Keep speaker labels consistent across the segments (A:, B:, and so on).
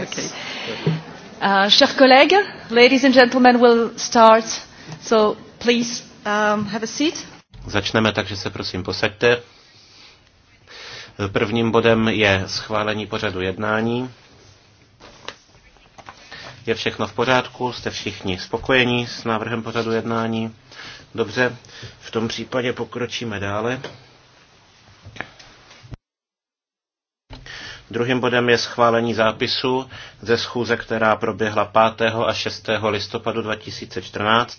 A: Yes. Okay. Uh, chers collègues, ladies and gentlemen, we'll start. So please um, have a seat.
B: Začneme, takže se prosím posaďte. Prvním bodem je schválení pořadu jednání. Je všechno v pořádku? Jste všichni spokojení s návrhem pořadu jednání? Dobře, v tom případě pokročíme dále. Druhým bodem je schválení zápisu ze schůze, která proběhla 5. a 6. listopadu 2014.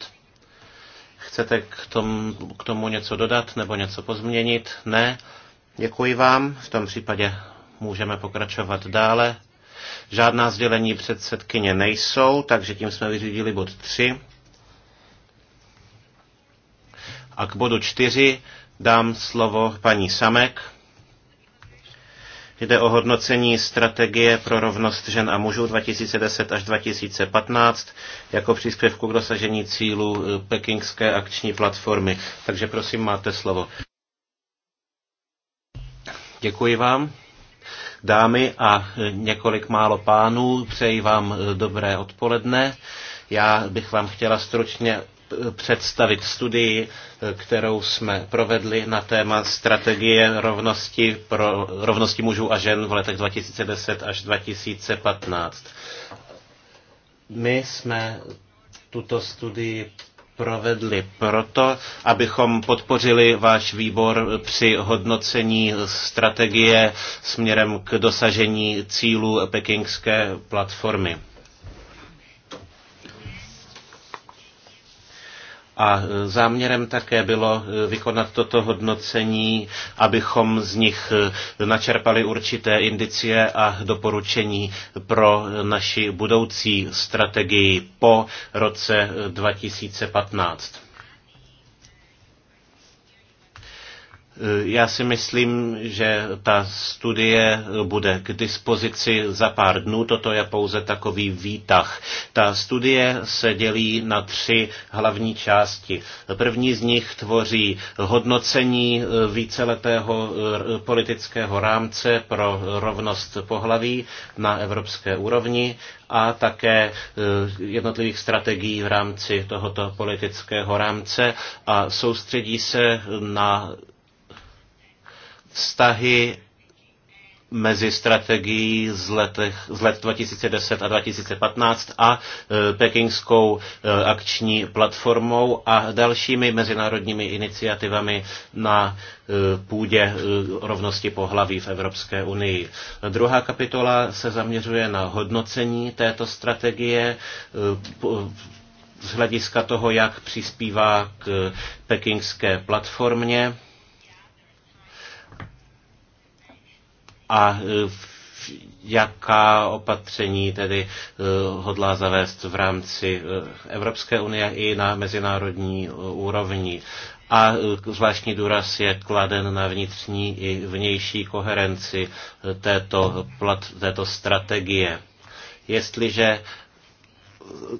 B: Chcete k tomu, k tomu něco dodat nebo něco pozměnit? Ne? Děkuji vám. V tom případě můžeme pokračovat dále. Žádná sdělení předsedkyně nejsou, takže tím jsme vyřídili bod 3. A k bodu 4 dám slovo paní Samek Jde o hodnocení strategie pro rovnost žen a mužů 2010 až 2015 jako příspěvku k dosažení cílů eh, pekingské akční platformy. Takže prosím, máte slovo. Děkuji vám. Dámy a eh, několik málo pánů, přeji vám eh, dobré odpoledne. Já bych vám chtěla stručně představit studii, kterou jsme provedli na téma strategie rovnosti, pro, rovnosti mužů a žen v letech 2010 až 2015. My jsme tuto studii provedli proto, abychom podpořili váš výbor při hodnocení strategie směrem k dosažení cílů pekingské platformy. A záměrem také bylo eh, vykonat toto hodnocení, abychom z nich eh, načerpali určité indicie a doporučení pro naši budoucí strategii po roce eh, 2015. Já si myslím, že ta studie bude k dispozici za pár dnů. Toto je pouze takový výtah. Ta studie se dělí na tři hlavní části. První z nich tvoří hodnocení víceletého politického rámce pro rovnost pohlaví na evropské úrovni a také e, jednotlivých strategií v rámci tohoto politického rámce a soustředí se na vztahy mezi strategií z, letech, z let 2010 a 2015 a e, pekingskou e, akční platformou a dalšími mezinárodními iniciativami na e, půdě rovnosti pohlaví v Evropské unii. Druhá kapitola se zaměřuje na hodnocení této strategie z hlediska toho, jak přispívá k pekingské platformě a e, jaká opatření tedy e, hodlá zavést v rámci e, Evropské unie i na mezinárodní úrovni. A zvláštní důraz je kladen na vnitřní i vnější koherenci této, plat, této strategie. Jestliže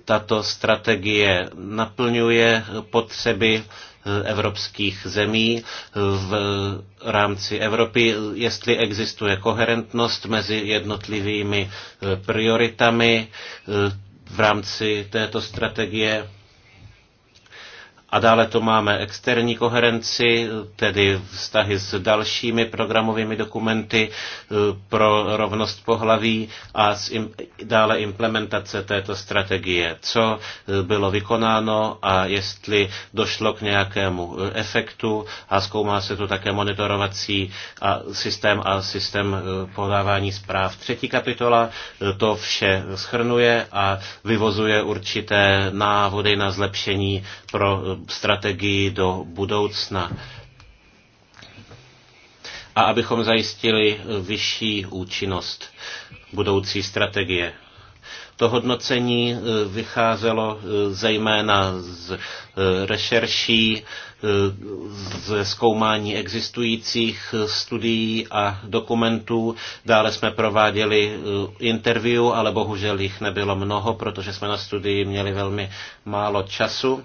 B: tato strategie naplňuje potřeby evropských zemí v rámci Evropy, jestli existuje koherentnost mezi jednotlivými prioritami v rámci této strategie a dále tu máme externí koherenci, tedy vztahy s dalšími programovými dokumenty e, pro rovnost pohlaví a dále implementace této strategie. Co e, bylo vykonáno a jestli došlo k nějakému e, efektu a zkoumá se tu také monitorovací a systém a systém podávání zpráv. Třetí kapitola to vše schrnuje a vyvozuje určité návody na zlepšení pro strategii do budoucna a abychom zajistili vyšší účinnost budoucí strategie. To hodnocení eh, vycházelo eh, zejména z eh, rešerší, ze zkoumání existujících studií a dokumentů. Dále jsme prováděli interview, ale bohužel jich nebylo mnoho, protože jsme na studii měli velmi málo času.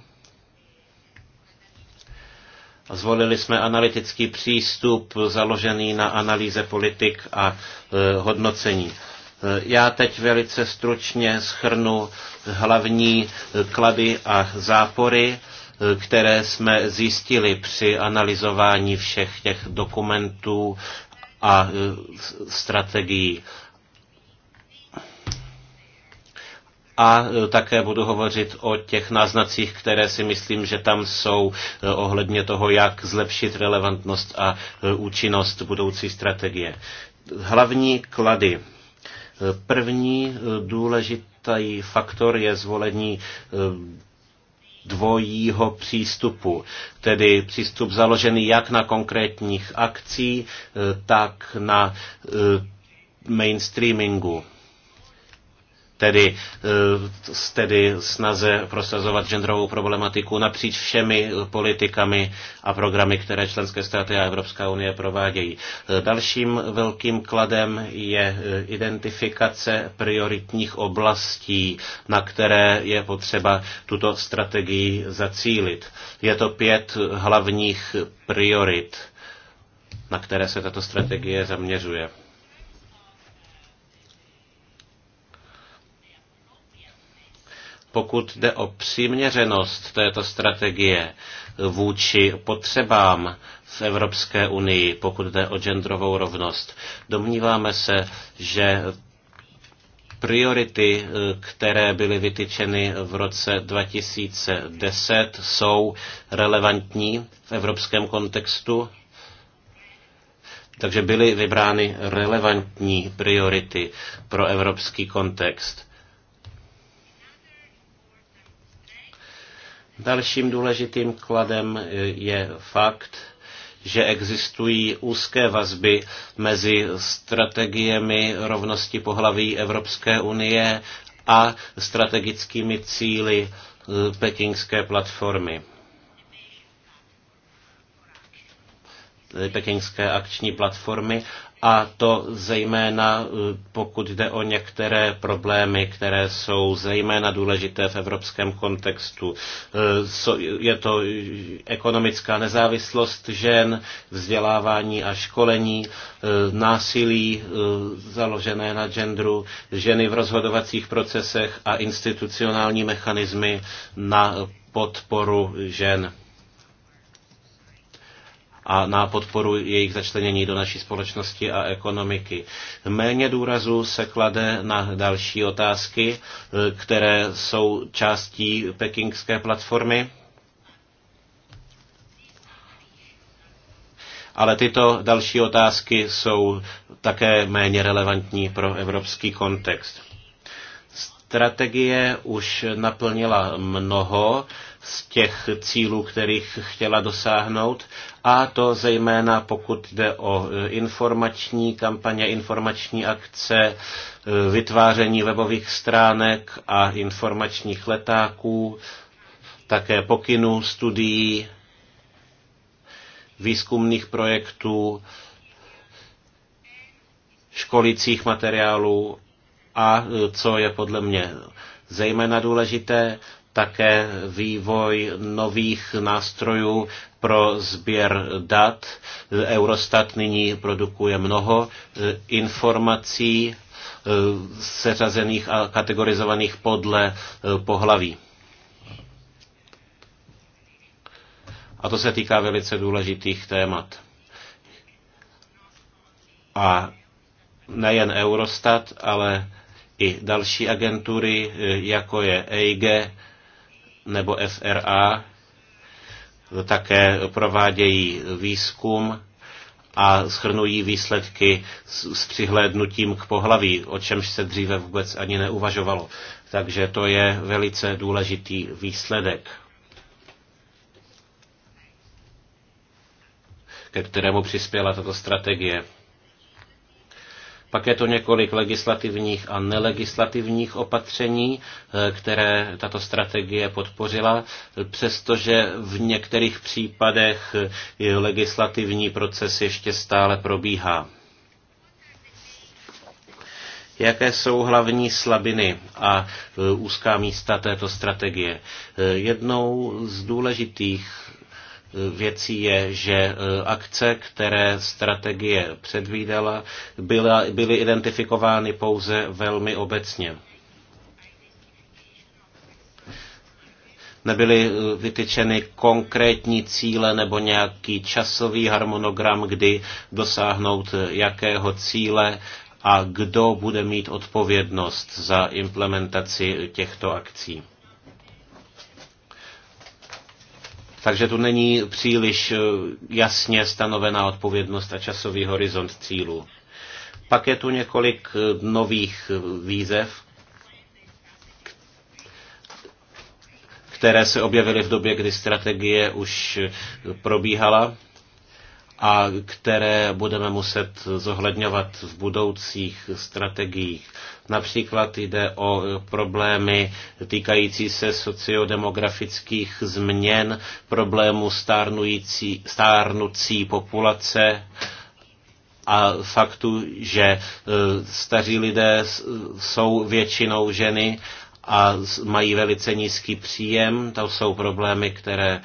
B: Zvolili jsme analytický přístup založený na analýze politik a e, hodnocení. E, já teď velice stručně schrnu hlavní e, klady a zápory, které jsme zjistili při analyzování všech těch dokumentů a strategií a e, také budu hovořit o těch náznacích, které si myslím, že tam jsou e, ohledně toho, jak zlepšit relevantnost a e, účinnost budoucí strategie. Hlavní klady. První důležitý faktor je zvolení dvojího přístupu, tedy přístup založený jak na konkrétních akcí, tak na mainstreamingu tedy, eh, tedy snaze prosazovat genderovou problematiku napříč všemi eh, politikami a programy, které členské státy a Evropská unie provádějí. Eh, dalším velkým kladem je identifikace prioritních oblastí, na které je potřeba tuto strategii zacílit. Je to pět hlavních priorit, na které se tato strategie zaměřuje. pokud jde o přiměřenost této strategie vůči potřebám v Evropské unii, pokud jde o genderovou rovnost, domníváme se, že priority, které byly vytyčeny v roce 2010, jsou relevantní v evropském kontextu. Takže byly vybrány relevantní priority pro evropský kontext. Dalším důležitým kladem e, je fakt, že existují úzké vazby mezi strategiemi rovnosti pohlaví Evropské unie a strategickými cíly e, pekingské platformy. E, pekingské akční platformy a to zejména eh, pokud jde o některé problémy, které jsou zejména důležité v evropském kontextu. Eh, je to ekonomická nezávislost žen, vzdělávání a školení, eh, násilí založené na genderu, ženy v rozhodovacích procesech a institucionální mechanismy na podporu žen a na podporu jejich začlenění do naší společnosti a ekonomiky. Méně důrazu se klade na další otázky, e, které jsou částí pekingské platformy. ale tyto další otázky jsou také méně relevantní pro evropský kontext. Strategie už naplnila mnoho z těch cílů, kterých chtěla dosáhnout, a to zejména pokud jde o e, informační kampaně, informační akce, e, vytváření webových stránek a informačních letáků, také pokynů, studií, výzkumných projektů, školicích materiálů a e, co je podle mě zejména důležité, také vývoj nových nástrojů pro sběr dat. Eurostat nyní produkuje mnoho e, informací e, seřazených a kategorizovaných podle e, pohlaví. A to se týká velice důležitých témat. A nejen Eurostat, ale i další agentury, jako je EIG, nebo FRA také provádějí výzkum a schrnují výsledky s, s přihlédnutím k pohlaví, o čemž se dříve vůbec ani neuvažovalo. Takže to je velice důležitý výsledek, ke kterému přispěla tato strategie. Pak je to několik legislativních a nelegislativních opatření, eh, které tato strategie podpořila, přestože v některých případech eh, legislativní proces ještě stále probíhá. Jaké jsou hlavní slabiny a eh, úzká místa této strategie? Jednou z důležitých věcí je, že e, akce, které strategie předvídala, byla, byly identifikovány pouze velmi obecně. Nebyly e, vytyčeny konkrétní cíle nebo nějaký časový harmonogram, kdy dosáhnout e, jakého cíle a kdo bude mít odpovědnost za implementaci těchto akcí. Takže tu není příliš eh, jasně stanovená odpovědnost a časový horizont cílů. Pak je tu několik eh, nových eh, výzev, které se objevily v době, kdy strategie už probíhala a které budeme muset zohledňovat v budoucích strategiích Například jde o e, problémy týkající se sociodemografických změn, problému stárnucí populace, a faktu, že e, staří lidé jsou většinou ženy a mají velice nízký příjem. To jsou problémy, které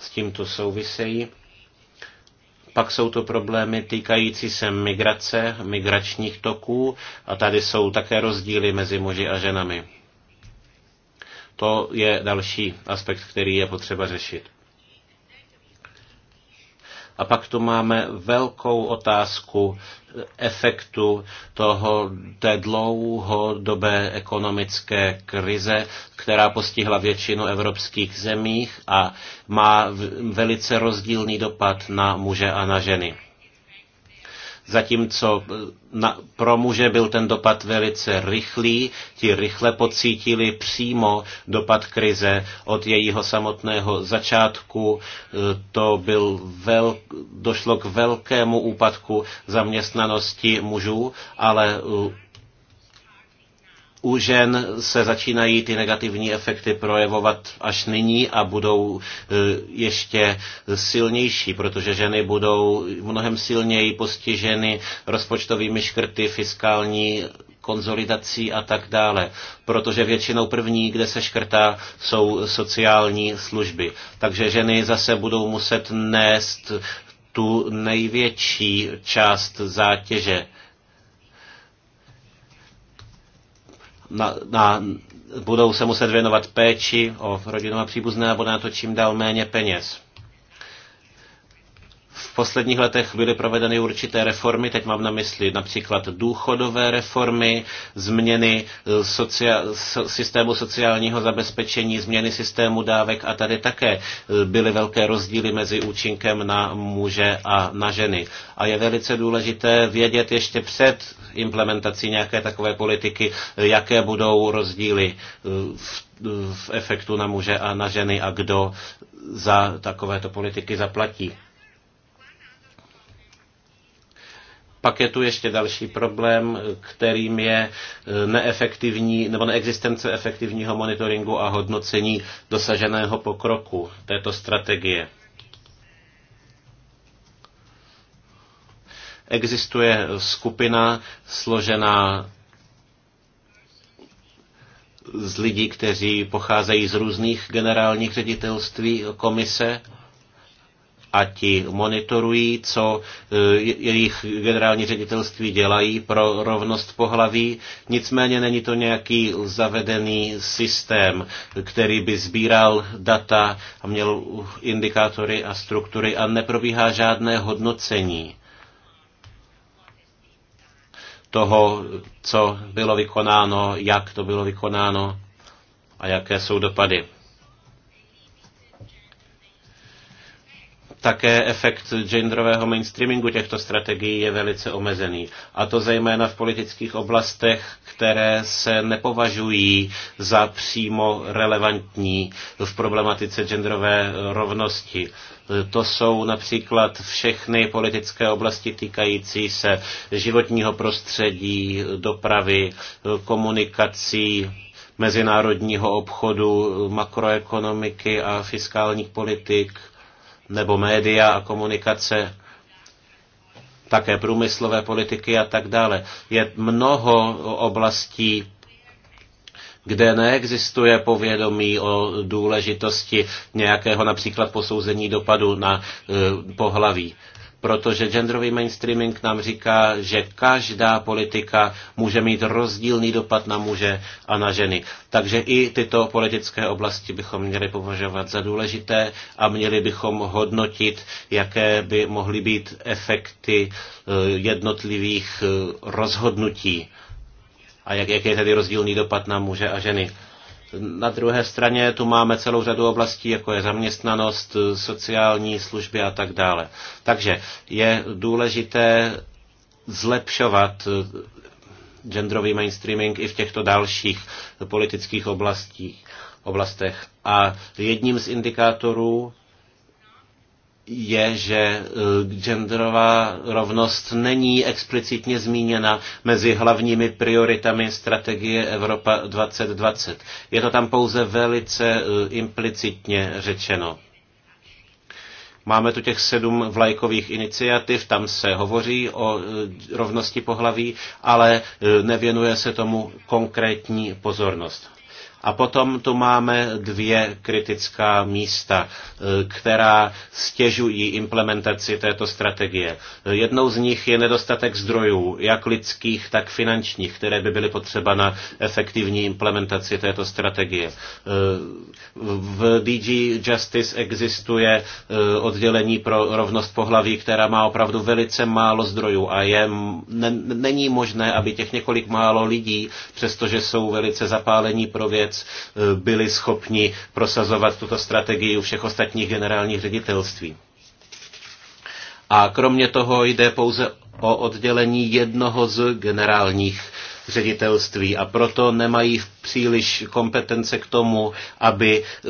B: s tímto souvisejí. Pak jsou to problémy týkající se migrace, migračních toků a tady jsou také rozdíly mezi muži a ženami. To je další aspekt, který je potřeba řešit. A pak tu máme velkou otázku efektu toho, té dlouhodobé ekonomické krize, která postihla většinu evropských zemích a má velice rozdílný dopad na muže a na ženy zatímco eh, na, pro muže byl ten dopad velice rychlý, ti rychle pocítili přímo dopad krize od jejího samotného začátku, eh, to byl vel, došlo k velkému úpadku zaměstnanosti mužů, ale eh, u žen se začínají ty negativní efekty projevovat až nyní a budou e, ještě silnější, protože ženy budou mnohem silněji postiženy rozpočtovými škrty, fiskální konzolidací a tak dále. Protože většinou první, kde se škrtá, jsou sociální služby. Takže ženy zase budou muset nést tu největší část zátěže na, na, budou se muset věnovat péči o rodinu a příbuzné a bude na to čím dál méně peněz. V posledních letech byly provedeny určité reformy, teď mám na mysli například důchodové reformy, změny eh, socia- systému sociálního zabezpečení, změny systému dávek a tady také eh, byly velké rozdíly mezi účinkem na muže a na ženy. A je velice důležité vědět ještě před implementací nějaké takové politiky, eh, jaké budou rozdíly v, v efektu na muže a na ženy a kdo za takovéto politiky zaplatí. Pak je tu ještě další problém, kterým je eh, neefektivní nebo neexistence efektivního monitoringu a hodnocení dosaženého pokroku této strategie. Existuje skupina složená z lidí, kteří pocházejí z různých generálních ředitelství komise a ti monitorují, co e, jejich generální ředitelství dělají pro rovnost pohlaví. Nicméně není to nějaký zavedený systém, který by sbíral data a měl indikátory a struktury a neprobíhá žádné hodnocení toho, co bylo vykonáno, jak to bylo vykonáno a jaké jsou dopady. také efekt genderového mainstreamingu těchto strategií je velice omezený. A to zejména v politických oblastech, které se nepovažují za přímo relevantní v problematice genderové rovnosti. To jsou například všechny politické oblasti týkající se životního prostředí, dopravy, komunikací, mezinárodního obchodu, makroekonomiky a fiskálních politik – nebo média a komunikace, také průmyslové politiky a tak dále. Je mnoho oblastí, kde neexistuje povědomí o důležitosti nějakého například posouzení dopadu na eh, pohlaví protože genderový mainstreaming nám říká, že každá politika může mít rozdílný dopad na muže a na ženy. Takže i tyto politické oblasti bychom měli považovat za důležité a měli bychom hodnotit, jaké by mohly být efekty eh, jednotlivých eh, rozhodnutí a jak, je tedy rozdílný dopad na muže a ženy. Na druhé straně tu máme celou řadu oblastí, jako je zaměstnanost, sociální služby a tak dále. Takže je důležité zlepšovat eh, genderový mainstreaming i v těchto dalších politických oblastích, oblastech. A jedním z indikátorů je, že eh, genderová rovnost není explicitně zmíněna mezi hlavními prioritami strategie Evropa 2020. Je to tam pouze velice eh, implicitně řečeno. Máme tu těch sedm vlajkových iniciativ, tam se hovoří o eh, rovnosti pohlaví, ale nevěnuje se tomu konkrétní pozornost. A potom tu máme dvě kritická místa, e, která stěžují implementaci této strategie. Jednou z nich je nedostatek zdrojů, jak lidských, tak finančních, které by byly potřeba na efektivní implementaci této strategie. E, v DG Justice existuje e, oddělení pro rovnost pohlaví, která má opravdu velice málo zdrojů a je, není možné, aby těch několik málo lidí, přestože jsou velice zapálení pro věc, vůbec eh, byli schopni prosazovat tuto strategii u všech ostatních generálních ředitelství. A kromě toho jde pouze o oddělení jednoho z generálních ředitelství a proto nemají příliš kompetence k tomu, aby eh,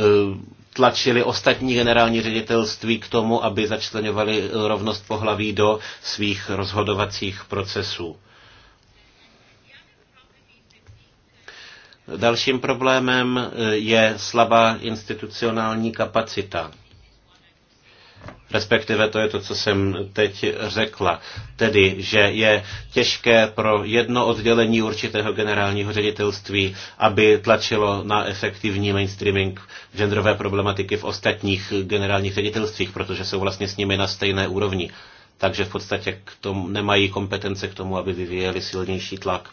B: tlačili ostatní generální ředitelství k tomu, aby začlenovali rovnost pohlaví do svých rozhodovacích procesů. Dalším problémem eh, je slabá institucionální kapacita. Respektive to je to, co jsem teď řekla. Tedy, že je těžké pro jedno oddělení určitého generálního ředitelství, aby tlačilo na efektivní mainstreaming genderové problematiky v ostatních generálních ředitelstvích, protože jsou vlastně s nimi na stejné úrovni. Takže v podstatě k tomu nemají kompetence k tomu, aby vyvíjeli silnější tlak.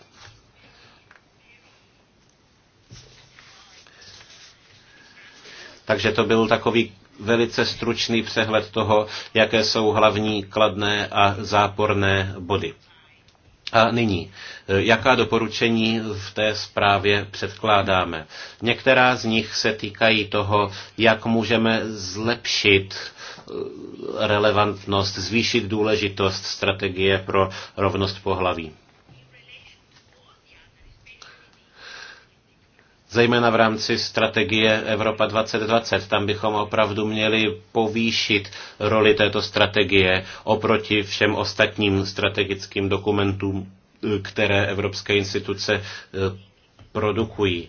B: Takže to byl takový velice stručný přehled toho, jaké jsou hlavní kladné a záporné body. A nyní, eh, jaká doporučení v té zprávě předkládáme? Některá z nich se týkají toho, jak můžeme zlepšit eh, relevantnost, zvýšit důležitost strategie pro rovnost pohlaví. zejména v rámci strategie Evropa 2020. Tam bychom opravdu měli povýšit roli této strategie oproti všem ostatním strategickým dokumentům, e, které evropské instituce e, produkují.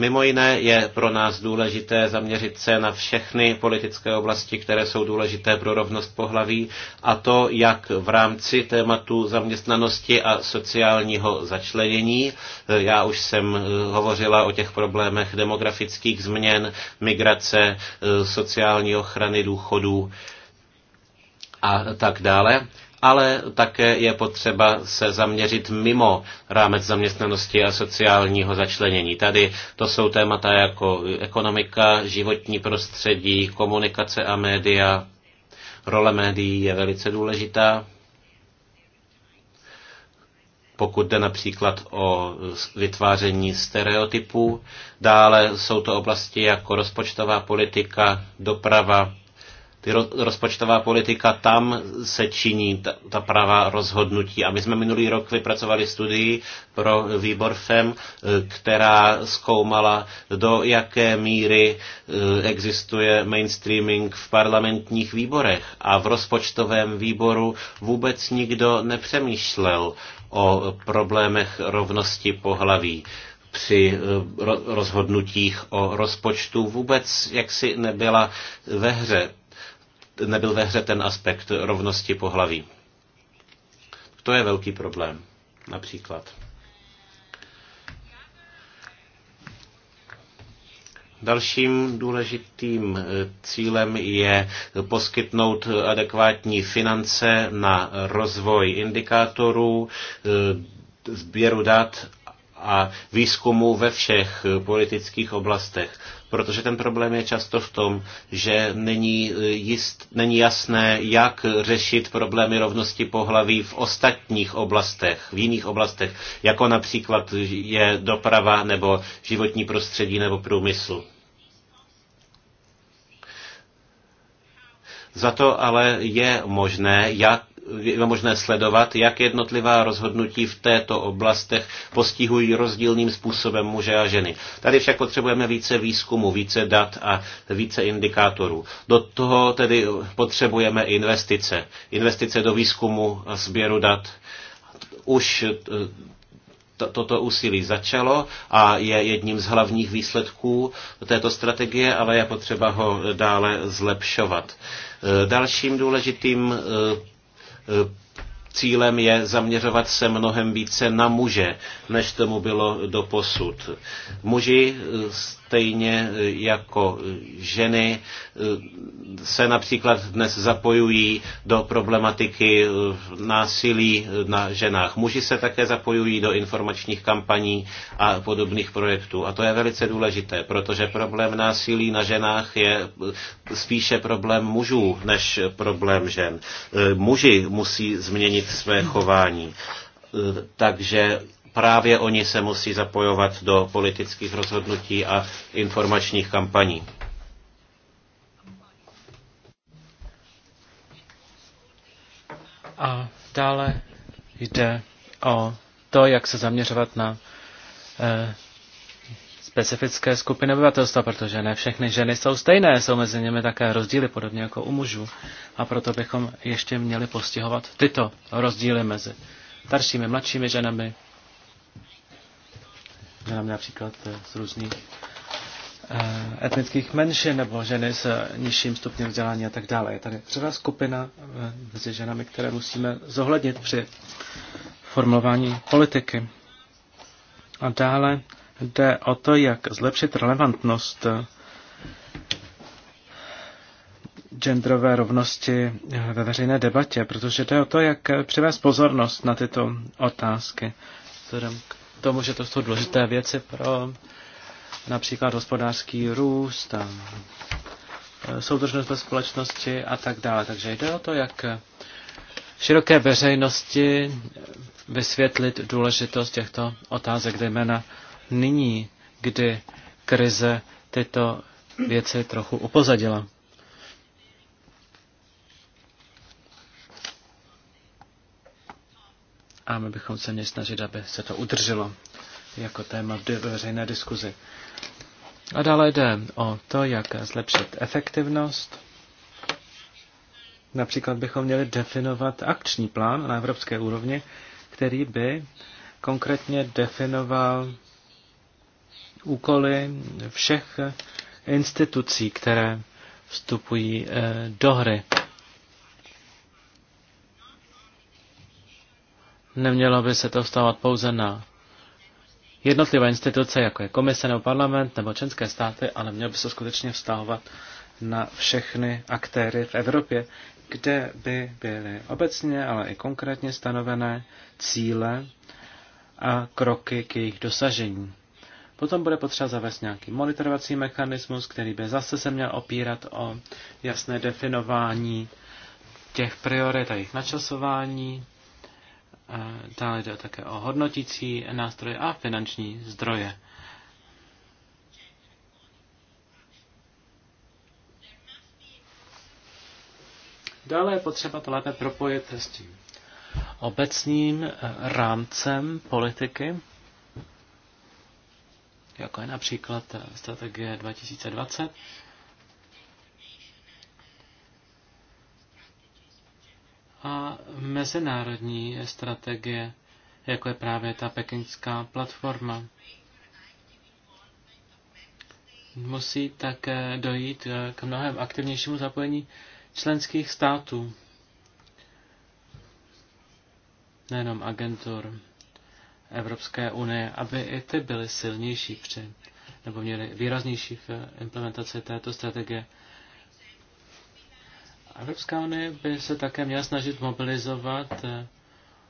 B: Mimo jiné je pro nás důležité zaměřit se na všechny politické oblasti, které jsou důležité pro rovnost pohlaví, a to jak v rámci tématu zaměstnanosti a sociálního začlenění. Já už jsem eh, hovořila o těch problémech demografických změn, migrace, eh, sociální ochrany důchodů a tak dále ale také je potřeba se zaměřit mimo rámec zaměstnanosti a sociálního začlenění. Tady to jsou témata jako ekonomika, životní prostředí, komunikace a média. Role médií je velice důležitá. Pokud jde například o vytváření stereotypů, dále jsou to oblasti jako rozpočtová politika, doprava, ty rozpočtová politika, tam se činí ta, ta pravá rozhodnutí. A my jsme minulý rok vypracovali studii pro výbor FEM, eh, která zkoumala, do jaké míry eh, existuje mainstreaming v parlamentních výborech. A v rozpočtovém výboru vůbec nikdo nepřemýšlel o problémech rovnosti pohlaví při eh, rozhodnutích o rozpočtu vůbec jaksi nebyla ve hře nebyl ve hře ten aspekt rovnosti pohlaví. To je velký problém, například. Dalším důležitým eh, cílem je poskytnout adekvátní finance na rozvoj indikátorů, eh, sběru dat a výzkumu ve všech eh, politických oblastech protože ten problém je často v tom, že není, eh, jist, není jasné, jak řešit problémy rovnosti pohlaví v ostatních oblastech, v jiných oblastech, jako například je doprava nebo životní prostředí nebo průmysl. Za to ale je možné, jak je možné sledovat, jak jednotlivá rozhodnutí v této oblastech postihují rozdílným způsobem muže a ženy. Tady však potřebujeme více výzkumu, více dat a více indikátorů. Do toho tedy potřebujeme investice. Investice do výzkumu a sběru dat. Už e, toto úsilí začalo a je jedním z hlavních výsledků této strategie, ale je potřeba ho dále zlepšovat. E, dalším důležitým e, Eh, cílem je zaměřovat se mnohem více na muže, než tomu bylo do posud. Muži eh, stejně e, jako e, ženy e, se například dnes zapojují do problematiky násilí na ženách. Muži se také zapojují do informačních kampaní a podobných projektů. A to je velice důležité, protože problém násilí na ženách je spíše problém mužů než problém žen. Muži musí změnit své chování. Takže právě oni se musí zapojovat do politických rozhodnutí a informačních kampaní.
C: A dále jde o to, jak se zaměřovat na eh, specifické skupiny obyvatelstva, protože ne všechny ženy jsou stejné, jsou mezi nimi také rozdíly, podobně jako u mužů. A proto bychom ještě měli postihovat tyto rozdíly mezi staršími, mladšími ženami, znám například eh, z různých eh, etnických menšin nebo ženy s nižším stupněm vzdělání a tak dále. Je tady řada skupina eh, mezi ženami, které musíme zohlednit při formulování politiky. A dále jde o to, jak zlepšit relevantnost genderové rovnosti ve veřejné debatě, protože jde o to, jak přivést pozornost na tyto otázky vzhledem k tomu, že to jsou důležité věci pro například hospodářský růst a e, soudržnost ve společnosti a tak dále. Takže jde o to, jak široké veřejnosti vysvětlit důležitost těchto otázek, zejména nyní, kdy krize tyto věci trochu upozadila. a my bychom se měli snažit, aby se to udrželo jako téma v veřejné diskuzi. A dále jde o to, jak zlepšit efektivnost. Například bychom měli definovat akční plán na evropské úrovni, který by konkrétně definoval úkoly všech institucí, které vstupují eh, do hry Nemělo by se to vztahovat pouze na jednotlivé instituce, jako je komise nebo parlament nebo členské státy, ale mělo by se skutečně vztahovat na všechny aktéry v Evropě, kde by byly obecně, ale i konkrétně stanovené cíle a kroky k jejich dosažení. Potom bude potřeba zavést nějaký monitorovací mechanismus, který by zase se měl opírat o jasné definování těch priorit a jejich načasování, Dále jde také o hodnotící nástroje a finanční zdroje. Dále je potřeba to lépe propojit s tím obecným eh, rámcem politiky, jako je například eh, strategie 2020. a mezinárodní strategie, jako je právě ta pekingská platforma. Musí také dojít eh, k mnohem aktivnějšímu zapojení členských států, nejenom agentur Evropské unie, aby i ty byly silnější při, nebo měly výraznější v implementaci této strategie. Evropská unie by se také měla snažit mobilizovat eh,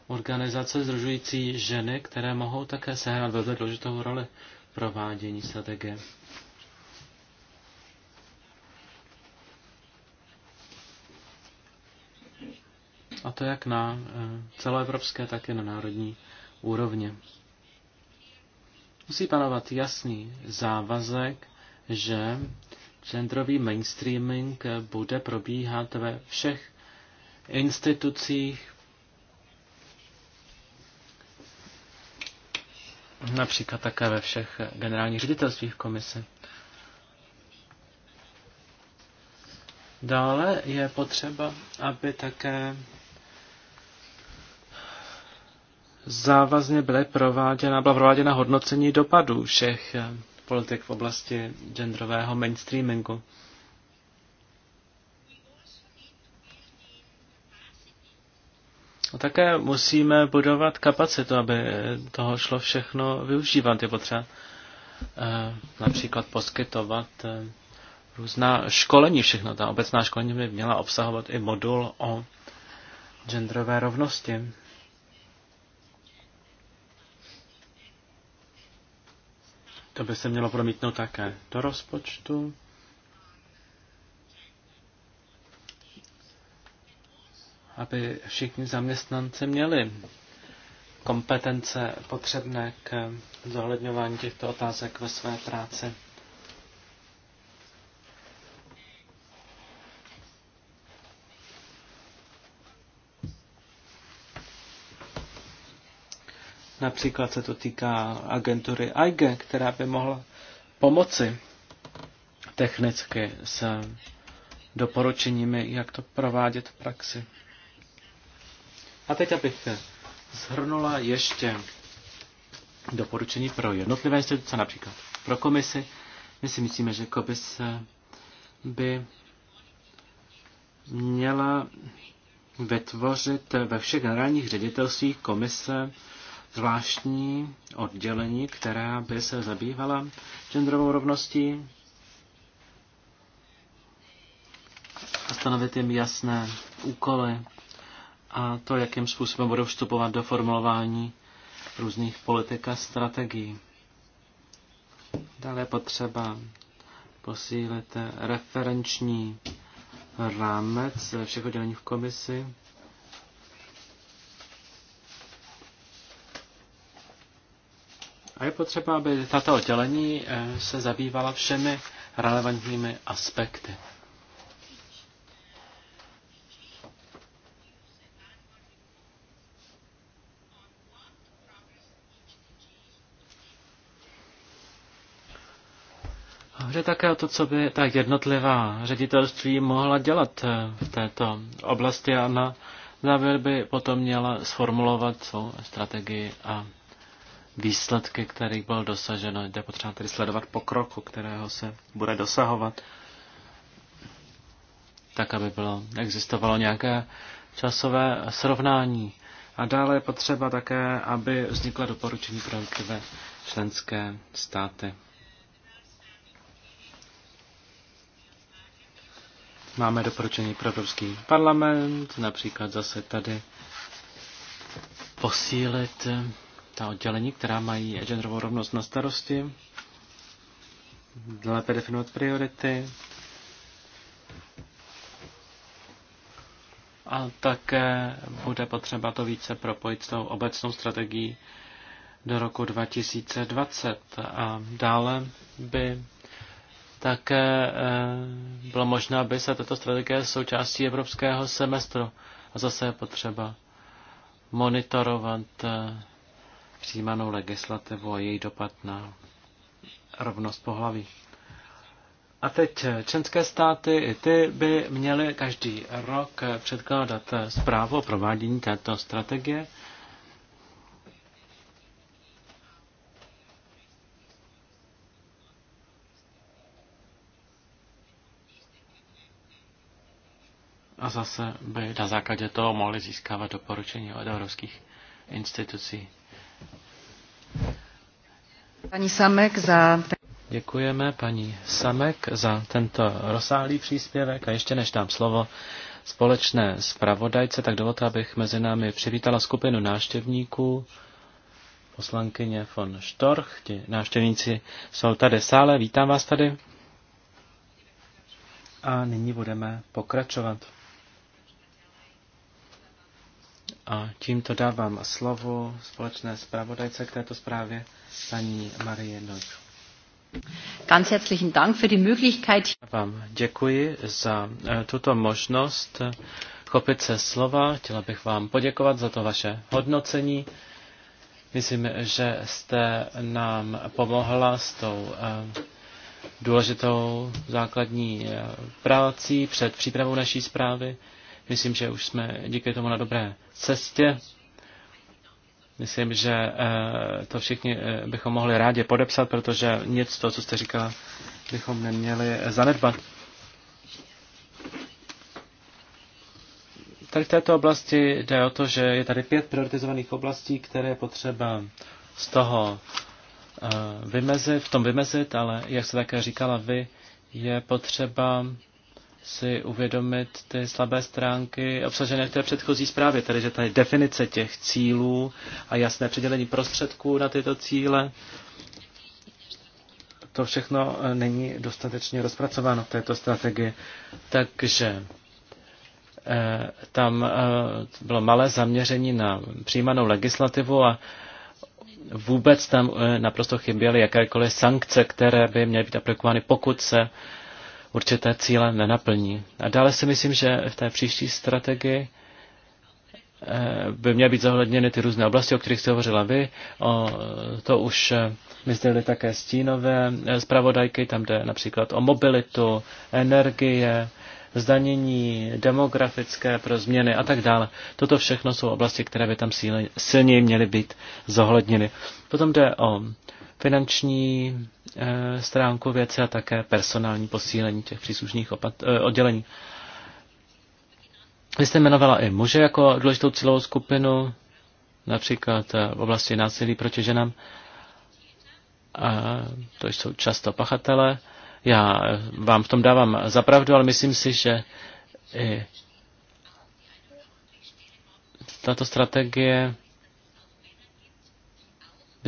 C: organizace združující ženy, které mohou také sehrát velmi důležitou roli v provádění strategie. A to jak na eh, celoevropské, tak i na národní úrovni. Musí panovat jasný závazek, že genderový mainstreaming bude probíhat ve všech institucích, například také ve všech generálních ředitelstvích komise. Dále je potřeba, aby také závazně byly prováděna, byla prováděna hodnocení dopadů všech politik v oblasti genderového mainstreamingu. A také musíme budovat kapacitu, aby toho šlo všechno využívat. Je potřeba eh, například poskytovat eh, různá školení, všechno ta obecná školení by měla obsahovat i modul o genderové rovnosti. To by se mělo promítnout také do rozpočtu. aby všichni zaměstnanci měli kompetence potřebné k zohledňování těchto otázek ve své práci. Například se to týká agentury AIGE, která by mohla pomoci technicky s doporučeními, jak to provádět v praxi. A teď, abych zhrnula ještě doporučení pro jednotlivé instituce, například pro komisi. My si myslíme, že komise by měla vytvořit ve všech generálních ředitelstvích komise zvláštní oddělení, která by se zabývala genderovou rovností a stanovit jim jasné úkoly a to, jakým způsobem budou vstupovat do formulování různých politik a strategií. Dále je potřeba posílit referenční rámec všech oddělení v komisi A je potřeba, aby tato oddělení eh, se zabývala všemi relevantními aspekty. jde také o to, co by ta jednotlivá ředitelství mohla dělat eh, v této oblasti a na závěr by potom měla sformulovat svou strategii a výsledky, kterých bylo dosaženo. Jde potřeba tedy sledovat pokroku, kterého se bude dosahovat, tak, aby bylo, existovalo nějaké časové srovnání. A dále je potřeba také, aby vznikla doporučení pro jednotlivé členské státy. Máme doporučení pro Evropský parlament, například zase tady posílit ta oddělení, která mají genderovou rovnost na starosti, lépe definovat priority a také bude potřeba to více propojit s tou obecnou strategií do roku 2020. A dále by také eh, bylo možné, aby se tato strategie součástí evropského semestru a zase je potřeba monitorovat eh, přijímanou legislativu a její dopad na rovnost pohlaví. A teď členské státy, i ty by měly každý rok předkládat zprávu o provádění této strategie. A zase by na základě toho mohli získávat doporučení od evropských institucí.
A: Paní Samek za...
C: Děkujeme paní Samek za tento rozsáhlý příspěvek a ještě než dám slovo společné zpravodajce, tak dovolte, abych mezi námi přivítala skupinu náštěvníků, poslankyně von Storch. Ti návštěvníci jsou tady v sále. Vítám vás tady. A nyní budeme pokračovat. A tímto dávám slovo společné zpravodajce k této zprávě, paní Marie Noč. Ganz
A: herzlichen Dank für die Möglichkeit.
C: Vám děkuji za eh, tuto možnost eh, chopit se slova. Chtěla bych vám poděkovat za to vaše hodnocení. Myslím, že jste nám pomohla s tou eh, důležitou základní prácí před přípravou naší zprávy. Myslím, že už jsme díky tomu na dobré cestě. Myslím, že eh, to všichni eh, bychom mohli rádi podepsat, protože nic to, co jste říkala, bychom neměli eh, zanedbat. Tady v této oblasti jde o to, že je tady pět prioritizovaných oblastí, které je potřeba z toho vymezit, v tom vymezit, ale jak se také říkala vy, je potřeba si uvědomit ty slabé stránky obsažené v té předchozí zprávě, tedy že tady definice těch cílů a jasné předělení prostředků na tyto cíle, to všechno eh, není dostatečně rozpracováno v této strategii. Takže eh, tam eh, bylo malé zaměření na přijímanou legislativu a vůbec tam naprosto chyběly jakékoliv sankce, které by měly být aplikovány, pokud se určité cíle nenaplní. A dále si myslím, že v té příští strategii eh, by měly být zohledněny ty různé oblasti, o kterých jste hovořila vy. O, to už eh, my sdělili také stínové eh, zpravodajky, tam jde například o mobilitu, energie, zdanění, demografické pro změny a tak dále. Toto všechno jsou oblasti, které by tam silněji měly být zohledněny. Potom jde o finanční eh, stránku věci a také personální posílení těch příslušných opat- eh, oddělení. Vy jste jmenovala i muže jako důležitou cílovou skupinu, například eh, v oblasti násilí proti ženám. A to jsou často pachatele. Já vám v tom dávám zapravdu, ale myslím si, že i tato strategie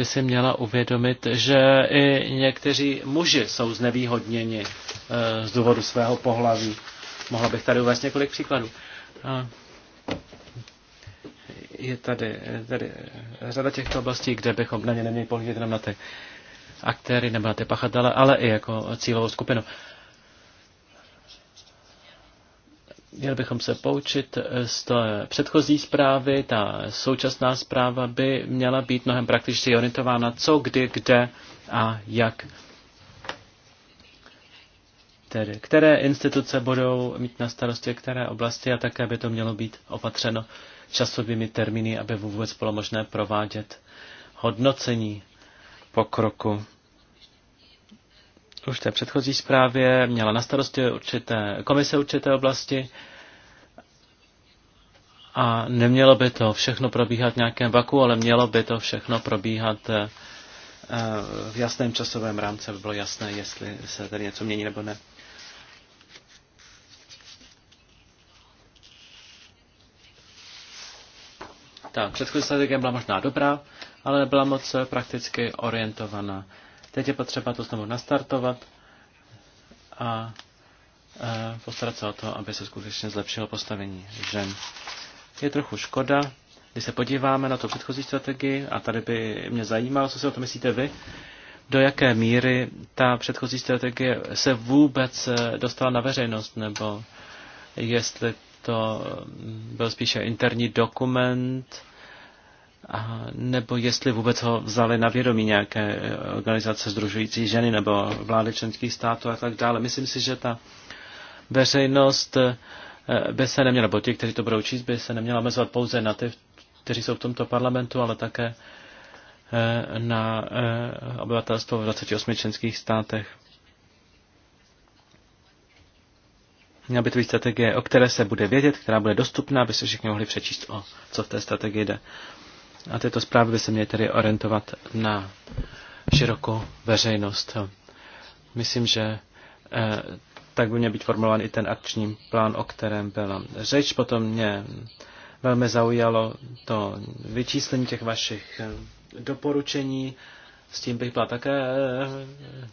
C: by si měla uvědomit, že i někteří muži jsou znevýhodněni eh, z důvodu svého pohlaví. Mohla bych tady uvést několik příkladů. Je tady, eh, tady eh, řada těchto oblastí, kde bychom na ně neměli pohlížet jenom na ty aktéry nebo na ty pachatele, ale i jako cílovou skupinu. Měli bychom se poučit z té předchozí zprávy. Ta současná zpráva by měla být mnohem praktičtěji orientována, co, kdy, kde a jak. Tedy, které instituce budou mít na starosti které oblasti a také by to mělo být opatřeno časovými termíny, aby vůbec bylo možné provádět hodnocení pokroku už té předchozí zprávě měla na starosti určité, komise určité oblasti a nemělo by to všechno probíhat v nějakém vaku, ale mělo by to všechno probíhat eh, v jasném časovém rámci, aby bylo jasné, jestli se tady něco mění nebo ne. Tak předchozí strategie byla možná dobrá, ale nebyla moc eh, prakticky orientovaná. Teď je potřeba to znovu nastartovat a postarat se o to, aby se skutečně zlepšilo postavení žen. Je trochu škoda, když se podíváme na tu předchozí strategii, a tady by mě zajímalo, co si o to myslíte vy, do jaké míry ta předchozí strategie se vůbec dostala na veřejnost, nebo jestli to byl spíše interní dokument, a nebo jestli vůbec ho vzali na vědomí nějaké eh, organizace združující ženy nebo vlády členských států a tak dále. Myslím si, že ta veřejnost eh, by se neměla, nebo ti, kteří to budou číst, by se neměla mezovat pouze na ty, kteří jsou v tomto parlamentu, ale také eh, na obyvatelstvo v 28 členských státech. Měla by to být strategie, o které se bude vědět, která bude dostupná, aby se všichni mohli přečíst, o co v té strategii jde. A tyto zprávy by se měly tedy orientovat na širokou veřejnost. Myslím, že eh, tak by měl být formulován i ten akční plán, o kterém byla řeč. Potom mě velmi zaujalo to vyčíslení těch vašich eh, doporučení. S tím bych byla také eh,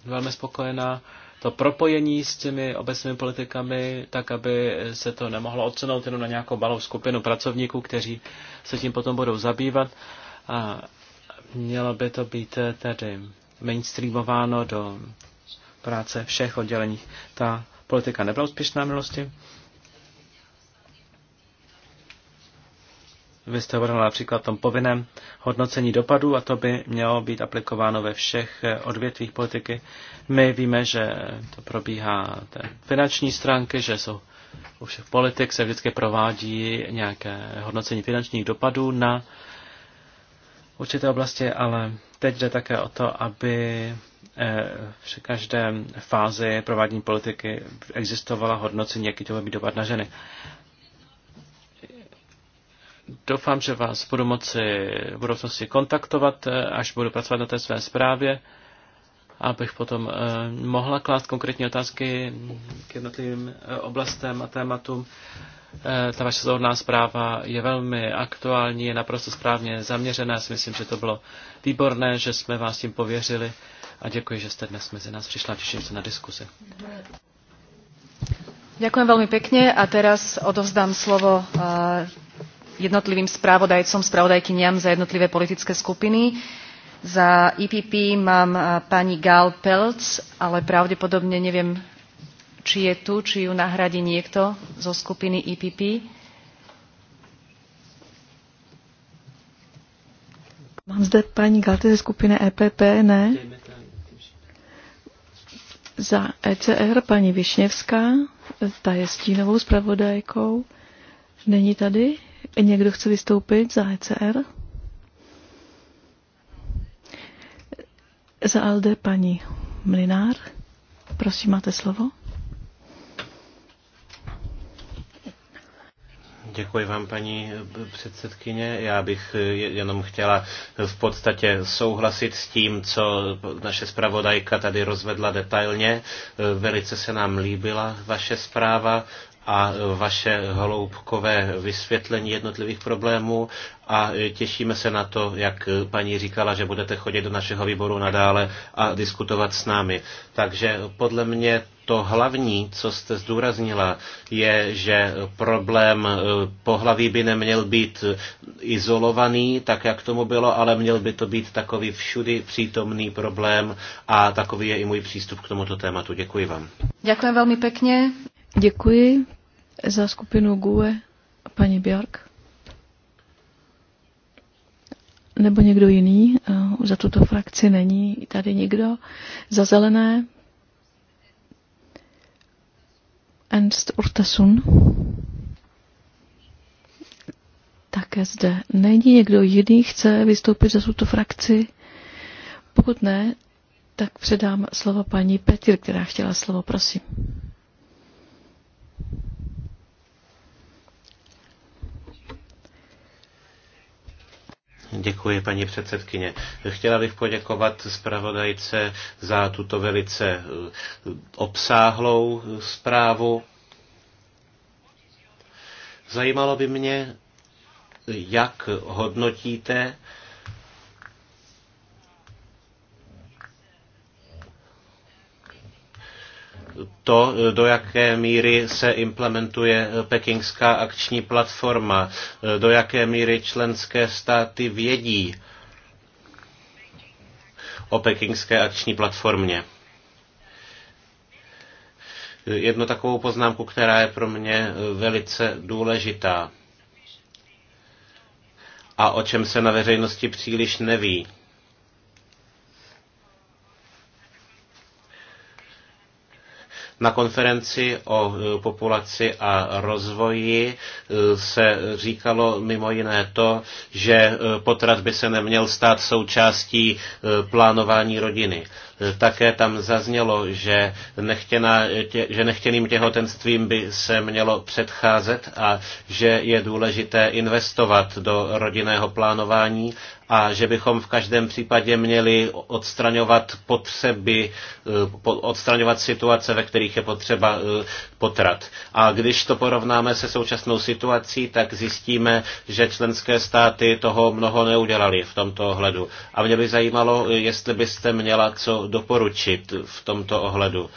C: velmi spokojená to propojení s těmi obecnými politikami, tak aby se to nemohlo odsunout jenom na nějakou malou skupinu pracovníků, kteří se tím potom budou zabývat. A mělo by to být tedy mainstreamováno do práce všech oddělení. Ta politika nebyla úspěšná v minulosti. Vy jste hovořil například o tom povinném hodnocení dopadů a to by mělo být aplikováno ve všech eh, odvětvích politiky. My víme, že to probíhá té finanční stránky, že jsou u všech politik se vždycky provádí nějaké hodnocení finančních dopadů na určité oblasti, ale teď jde také o to, aby eh, při každé fázi provádění politiky existovala hodnocení, jaký to bude mít dopad na ženy. Doufám, že vás budu moci v budoucnosti kontaktovat, eh, až budu pracovat na té své zprávě, abych potom eh, mohla klást konkrétní otázky k jednotlivým eh, oblastem a tématům. Ta vaše zhodná zpráva je velmi aktuální, je naprosto správně zaměřená. Já si myslím, že to bylo výborné, že jsme vás tím pověřili a děkuji, že jste dnes mezi nás přišla. Těším se na diskuzi.
A: Děkuji velmi pekne a teraz odovzdám slovo jednotlivým spravodajcom, spravodajkyniam za jednotlivé politické skupiny. Za EPP mám eh, pani Gal Pelc, ale pravdepodobne neviem, či je tu, či ju nahradí niekto zo skupiny EPP. Mám zde paní Galte ze skupiny EPP, ne? Za ECR paní Višněvská, ta je stínovou zpravodajkou. Není tady? Někdo chce vystoupit za ECR? Za ALDE paní Mlinár. Prosím, máte slovo.
B: Děkuji vám, paní předsedkyně. Já bych jenom chtěla v podstatě souhlasit s tím, co naše zpravodajka tady rozvedla detailně. Velice se nám líbila vaše zpráva a vaše hloubkové vysvětlení jednotlivých problémů a těšíme se na to, jak paní říkala, že budete chodit do našeho výboru nadále a diskutovat s námi. Takže podle mě to hlavní, co jste zdůraznila, je, že problém pohlaví by neměl být izolovaný, tak jak tomu bylo, ale měl by to být takový všudy přítomný problém a takový je i můj přístup k tomuto tématu. Děkuji vám.
A: Děkuji velmi pěkně. Děkuji. Za skupinu GUE paní Bjork. Nebo někdo jiný? Eh, za tuto frakci není tady nikdo. Za zelené Ernst Urtasun. Také zde není někdo jiný, chce vystoupit za tuto frakci. Pokud ne, tak předám slovo paní Petir, která chtěla slovo, prosím.
B: Děkuji, paní předsedkyně. Chtěla bych poděkovat zpravodajce za tuto velice eh, obsáhlou eh, zprávu. Zajímalo by mě, jak hodnotíte to, do jaké míry se implementuje pekingská akční platforma, do jaké míry členské státy vědí o pekingské akční platformě. Jednu takovou poznámku, která je pro mě velice důležitá a o čem se na veřejnosti příliš neví. Na konferenci o e, populaci a rozvoji e, se říkalo mimo jiné to, že e, potrat by se neměl stát součástí plánování rodiny. Také tam zaznělo, že, nechtěná, že nechtěným těhotenstvím by se mělo předcházet a že je důležité investovat do rodinného plánování a že bychom v každém případě měli odstraňovat potřeby, eh, odstraňovat situace, ve kterých je potřeba eh, potrat. A když to porovnáme se současnou situací, tak zjistíme, že členské státy toho mnoho neudělali v tomto ohledu. A mě by zajímalo, jestli byste měla co doporučit v tomto ohledu?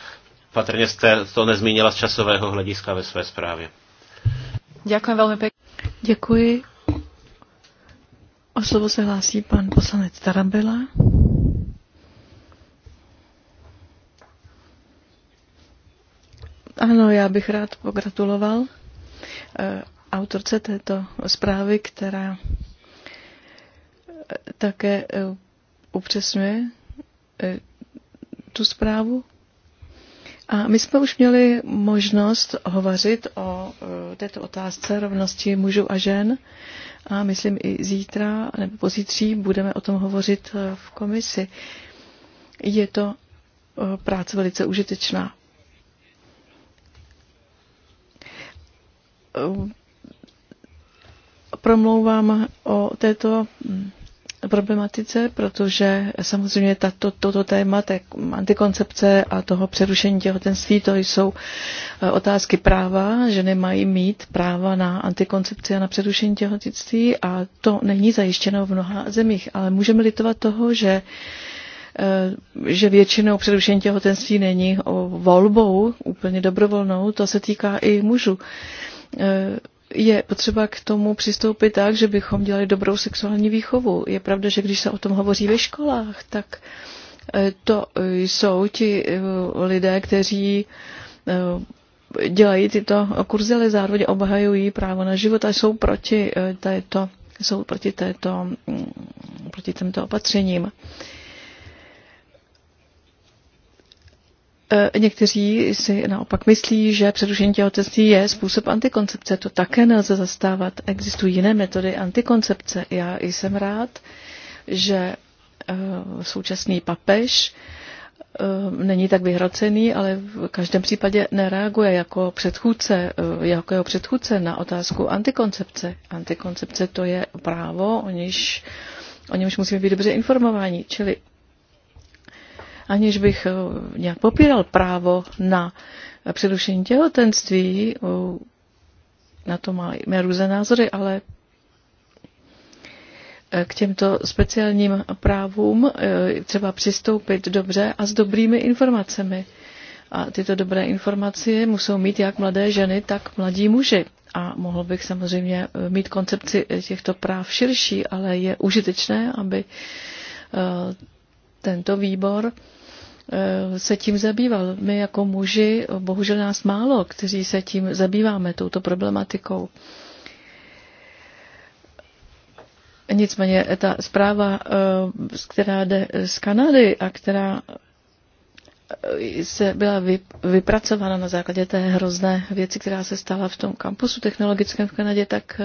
B: Patrně jste to nezmínila z časového hlediska ve své zprávě.
A: Děkuji velmi pěkně. Děkuji. O slovo se hlásí pan poslanec Tarabila. Ano, já bych rád pogratuloval eh, autorce této zprávy, která eh, také eh, upřesňuje tu zprávu. A my jsme už měli možnost hovořit o e, této otázce rovnosti mužů a žen a myslím i zítra nebo pozítří budeme o tom hovořit e, v komisi. Je to e, práce velice užitečná. Promlouvám o této problematice, protože samozřejmě tato, toto téma tak antikoncepce a toho přerušení těhotenství, to jsou eh, otázky práva, že nemají mít práva na antikoncepci a na přerušení těhotenství a to není zajištěno v mnoha zemích. Ale můžeme litovat toho, že eh, že většinou přerušení těhotenství není volbou úplně dobrovolnou, to se týká i mužů eh, je potřeba k tomu přistoupit tak, že bychom dělali dobrou sexuální výchovu. Je pravda, že když se o tom hovoří ve školách, tak eh, to eh, jsou ti eh, lidé, kteří dělají tyto kurzy, ale zároveň obhajují právo na život a jsou proti této, jsou proti, této, mm, proti těmto opatřením. E, někteří si naopak myslí, že přerušení těhotenství je způsob antikoncepce. To také nelze zastávat. Existují jiné metody antikoncepce. Já jsem rád, že e, současný papež e, není tak vyhrocený, ale v každém případě nereaguje jako předchůdce, jako jeho předchůdce na otázku antikoncepce. Antikoncepce to je právo, o o němž musíme být dobře informováni. Čili aniž bych eh, nějak popíral právo na přerušení těhotenství, eh, na to máme různé názory, ale eh, k těmto speciálním právům třeba přistoupit dobře a s dobrými informacemi. A tyto dobré informace musou mít jak mladé ženy, tak mladí muži. A mohl bych samozřejmě mít koncepci těchto práv širší, ale je užitečné, aby tento výbor Eh, se tím zabýval. My jako muži, bohužel nás málo, kteří se tím zabýváme, touto problematikou. Nicméně ta zpráva, eh, která jde z Kanady a která eh, se byla vypracována na základě té hrozné věci, která se stala v tom kampusu technologickém v Kanadě, tak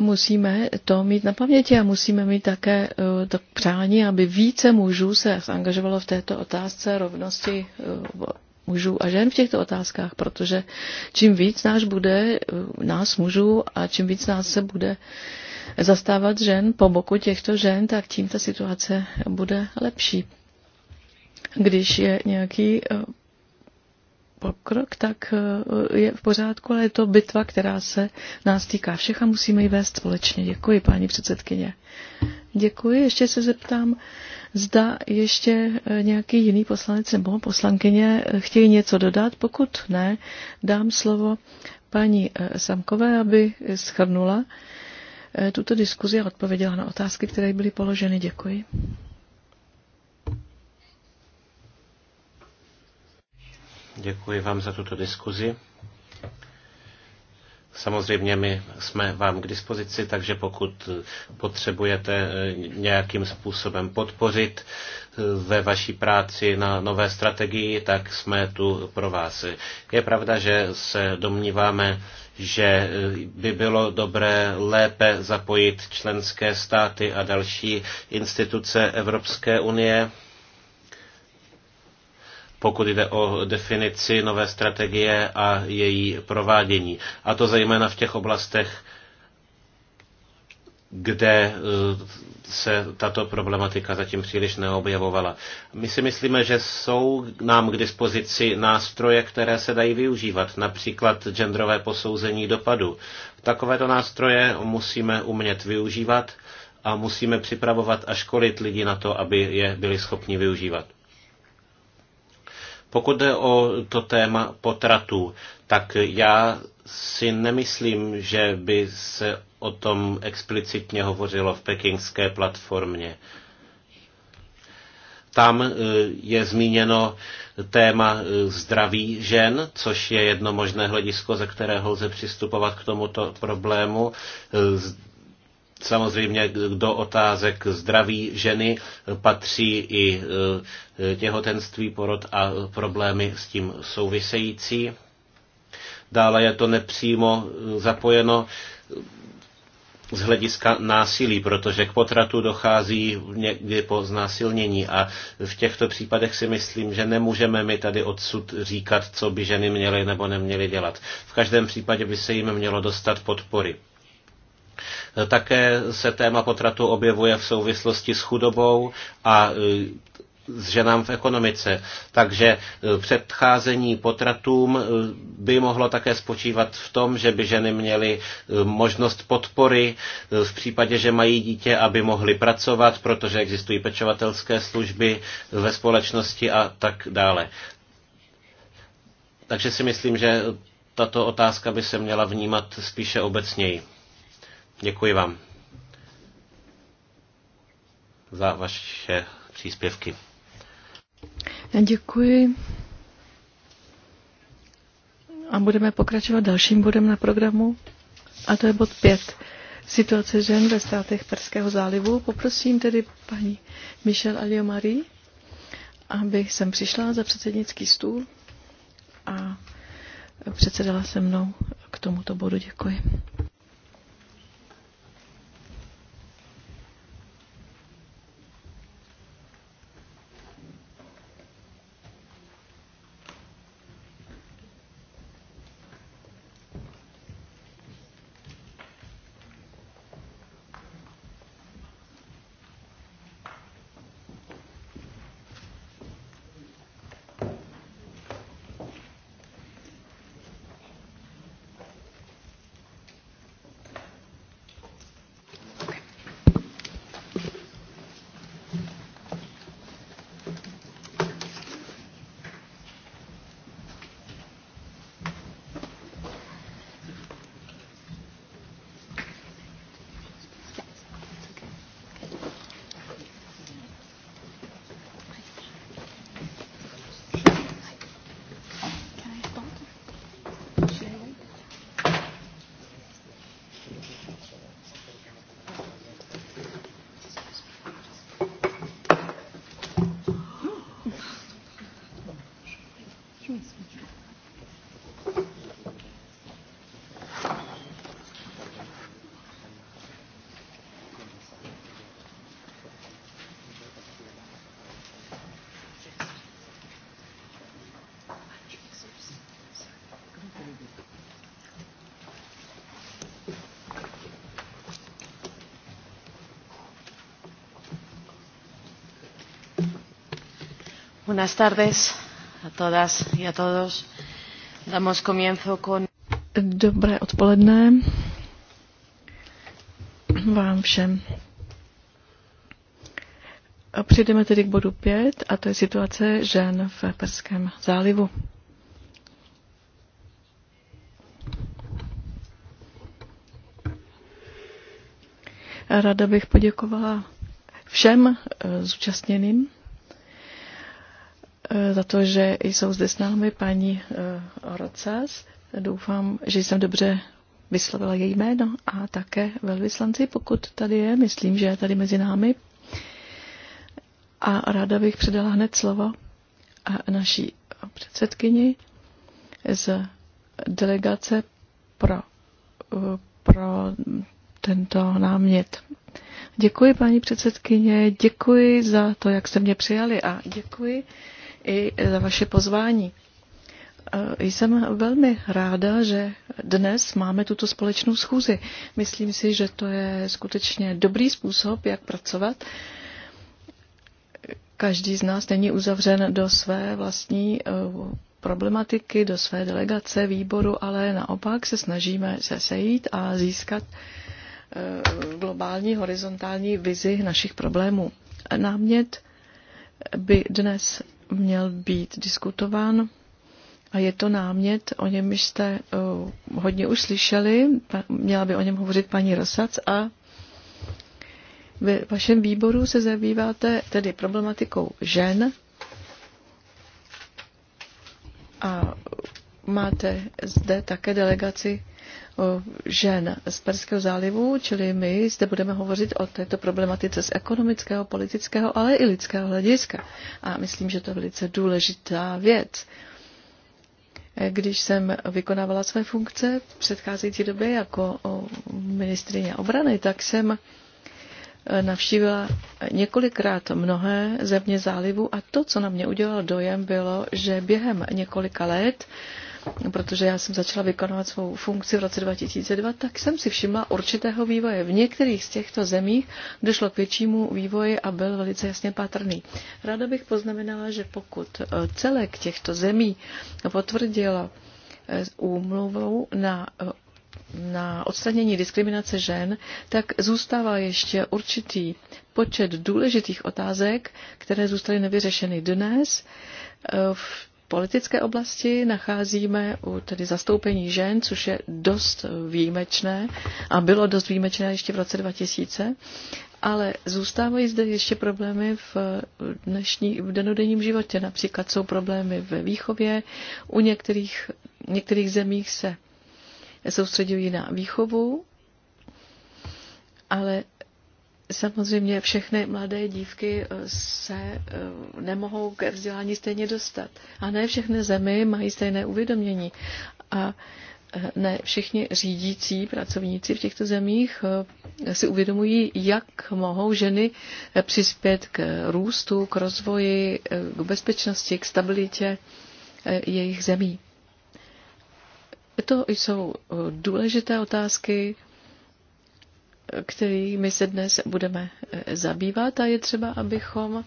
A: musíme to mít na paměti a musíme mít také eh, to přání, aby více mužů se angažovalo v této otázce rovnosti eh, mužů a žen v těchto otázkách, protože čím víc nás bude, eh, nás mužů a čím víc nás se bude zastávat žen po boku těchto žen, tak tím ta situace bude lepší. Když je nějaký pokrok, tak eh, je v pořádku, ale je to bitva, která se nás týká všech a musíme ji vést společně. Děkuji, paní předsedkyně. Děkuji. Ještě se zeptám, zda ještě eh, nějaký jiný poslanec nebo poslankyně eh, chtějí něco dodat. Pokud ne, dám slovo paní Samkové, aby schrnula tuto diskuzi a odpověděla na otázky, které byly položeny. Děkuji.
B: Děkuji vám za tuto diskuzi. Samozřejmě my jsme vám k dispozici, takže pokud potřebujete eh, nějakým způsobem podpořit eh, ve vaší práci na nové strategii, tak jsme tu pro vás. Je pravda, že se domníváme, že eh, by bylo dobré lépe zapojit členské státy a další instituce Evropské unie pokud jde o definici nové strategie a její provádění. A to zejména v těch oblastech, kde e, se tato problematika zatím příliš neobjevovala. My si myslíme, že jsou nám k dispozici nástroje, které se dají využívat, například genderové posouzení dopadu. Takovéto nástroje musíme umět využívat a musíme připravovat a školit lidi na to, aby je byli schopni využívat. Pokud jde o to téma potratů, tak já si nemyslím, že by se o tom explicitně hovořilo v pekingské platformě. Tam eh, je zmíněno téma eh, zdraví žen, což je jedno možné hledisko, ze kterého lze přistupovat k tomuto problému. Eh, Samozřejmě do otázek zdraví ženy patří i e, těhotenství, porod a problémy s tím související. Dále je to nepřímo e, zapojeno z hlediska násilí, protože k potratu dochází někdy po znásilnění a v těchto případech si myslím, že nemůžeme my tady odsud říkat, co by ženy měly nebo neměly dělat. V každém případě by se jim mělo dostat podpory. Také se téma potratu objevuje v souvislosti s chudobou a e, s ženám v ekonomice. Takže e, předcházení potratům e, by mohlo také spočívat v tom, že by ženy měly možnost podpory v případě, že mají dítě, aby mohly pracovat, protože existují pečovatelské služby ve společnosti a tak dále. Takže si myslím, že tato otázka by se měla vnímat spíše obecněji. Děkuji vám za vaše příspěvky.
A: Děkuji. A budeme pokračovat dalším bodem na programu, a to je bod 5. Situace žen ve státech Perského zálivu. Poprosím tedy paní Michelle Aliomari, aby jsem přišla za předsednický stůl a předsedala se mnou k tomuto bodu. Děkuji.
D: Buenas tardes a todas y a todos. Damos comienzo con...
A: Dobré odpoledne vám všem. Přijdeme tedy k bodu 5 a to je situace žen v Perském zálivu. Ráda bych poděkovala všem eh, zúčastněným Eh, za to, že jsou zde s námi paní eh, Orocas. Doufám, že jsem dobře vyslovila její jméno a také velvyslanci, pokud tady je, myslím, že je tady mezi námi. A ráda bych předala hned slovo eh, naší předsedkyni z delegace pro, pro tento námět. Děkuji, paní předsedkyně, děkuji za to, jak jste mě přijali a děkuji i za vaše pozvání. Eh, jsem velmi ráda, že dnes máme tuto společnou schůzi. Myslím si, že to je skutečně dobrý způsob, jak pracovat. Každý z nás není uzavřen do své vlastní eh, problematiky, do své delegace, výboru, ale naopak se snažíme se sejít a získat eh, globální horizontální vizi našich problémů. Námět by dnes měl být diskutován a je to námět, o něm jste eh, hodně už slyšeli, měla by o něm hovořit paní Rosac a ve vašem výboru se zabýváte tedy problematikou žen a máte zde také delegaci žen z Perského zálivu, čili my zde budeme hovořit o této problematice z ekonomického, politického, ale i lidského hlediska. A myslím, že to je velice důležitá věc. Když jsem vykonávala své funkce v předcházející době jako ministrině obrany, tak jsem e, navštívila několikrát mnohé země zálivu a to, co na mě udělalo dojem, bylo, že během několika let protože já jsem začala vykonávat svou funkci v roce 2002, tak jsem si všimla určitého vývoje. V některých z těchto zemích došlo k většímu vývoji a byl velice jasně patrný. Ráda bych poznamenala, že pokud eh, celek těchto zemí potvrdilo eh, úmluvou na eh, na odstranění diskriminace žen, tak zůstává ještě určitý počet důležitých otázek, které zůstaly nevyřešeny dnes. V politické oblasti nacházíme u tedy zastoupení žen, což je dost výjimečné a bylo dost výjimečné ještě v roce 2000, ale zůstávají zde ještě problémy v, dnešní, v denodenním životě. Například jsou problémy ve výchově, u některých, některých zemích se soustředují na výchovu, ale Samozřejmě všechny mladé dívky eh, se eh, nemohou ke vzdělání stejně dostat. A ne všechny zemi mají stejné uvědomění. A eh, ne všichni řídící pracovníci v těchto zemích si uvědomují, jak mohou ženy přispět k růstu, k rozvoji, k bezpečnosti, k stabilitě jejich zemí. To jsou důležité otázky, kterými se dnes budeme eh, zabývat a je třeba, abychom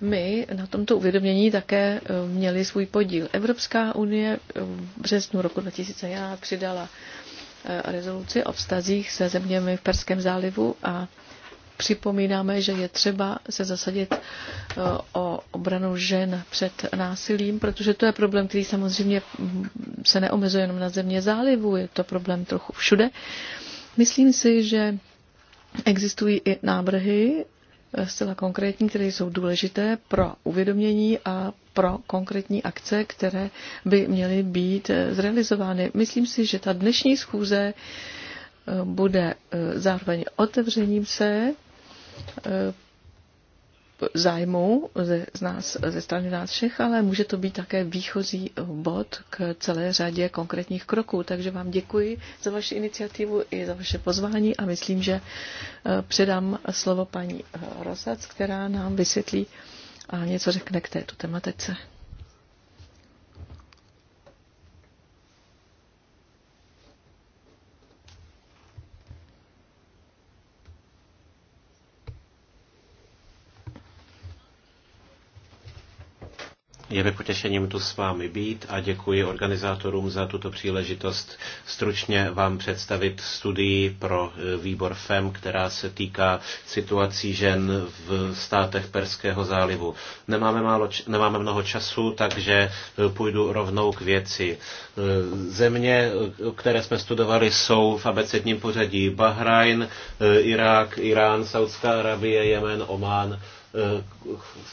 A: my na tomto uvědomění také eh, měli svůj podíl. Evropská unie eh, v březnu roku 2011 přidala rezoluci o vztazích se zeměmi v Perském zálivu a připomínáme, že je třeba se zasadit o obranu žen před násilím, protože to je problém, který samozřejmě mm, se neomezuje jenom na země zálivu, je to problém trochu všude. Myslím si, že existují i návrhy eh, zcela konkrétní, které jsou důležité pro uvědomění a pro konkrétní akce, které by měly být eh, zrealizovány. Myslím si, že ta dnešní schůze eh, bude zároveň otevřením se zájmu ze, z nás, ze strany nás všech, ale může to být také výchozí bod k celé řadě konkrétních kroků. Takže vám děkuji za vaši iniciativu i za vaše pozvání a myslím, že eh, předám slovo paní eh, Rosac, která nám vysvětlí a něco řekne k této tematice.
B: Je mi potěšením tu s vámi být a děkuji organizátorům za tuto příležitost stručně vám představit studii pro e, výbor FEM, která se týká situací žen v státech Perského zálivu. Nemáme, málo, nemáme mnoho času, takže e, půjdu rovnou k věci. E, země, které jsme studovali, jsou v abecedním pořadí Bahrajn, Irák, Irán, Saudská Arabie, Jemen, Omán, Eh,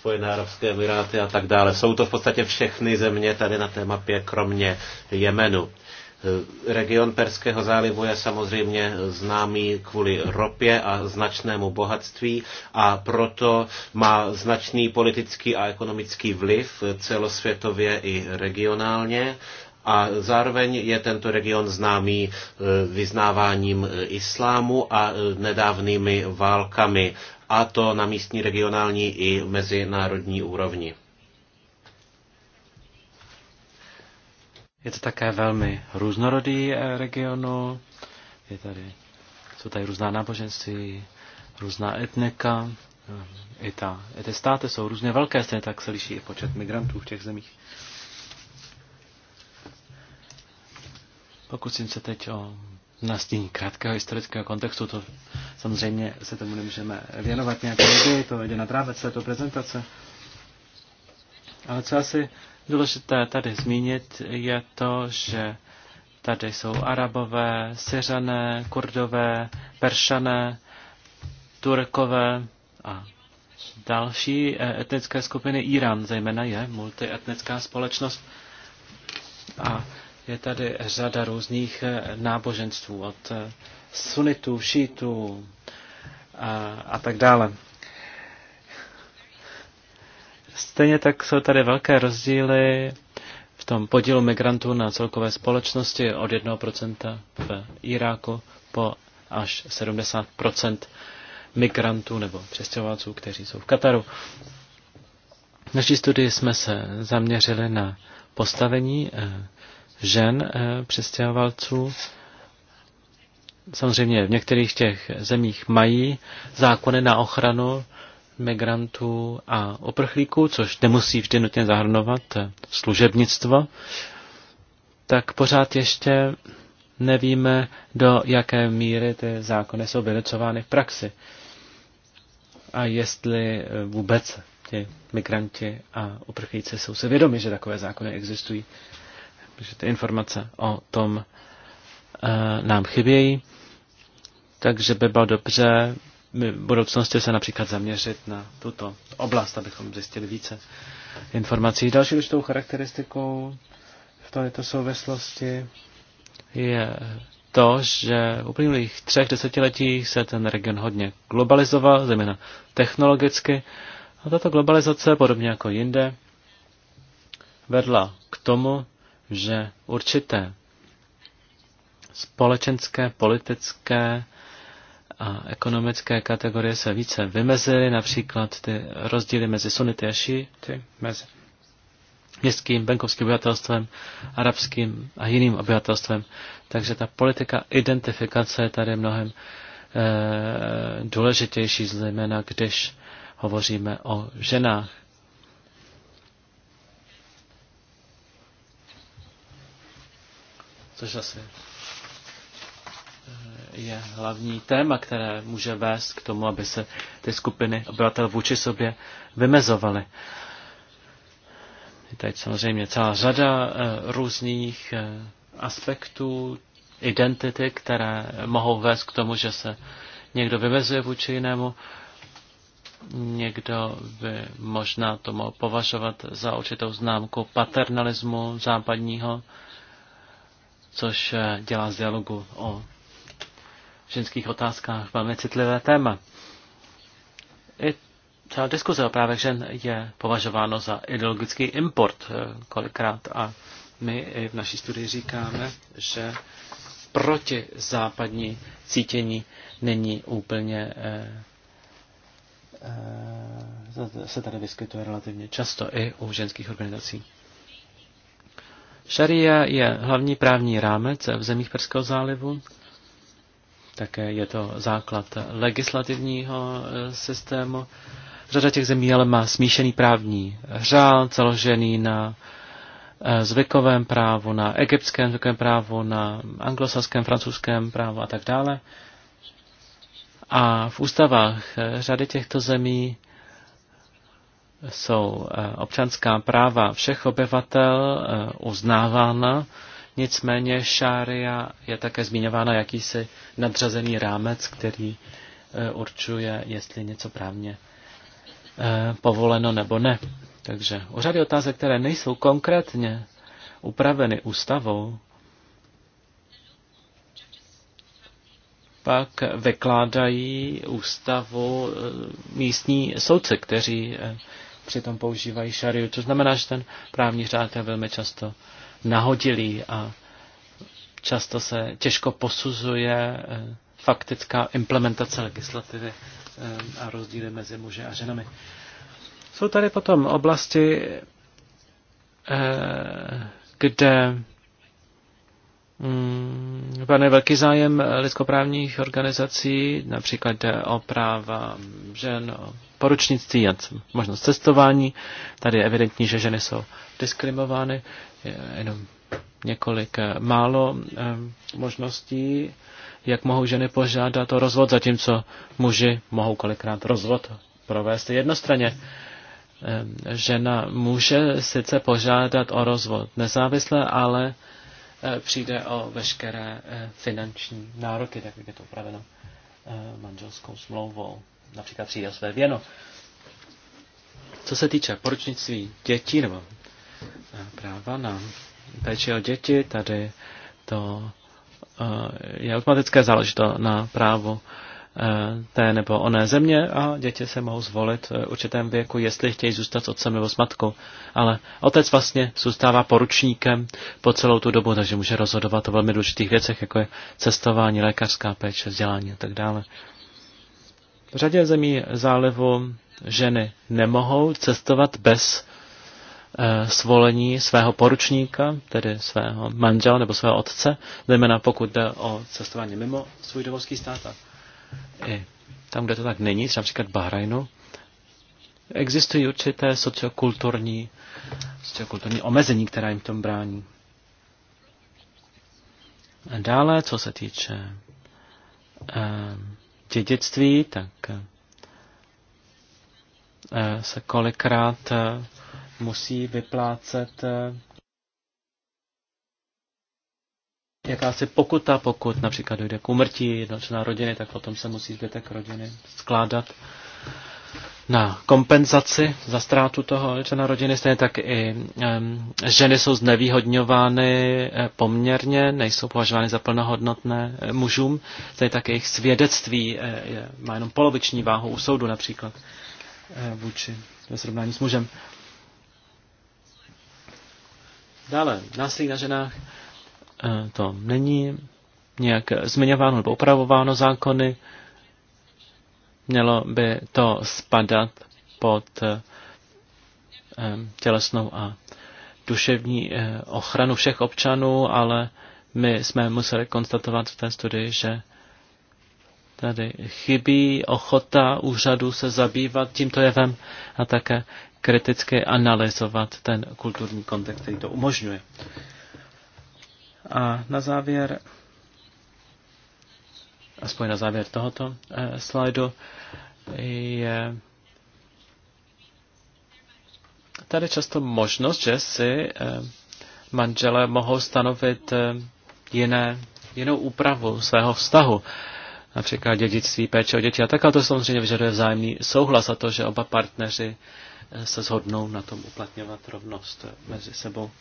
B: Spojené arabské emiráty a tak dále. Jsou to v podstatě všechny země tady na té mapě, kromě Jemenu. Eh, region Perského zálivu je samozřejmě známý kvůli ropě a značnému bohatství a proto má značný politický a ekonomický vliv celosvětově i regionálně a zároveň je tento region známý eh, vyznáváním islámu a nedávnými válkami a to na místní, regionální i mezinárodní úrovni.
C: Je to také velmi různorodý eh, regionu. Je tady, jsou tady různá náboženství, různá etnika. Eh, I, ta, i ty státy jsou různě velké, stejně tak se liší i počet migrantů v těch zemích. Pokusím se teď o na stín krátkého historického kontextu, to samozřejmě se tomu nemůžeme věnovat nějaké lidi, to jde na rámec této prezentace. Ale co asi důležité tady zmínit, je to, že tady jsou arabové, syřané, kurdové, peršané, turkové a další e, etnické skupiny. Irán zejména je multietnická společnost a je tady řada různých eh, náboženství, od eh, sunitů, šítů a, a tak dále. Stejně tak jsou tady velké rozdíly v tom podílu migrantů na celkové společnosti od 1% v Iráku po až 70% migrantů nebo přestěhovalců, kteří jsou v Kataru. V naší studii jsme se zaměřili na postavení eh, žen eh, přistěhovalců. Samozřejmě v některých těch zemích mají zákony na ochranu migrantů a oprchlíků, což nemusí vždy nutně zahrnovat eh, služebnictvo, tak pořád ještě nevíme, do jaké míry ty zákony jsou vynocovány v praxi. A jestli eh, vůbec ti migranti a uprchlíci jsou se vědomi, že takové zákony existují protože ty informace o tom e, nám chybějí, takže by bylo dobře v budoucnosti se například zaměřit na tuto oblast, abychom zjistili více informací. Další důležitou charakteristikou v této souvislosti je to, že v uplynulých třech desetiletích se ten region hodně globalizoval, zejména technologicky. A tato globalizace, podobně jako jinde, vedla k tomu, že určité společenské, politické a ekonomické kategorie se více vymezily, například ty rozdíly mezi sunity a šíty, mezi městským, venkovským obyvatelstvem, arabským a jiným obyvatelstvem. Takže ta politika identifikace je tady mnohem e, důležitější, zejména když hovoříme o ženách. což asi eh, je hlavní téma, které může vést k tomu, aby se ty skupiny obyvatel vůči sobě vymezovaly. Je tady samozřejmě celá řada eh, různých eh, aspektů identity, které mohou vést k tomu, že se někdo vymezuje vůči jinému. Někdo by možná to mohl považovat za určitou známku paternalismu západního což eh, dělá z dialogu o ženských otázkách velmi citlivé téma. I třeba diskuze o právech žen je považováno za ideologický import eh, kolikrát a my i v naší studii říkáme, že proti západní cítění není úplně eh, se tady vyskytuje relativně často i u ženských organizací. Šaria je hlavní právní rámec v zemích Perského zálivu. Také je to základ legislativního e, systému. Řada těch zemí ale má smíšený právní řád, založený na e, zvykovém právu, na egyptském zvykovém právu, na anglosaském, francouzském právu a tak dále. A v ústavách e, řady těchto zemí jsou eh, občanská práva všech obyvatel eh, uznávána, nicméně šária je také zmiňována jakýsi nadřazený rámec, který eh, určuje, jestli něco právně povoleno nebo ne. Takže o řady otázek, které nejsou konkrétně upraveny ústavou, pak vykládají ústavu místní soudci, kteří přitom používají šariu. což znamená, že ten právní řád je velmi často nahodilý a často se těžko posuzuje eh, faktická implementace legislativy eh, a rozdíly mezi muži a ženami. Jsou tady potom oblasti, eh, kde Hmm, Pane, velký zájem lidskoprávních organizací, například jde o práva žen, o poručnictví a možnost cestování. Tady je evidentní, že ženy jsou diskriminovány. Je jenom několik eh, málo eh, možností, jak mohou ženy požádat o rozvod, zatímco muži mohou kolikrát rozvod provést jednostranně. Eh, žena může sice požádat o rozvod nezávisle, ale Eh, přijde o veškeré eh, finanční nároky, tak jak je to upraveno eh, manželskou smlouvou, například přijde o své věno. Co se týče poročnictví dětí nebo práva na péči o děti, tady to je automatické záležitost na právo Eh, té nebo oné země a děti se mohou zvolit eh, v určitém věku, jestli chtějí zůstat s otcem nebo s matkou. Ale otec vlastně zůstává poručníkem po celou tu dobu, takže může rozhodovat o velmi důležitých věcech, jako je cestování, lékařská péče, vzdělání a tak dále. V řadě zemí zálivu ženy nemohou cestovat bez eh, svolení svého poručníka, tedy svého manžela nebo svého otce, zejména pokud jde o cestování mimo svůj domovský stát i tam, kde to tak není, třeba například Bahrajnu, existují určité sociokulturní, sociokulturní omezení, která jim tom brání. A dále, co se týče eh, dědictví, tak eh, se kolikrát eh, musí vyplácet jakási pokuta, pokud například dojde k umrtí jednočná rodiny, tak potom se musí zbytek rodiny skládat na kompenzaci za ztrátu toho člena rodiny, stejně tak i um, ženy jsou znevýhodňovány eh, poměrně, nejsou považovány za plnohodnotné eh, mužům, stejně tak jejich svědectví eh, je, má jenom poloviční váhu u soudu například vůči ve srovnání s mužem. Dále, násilí na ženách E, to není nějak zmiňováno nebo upravováno zákony. Mělo by to spadat pod e, tělesnou a duševní e, ochranu všech občanů, ale my jsme museli konstatovat v té studii, že tady chybí ochota úřadu se zabývat tímto jevem a také kriticky analyzovat ten kulturní kontext, který to umožňuje. A na závěr, aspoň na závěr tohoto eh, slajdu, je tady často možnost, že si eh, manželé mohou stanovit eh, jiné, jinou úpravu svého vztahu, například dědictví, péče o děti. A tak a to samozřejmě vyžaduje vzájemný souhlas a to, že oba partneři eh, se shodnou na tom uplatňovat rovnost mezi sebou.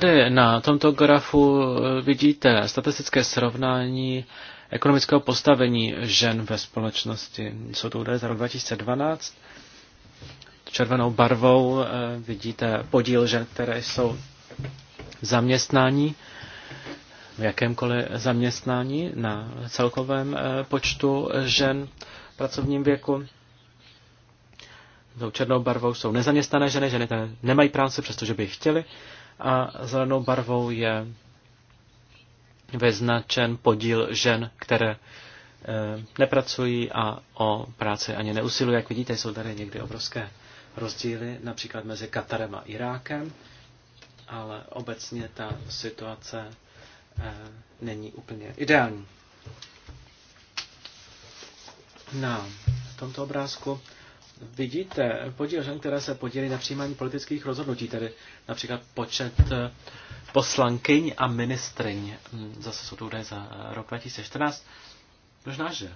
C: Tady na tomto grafu e, vidíte statistické srovnání ekonomického postavení žen ve společnosti. Jsou to údaje za rok 2012. Červenou barvou e, vidíte podíl žen, které jsou zaměstnání, v jakémkoliv zaměstnání na celkovém e, počtu žen v pracovním věku. Tou černou barvou jsou nezaměstnané ženy, ženy které nemají práci, přestože by ji chtěli a zelenou barvou je vyznačen podíl žen, které eh, nepracují a o práci ani neusilují. Jak vidíte, jsou tady někdy obrovské rozdíly, například mezi Katarem a Irákem, ale obecně ta situace eh, není úplně ideální. Na tomto obrázku vidíte podíl žen, které se podílí na přijímání politických rozhodnutí, tedy například počet eh, poslankyň a ministryň. Hm, zase jsou to údaje za eh, rok 2014. Možná, že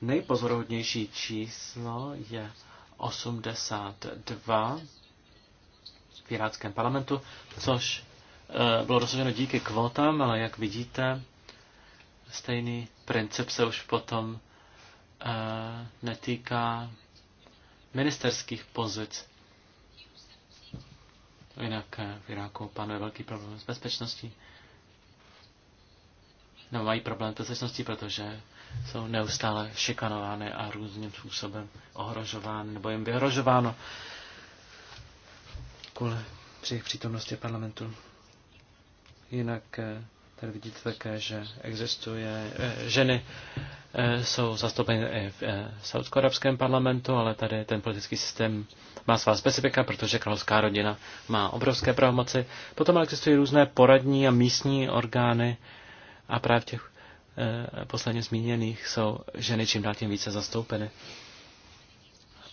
C: nejpozorodnější číslo je 82 v Iráckém parlamentu, což eh, bylo dosaženo díky kvótám, ale jak vidíte, stejný princip se už potom netýká ministerských pozic. Jinak eh, v Iráku panuje velký problém s bezpečností. Nebo mají problém s bezpečností, protože jsou neustále šikanovány a různým způsobem ohrožovány, nebo jim vyhrožováno kvůli při jejich přítomnosti parlamentu. Jinak eh, Tady vidíte také, že existuje, eh, ženy eh, jsou zastoupeny i v eh, saudsko-arabském parlamentu, ale tady ten politický systém má svá specifika, protože královská rodina má obrovské pravomoci. Potom existují různé poradní a místní orgány a právě těch posledně zmíněných jsou ženy čím dál tím více zastoupeny.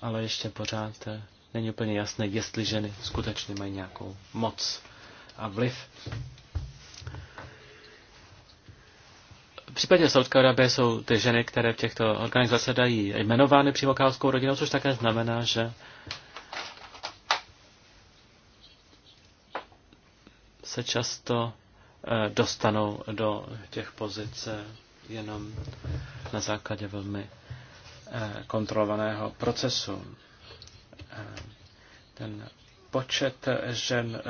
C: Ale ještě pořád není úplně jasné, jestli ženy skutečně mají nějakou moc a vliv. případě Saudské Arabie jsou ty ženy, které v těchto organizacích dají jmenovány přímo královskou rodinou, což také znamená, že se často eh, dostanou do těch pozic jenom na základě velmi eh, kontrolovaného procesu. Eh, ten počet žen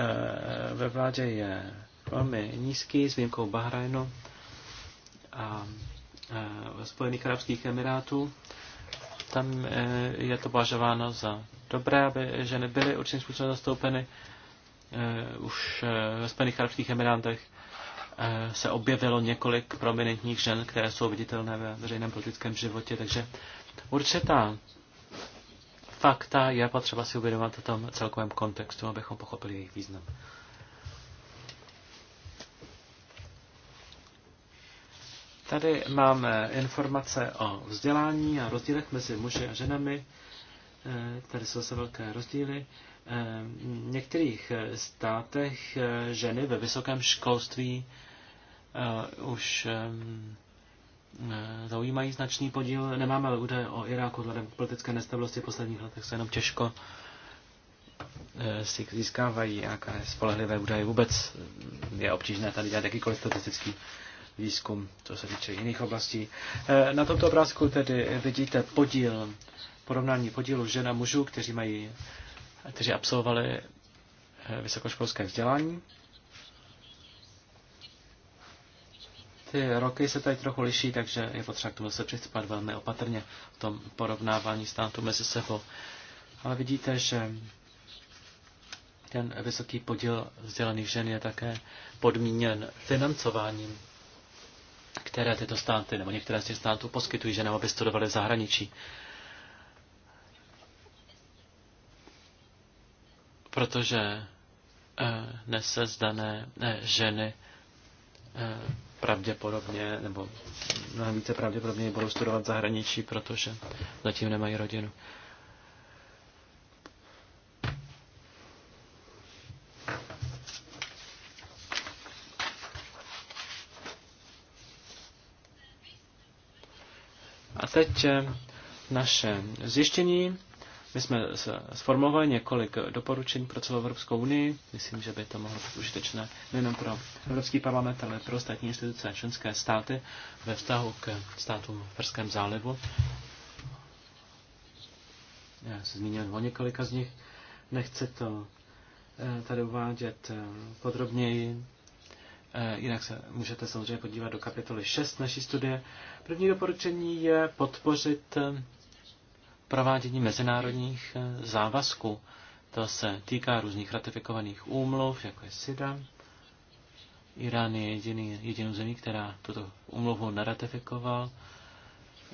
C: ve vládě je velmi nízký, s výjimkou Bahrajnu a e, Spojených Arabských Emirátů. Tam e, je to považováno za dobré, aby ženy byly určitým způsobem zastoupeny. E, už ve Spojených Arabských Emirátech se objevilo několik prominentních žen, které jsou viditelné ve veřejném politickém životě, takže určitá fakta je potřeba si uvědomit v tom celkovém kontextu, abychom pochopili jejich význam. Tady máme informace o vzdělání a rozdílech mezi muži a ženami. Eh, tady jsou zase velké rozdíly. Eh, v některých eh, státech ženy ve vysokém školství už zaujímají značný podíl. Nemáme ale údaje o Iráku, vzhledem k politické nestabilosti v posledních letech se jenom těžko si získávají nějaké spolehlivé údaje. Vůbec je obtížné tady dělat jakýkoliv statistický výzkum, co se týče jiných oblastí. Eh, na tomto obrázku tedy vidíte podíl, porovnání podílu žen a mužů, kteří mají, kteří absolvovali eh, vysokoškolské vzdělání. Ty roky se tady trochu liší, takže je potřeba k tomu se přistupovat velmi opatrně v tom porovnávání států mezi sebou. Ale vidíte, že ten vysoký podíl vzdělaných žen je také podmíněn financováním které tyto státy nebo některé z těch států poskytují ženám, aby studovali v zahraničí. Protože eh, nese zdané eh, ženy eh, pravděpodobně, nebo mnohem více pravděpodobně budou studovat v zahraničí, protože zatím nemají rodinu. teď eh, naše zjištění. My jsme sformulovali několik doporučení pro celou Evropskou unii. Myslím, že by to mohlo být užitečné nejen pro Evropský parlament, ale pro ostatní instituce a členské státy ve vztahu k státům v Perském zálivu. Já se zmínil o několika z nich. Nechci to eh, tady uvádět eh, podrobněji. Eh, jinak se můžete samozřejmě podívat do kapitoly 6 naší studie. První doporučení je podpořit eh, provádění mezinárodních eh, závazků. To se týká různých ratifikovaných úmluv, jako je SIDA. Irán je jediný, jedinou zemí, která tuto úmluvu neratifikoval.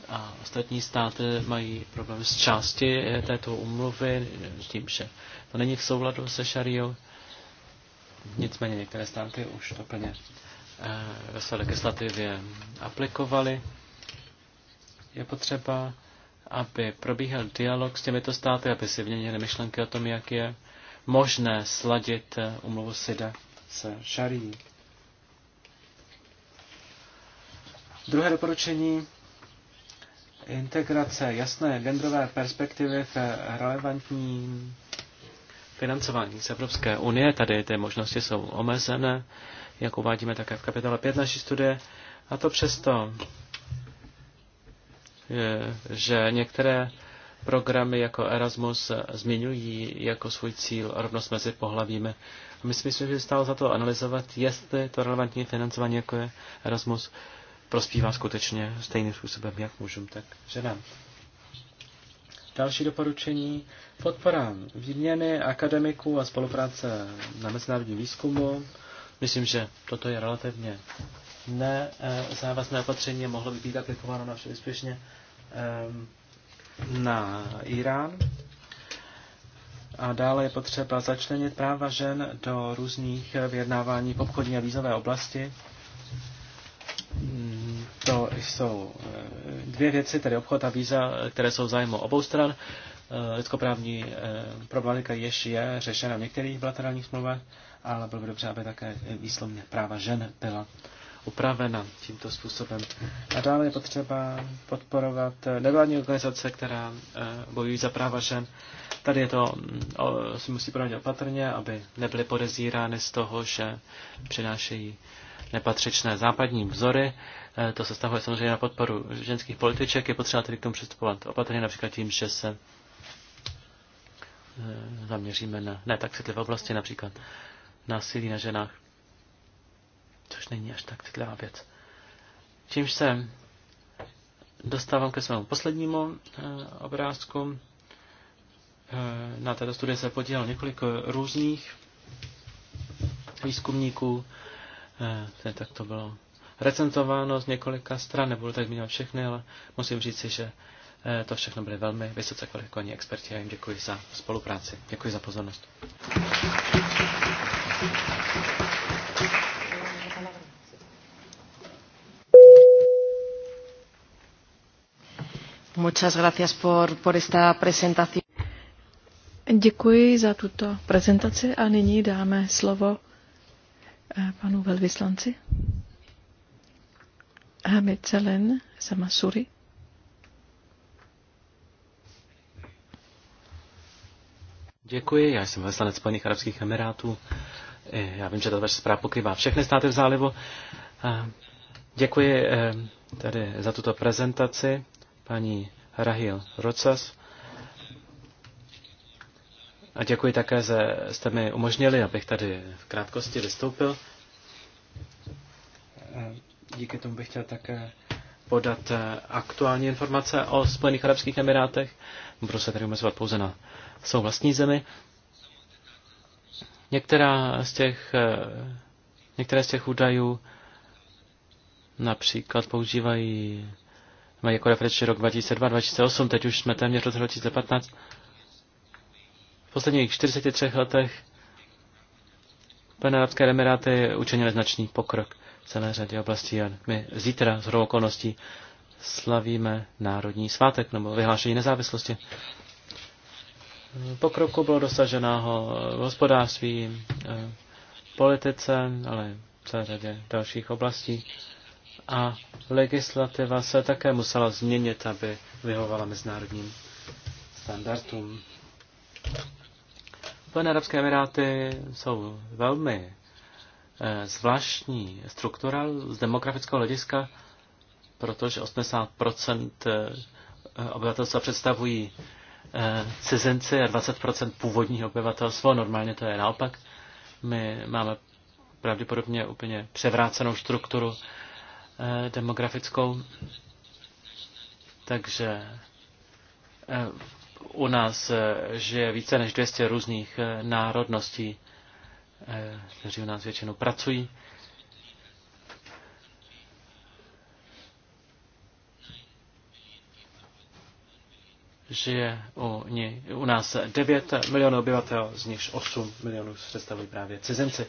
C: A ostatní státy mají problém s části této úmluvy, tím, že to není v souladu se šariou. Nicméně některé státy už to plně eh, ve své legislativě aplikovaly. Je potřeba, aby probíhal dialog s těmito státy, aby si vněnili myšlenky o tom, jak je možné sladit eh, umluvu SIDA se šarí. Druhé doporučení integrace jasné genderové perspektivy v relevantním financování z Evropské unie. Tady ty možnosti jsou omezené, jak uvádíme také v kapitole 5 naší studie. A to přesto, že některé programy jako Erasmus zmiňují jako svůj cíl rovnost mezi pohlavími. A my si myslím, že stálo za to analyzovat, jestli to relevantní financování jako je Erasmus prospívá skutečně stejným způsobem jak mužům, tak ženám. Další doporučení. Podpora výměny akademiků a spolupráce na mezinárodním výzkumu. Myslím, že toto je relativně nezávazné opatření mohlo by být aplikováno na vše úspěšně na Irán. A dále je potřeba začlenit práva žen do různých vyjednávání v obchodní a vízové oblasti. Mm, to jsou eh, dvě věci, tedy obchod a víza, které jsou zájmu obou stran. Eh, lidskoprávní eh, problematika jež je řešena v některých bilaterálních smlouvách, ale bylo by dobře, aby také výslovně práva žen byla upravena tímto způsobem. A dále je potřeba podporovat nevládní organizace, která bojují za práva žen. Tady je to, mm, si musí poradit opatrně, aby nebyly podezírány z toho, že přinášejí nepatřičné západní vzory. Eh, to se stahuje samozřejmě na podporu ženských političek. Je potřeba tedy k tomu přistupovat opatrně, například tím, že se eh, zaměříme na ne tak citlivé oblasti, například násilí na ženách, což není až tak citlivá věc. Čímž se dostávám ke svému poslednímu eh, obrázku. Na této studii se podílelo několik různých výzkumníků eh, tak to bylo recenzováno z několika stran, nebudu tak měnit všechny, ale musím říct si, že eh, to všechno byly velmi vysoce kvalifikovaní experti a jim děkuji za spolupráci. Děkuji za pozornost.
D: Muchas gracias por, por
A: esta presentación. Děkuji za tuto prezentaci a nyní dáme slovo Eh, panu velvyslanci. Hamid z Masury.
C: Děkuji, já jsem velvyslanec Spojených Arabských Emirátů. Eh, já vím, že ta vaše zpráva pokrývá všechny státy v zálivu. Eh, děkuji tady za tuto prezentaci paní Rahil Rocas a děkuji také, že jste mi umožnili, abych tady v krátkosti vystoupil. Díky tomu bych chtěl také podat eh, aktuální informace o Spojených Arabských Emirátech. Budu se tady omezovat pouze na svou vlastní zemi. Některá z těch, eh, některé z těch údajů například používají mají jako referenční rok 2002-2008, teď už jsme téměř roce 2015 v posledních 43 letech Spojené arabské emiráty učinily značný pokrok v celé řadě oblastí a my zítra z okolností slavíme národní svátek nebo vyhlášení nezávislosti. Pokroku bylo dosaženého v hospodářství, eh, politice, ale v celé řadě dalších oblastí. A legislativa se také musela změnit, aby vyhovala mezinárodním standardům. Spojené arabské emiráty jsou velmi eh, zvláštní struktura z demografického hlediska, protože 80 eh, obyvatelstva představují eh, cizinci a 20 původního obyvatelstva. Normálně to je naopak. My máme pravděpodobně úplně převrácenou strukturu demografickou. Takže u nás eh, žije více než 200 různých eh, národností, eh, kteří u nás většinou pracují. Žije u, ní, u nás 9 milionů obyvatel, z nichž 8 milionů představují právě cizinci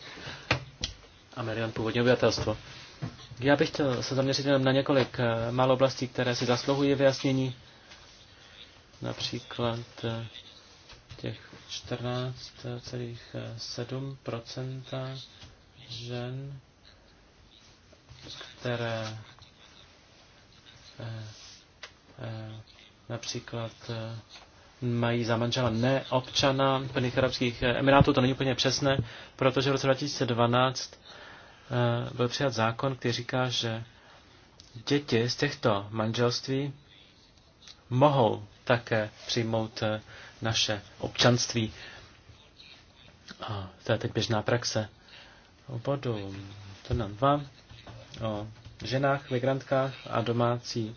C: a milion původní obyvatelstvo. Já bych chtěl se zaměřit jenom na několik málo oblastí, které si zasluhují vyjasnění například eh, těch 14,7 žen, které eh, eh, například mají za manžela neobčana Plných arabských emirátů, to není úplně přesné, protože v roce 2012 byl přijat zákon, který říká, že děti z těchto manželství mohou také přijmout eh, naše občanství. A to je teď běžná praxe. O bodu to nám dva, o ženách, migrantkách a domácí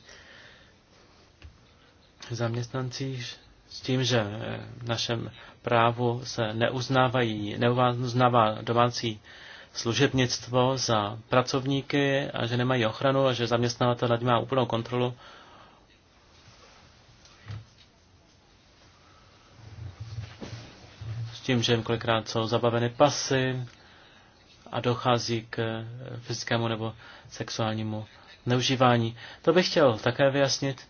C: zaměstnancích s tím, že eh, v našem právu se neuznávají, neuznává domácí služebnictvo za pracovníky a že nemají ochranu a že zaměstnavatel nad má úplnou kontrolu, tím, že jim kolikrát jsou zabaveny pasy a dochází k eh, fyzickému nebo sexuálnímu neužívání. To bych chtěl také vyjasnit.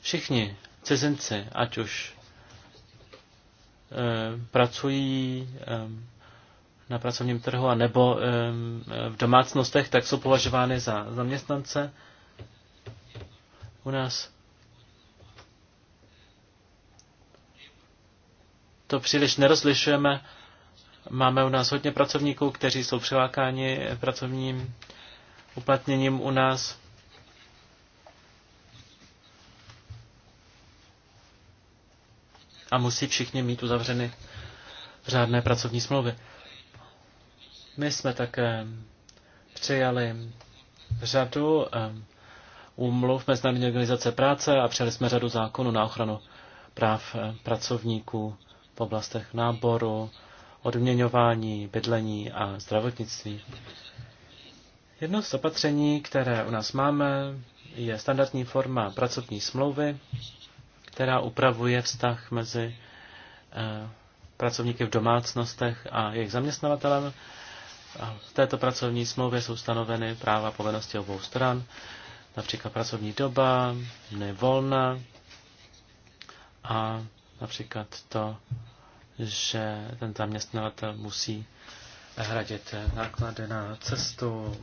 C: Všichni cizinci, ať už e, pracují e, na pracovním trhu a nebo e, v domácnostech, tak jsou považovány za zaměstnance. U nás to příliš nerozlišujeme. Máme u nás hodně pracovníků, kteří jsou přilákáni pracovním uplatněním u nás. A musí všichni mít uzavřeny řádné pracovní smlouvy. My jsme také přijali řadu úmluv Mezinárodní organizace práce a přijali jsme řadu zákonů na ochranu práv pracovníků oblastech náboru, odměňování, bydlení a zdravotnictví. Jedno z opatření, které u nás máme, je standardní forma pracovní smlouvy, která upravuje vztah mezi eh, pracovníky v domácnostech a jejich zaměstnavatelem. V této pracovní smlouvě jsou stanoveny práva a povinnosti obou stran, například pracovní doba, nevolna a například to, že ten zaměstnavatel musí hradit náklady na cestu,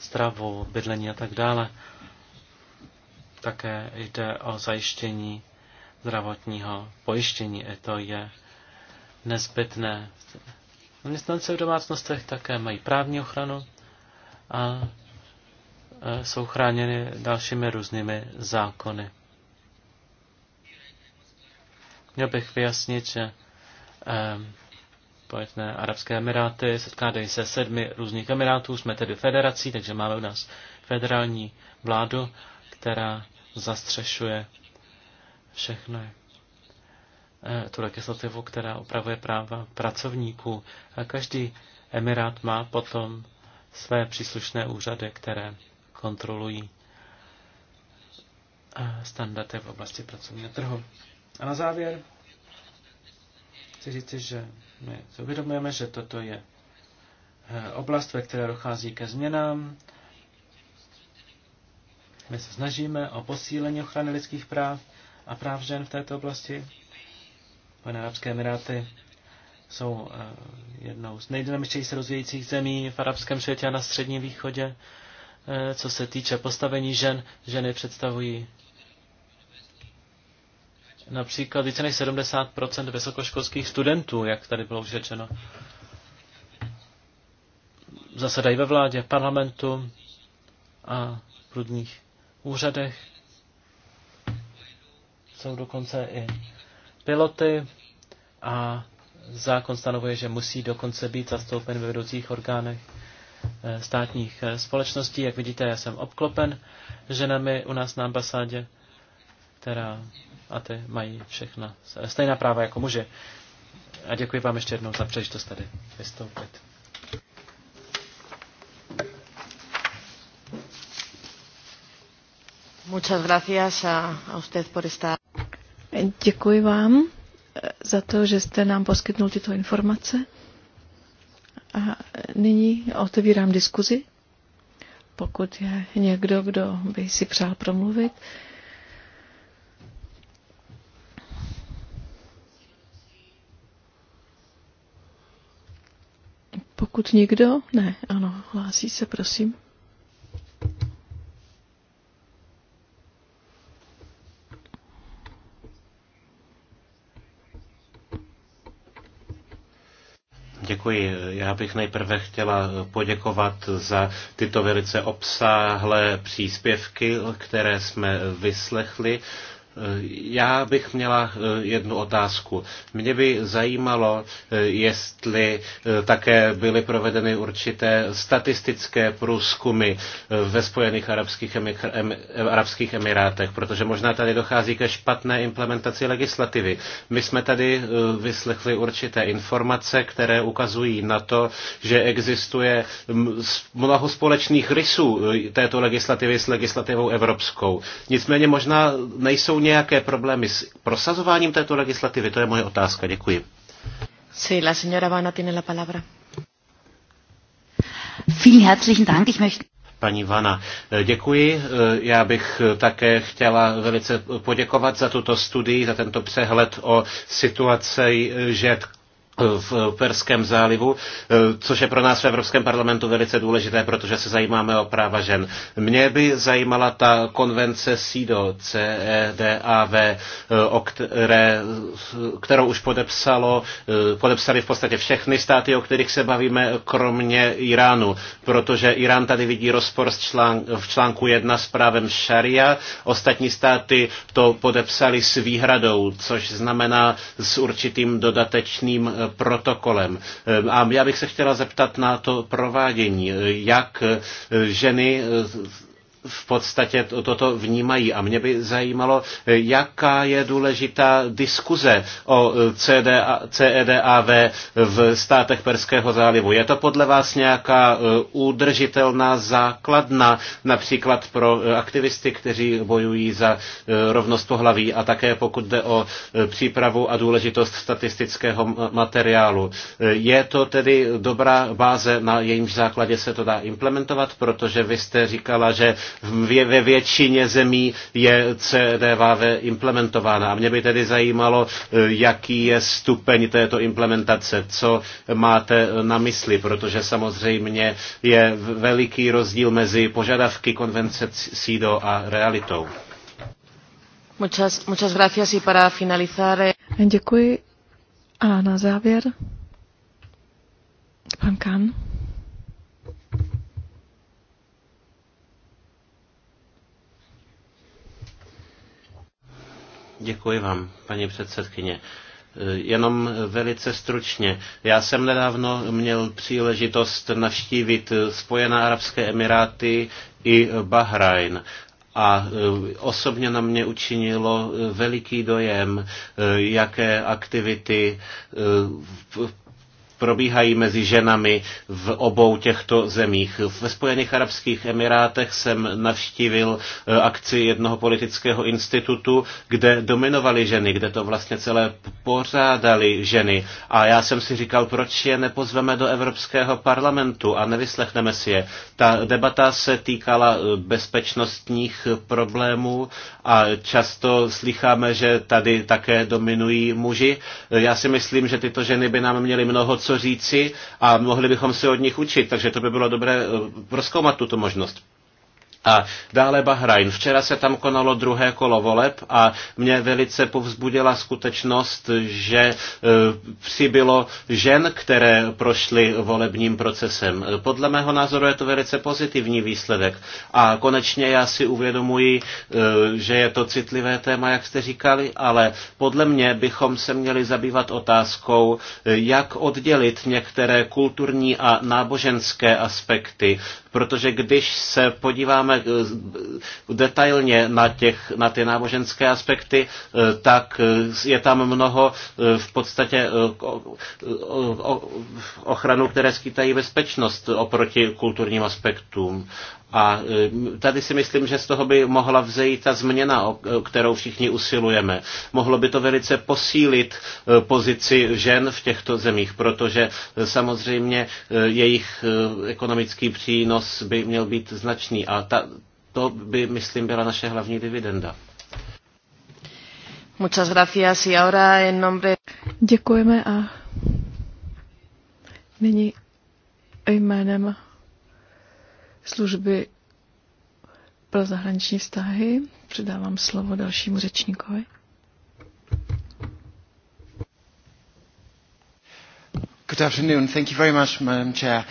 C: stravu, bydlení a tak dále. Také jde o zajištění zdravotního pojištění. I to je nezbytné. Zaměstnanci v domácnostech také mají právní ochranu a e, jsou chráněny dalšími různými zákony. Měl bych vyjasnit, že ehm, pojetné Arabské Emiráty skládají se sedmi různých Emirátů, jsme tedy federací, takže máme u nás federální vládu, která zastřešuje všechny eh, tu legislativu, která upravuje práva pracovníků. A každý emirát má potom své příslušné úřady, které kontrolují eh, standardy v oblasti pracovního trhu. A na závěr chci říct, že my si uvědomujeme, že toto je eh, oblast, ve které dochází ke změnám. My se snažíme o posílení ochrany lidských práv a práv žen v této oblasti. Spojené arabské emiráty jsou eh, jednou z nejdynamičtěji se rozvíjejících zemí v arabském světě a na středním východě. Eh, co se týče postavení žen, ženy představují například více než 70% vysokoškolských studentů, jak tady bylo už řečeno, zasedají ve vládě, parlamentu a v různých úřadech. Jsou dokonce i piloty a zákon stanovuje, že musí dokonce být zastoupen ve vedoucích orgánech eh, státních eh, společností. Jak vidíte, já jsem obklopen ženami u nás na ambasádě která, a ty mají všechna stejná práva jako muže. A děkuji vám ještě jednou za příležitost tady vystoupit.
A: Muchas gracias a, a usted por esta... Děkuji vám eh, za to, že jste nám poskytnul tyto informace. A nyní otevírám diskuzi. Pokud je někdo, kdo by si přál promluvit, Pokud nikdo? Ne, ano, hlásí se, prosím.
B: Děkuji. Já bych nejprve chtěla poděkovat za tyto velice obsáhlé příspěvky, které jsme vyslechli. Já bych měla eh, jednu otázku. Mě by zajímalo, eh, jestli eh, také byly provedeny určité statistické průzkumy ve Spojených Arabských, Emir- Arabských Emirátech, protože možná tady dochází ke špatné implementaci legislativy. My jsme tady vyslechli určité informace, které ukazují na to, že existuje mnoho společných rysů této legislativy s legislativou evropskou. Nicméně možná nejsou nějaké problémy s prosazováním této legislativy? To je moje otázka. Děkuji.
D: Sí, la señora Vana tiene la palabra.
B: Vielen herzlichen Dank. Ich möchte paní Vana. Děkuji. Já bych také chtěla velice poděkovat za tuto studii, za tento přehled o situaci žet v Perském zálivu, eh, což je pro nás v Evropském parlamentu velice důležité, protože se zajímáme o práva žen. Mě by zajímala ta konvence SIDO, CEDAV, eh, o které, kterou už podepsalo, eh, podepsali v podstatě všechny státy, o kterých se bavíme, kromě Iránu, protože Irán tady vidí rozpor v článku 1 s právem šaria, ostatní státy to podepsali s výhradou, což znamená s určitým dodatečným protokolem. Ehm, a já bych se chtěla zeptat na to provádění, jak ehm, ženy ehm, v podstatě toto vnímají. A mě by zajímalo, jaká je důležitá diskuze o e, CDA, CEDAV v státech Perského zálivu. Je to podle vás nějaká udržitelná e, základna například pro e, aktivisty, kteří bojují za rovnost pohlaví a také pokud jde o přípravu a důležitost statistického materiálu. Je to tedy dobrá báze, na jejímž základě se to dá implementovat, protože vy jste říkala, že ve většině zemí je CDVV implementována. A mě by tedy zajímalo, eh, jaký je stupeň této implementace, co máte na mysli, protože samozřejmě je veliký rozdíl mezi požadavky konvence SIDO a realitou.
D: Muchas, muchas gracias y para
A: finalizar... Eh, Děkuji. A na závěr pan Kan.
B: Děkuji vám, paní předsedkyně. Jenom velice stručně. Já jsem nedávno měl příležitost navštívit Spojené arabské emiráty i Bahrajn a e, osobně na mě učinilo e, veliký dojem, e, jaké aktivity probíhají mezi ženami v obou těchto zemích. Ve Spojených Arabských Emirátech jsem navštívil eh, akci jednoho politického institutu, kde dominovaly ženy, kde to vlastně celé pořádali ženy. A já jsem si říkal, proč je nepozveme do Evropského parlamentu a nevyslechneme si je. Ta debata se týkala eh, bezpečnostních problémů a často slycháme, že tady také dominují muži. Eh, já si myslím, že tyto ženy by nám měly mnoho co co říci a mohli bychom se od nich učit, takže to by bylo dobré eh, proskoumat tuto možnost. A dále Bahrajn. Včera se tam konalo druhé kolo voleb a mě velice povzbudila skutečnost, že e, přibylo žen, které prošly volebním procesem. Podle mého názoru je to velice pozitivní výsledek. A konečně já si uvědomuji, e, že je to citlivé téma, jak jste říkali, ale podle mě bychom se měli zabývat otázkou, e, jak oddělit některé kulturní a náboženské aspekty protože když se podíváme eh, detailně na, těch, na ty náboženské aspekty, eh, tak eh, je tam mnoho v podstatě ochranu, které skýtají bezpečnost oproti kulturním aspektům. A tady si myslím, že z toho by mohla vzejít ta změna, o kterou všichni usilujeme. Mohlo by to velice posílit e, pozici žen v těchto zemích, protože e, samozřejmě e, jejich ekonomický přínos by měl být značný. A ta, to by, myslím, byla naše hlavní dividenda.
D: Muchas gracias
A: y ahora en nombre... Děkujeme a nyní jménem služby pro zahraniční vztahy. Předávám slovo dalšímu řečníkovi.
B: Good afternoon. Thank you very much, Madam Chair.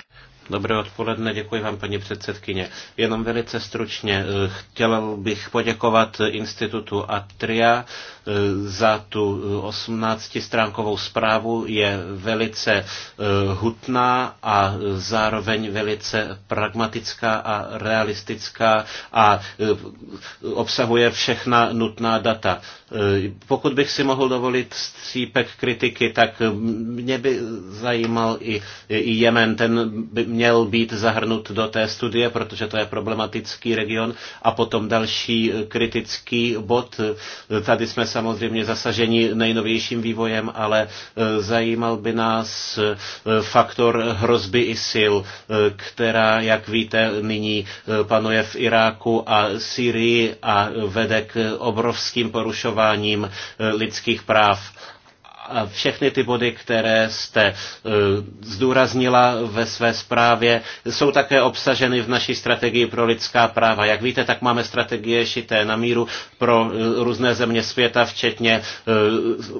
B: Dobré odpoledne, děkuji vám, paní předsedkyně. Jenom velice stručně eh, chtěl bych poděkovat institutu Atria eh, za tu 18-stránkovou eh, zprávu. Je velice hutná a zároveň velice pragmatická a realistická a obsahuje všechna nutná data. Pokud bych si mohl dovolit střípek kritiky, tak mm, mě by zajímal i, i Jemen. Ten by měl být zahrnut do té studie, protože to je problematický region. A potom další eh, kritický bod. Tady jsme samozřejmě zasaženi nejnovějším vývojem, ale eh, zajímal by nás eh, faktor hrozby sil, která, jak víte, nyní panuje v Iráku a Syrii a vede k obrovským porušováním lidských práv všechny ty body, které jste e, zdůraznila ve své zprávě, jsou také obsaženy v naší strategii pro lidská práva. Jak víte, tak máme strategie šité na míru pro e, různé země světa, včetně e,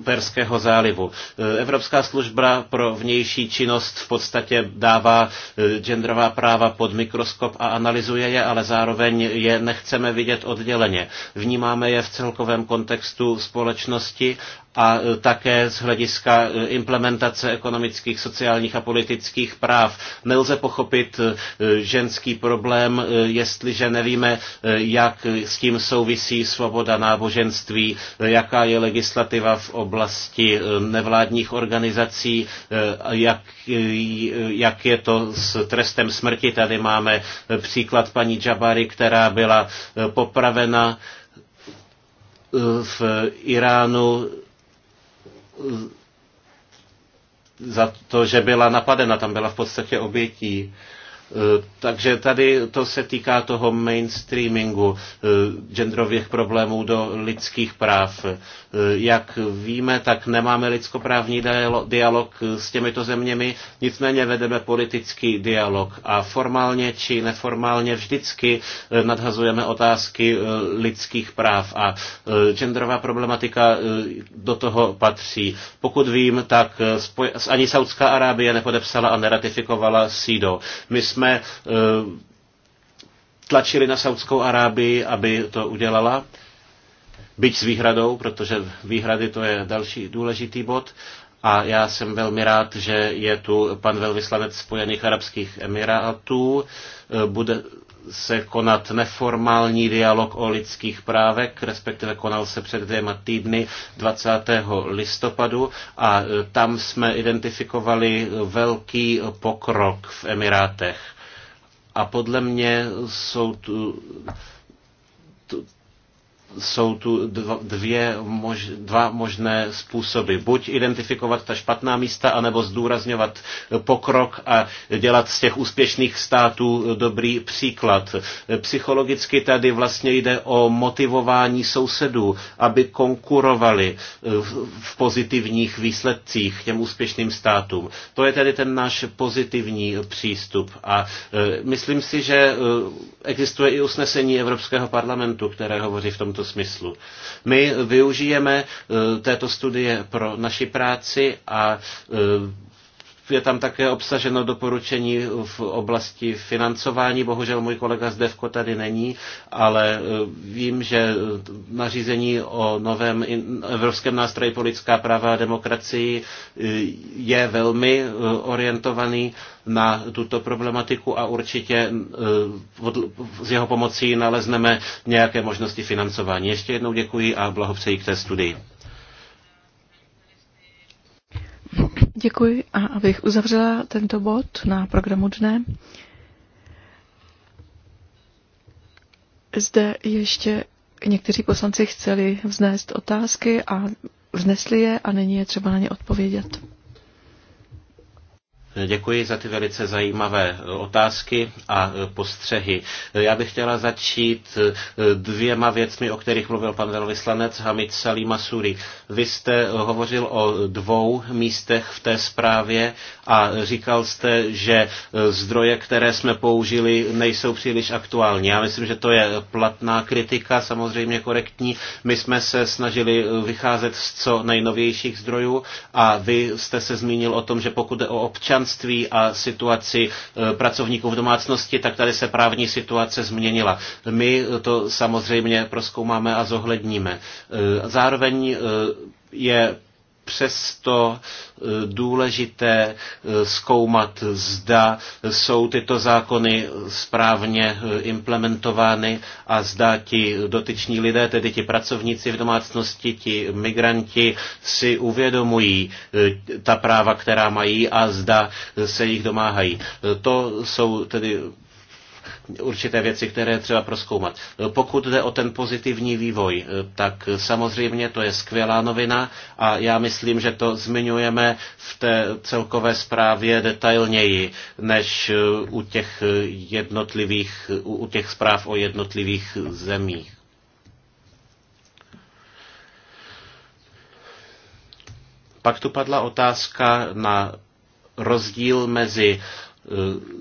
B: Perského zálivu. Evropská služba pro vnější činnost v podstatě dává genderová práva pod mikroskop a analyzuje je, ale zároveň je nechceme vidět odděleně. Vnímáme je v celkovém kontextu společnosti a také z hlediska e, implementace ekonomických, sociálních a politických práv. Nelze pochopit e, ženský problém, e, jestliže nevíme, jak s tím souvisí svoboda náboženství, jaká je legislativa v oblasti nevládních organizací, jak, jak je to s trestem smrti. Tady máme příklad paní Jabari, která byla popravena v Iránu za to, že byla napadena, tam byla v podstatě obětí Eh, takže tady to se týká toho mainstreamingu eh, genderových problémů do lidských práv. Eh, jak víme, tak nemáme lidskoprávní dialog s těmito zeměmi, nicméně vedeme politický dialog a formálně či neformálně vždycky nadhazujeme otázky lidských práv a genderová problematika do toho patří. Pokud vím, tak ani Saudská Arábie nepodepsala a neratifikovala SIDO. My jsme jsme eh, tlačili na Saudskou Arábii, aby to udělala, byť s výhradou, protože výhrady to je další důležitý bod. A já jsem velmi rád, že je tu pan velvyslanec Spojených Arabských Emirátů. E, bude se konat neformální dialog o lidských právech, respektive konal se před dvěma týdny 20. listopadu a e, tam jsme identifikovali velký pokrok v Emirátech. A podle mě jsou tu jsou tu dvě, mož, dva možné způsoby. Buď identifikovat ta špatná místa, anebo zdůrazňovat pokrok a dělat z těch úspěšných států dobrý příklad. Psychologicky tady vlastně jde o motivování sousedů, aby konkurovali v pozitivních výsledcích těm úspěšným státům. To je tedy ten náš pozitivní přístup. A e, myslím si, že e, existuje i usnesení Evropského parlamentu, které hovoří v tomto tomto smyslu. My využijeme e, této studie pro naši práci a e, je tam také obsaženo doporučení v oblasti financování. Bohužel můj kolega Zdevko tady není, ale e, vím, že nařízení o novém evropském nástroji politická práva a demokracii e, je velmi e, orientovaný na tuto problematiku a určitě s jeho pomocí nalezneme nějaké možnosti financování. Ještě jednou děkuji a blahopřeji k té studii.
A: Děkuji a abych uzavřela tento bod na programu dne. Zde ještě někteří poslanci chceli vznést otázky a vznesli je a není je třeba na ně odpovědět.
B: Děkuji za ty velice zajímavé e, otázky a e, postřehy. E, já bych chtěla začít dvěma věcmi, o kterých mluvil pan velvyslanec Hamid Salimasuri. Vy jste hovořil o dvou místech v té zprávě a říkal jste, že zdroje, které jsme použili, nejsou příliš aktuální. Já myslím, že to je platná kritika, samozřejmě korektní. My jsme se snažili vycházet z co nejnovějších zdrojů a vy jste se zmínil o tom, že pokud jde o občan, občanství a situaci eh, pracovníků v domácnosti, tak tady se právní situace změnila. My to samozřejmě proskoumáme a zohledníme. Eh, zároveň eh, je přesto eh, důležité eh, zkoumat, zda jsou tyto zákony správně eh, implementovány a zda ti dotyční lidé, tedy ti pracovníci v domácnosti, ti migranti si uvědomují ta práva, která mají a zda se jich domáhají. To jsou tedy určité věci, které třeba proskoumat. Pokud jde o ten pozitivní vývoj, tak samozřejmě to je skvělá novina a já myslím, že to zmiňujeme v té celkové zprávě detailněji, než u těch jednotlivých, u těch zpráv o jednotlivých zemích. Pak tu padla otázka na rozdíl mezi Eh,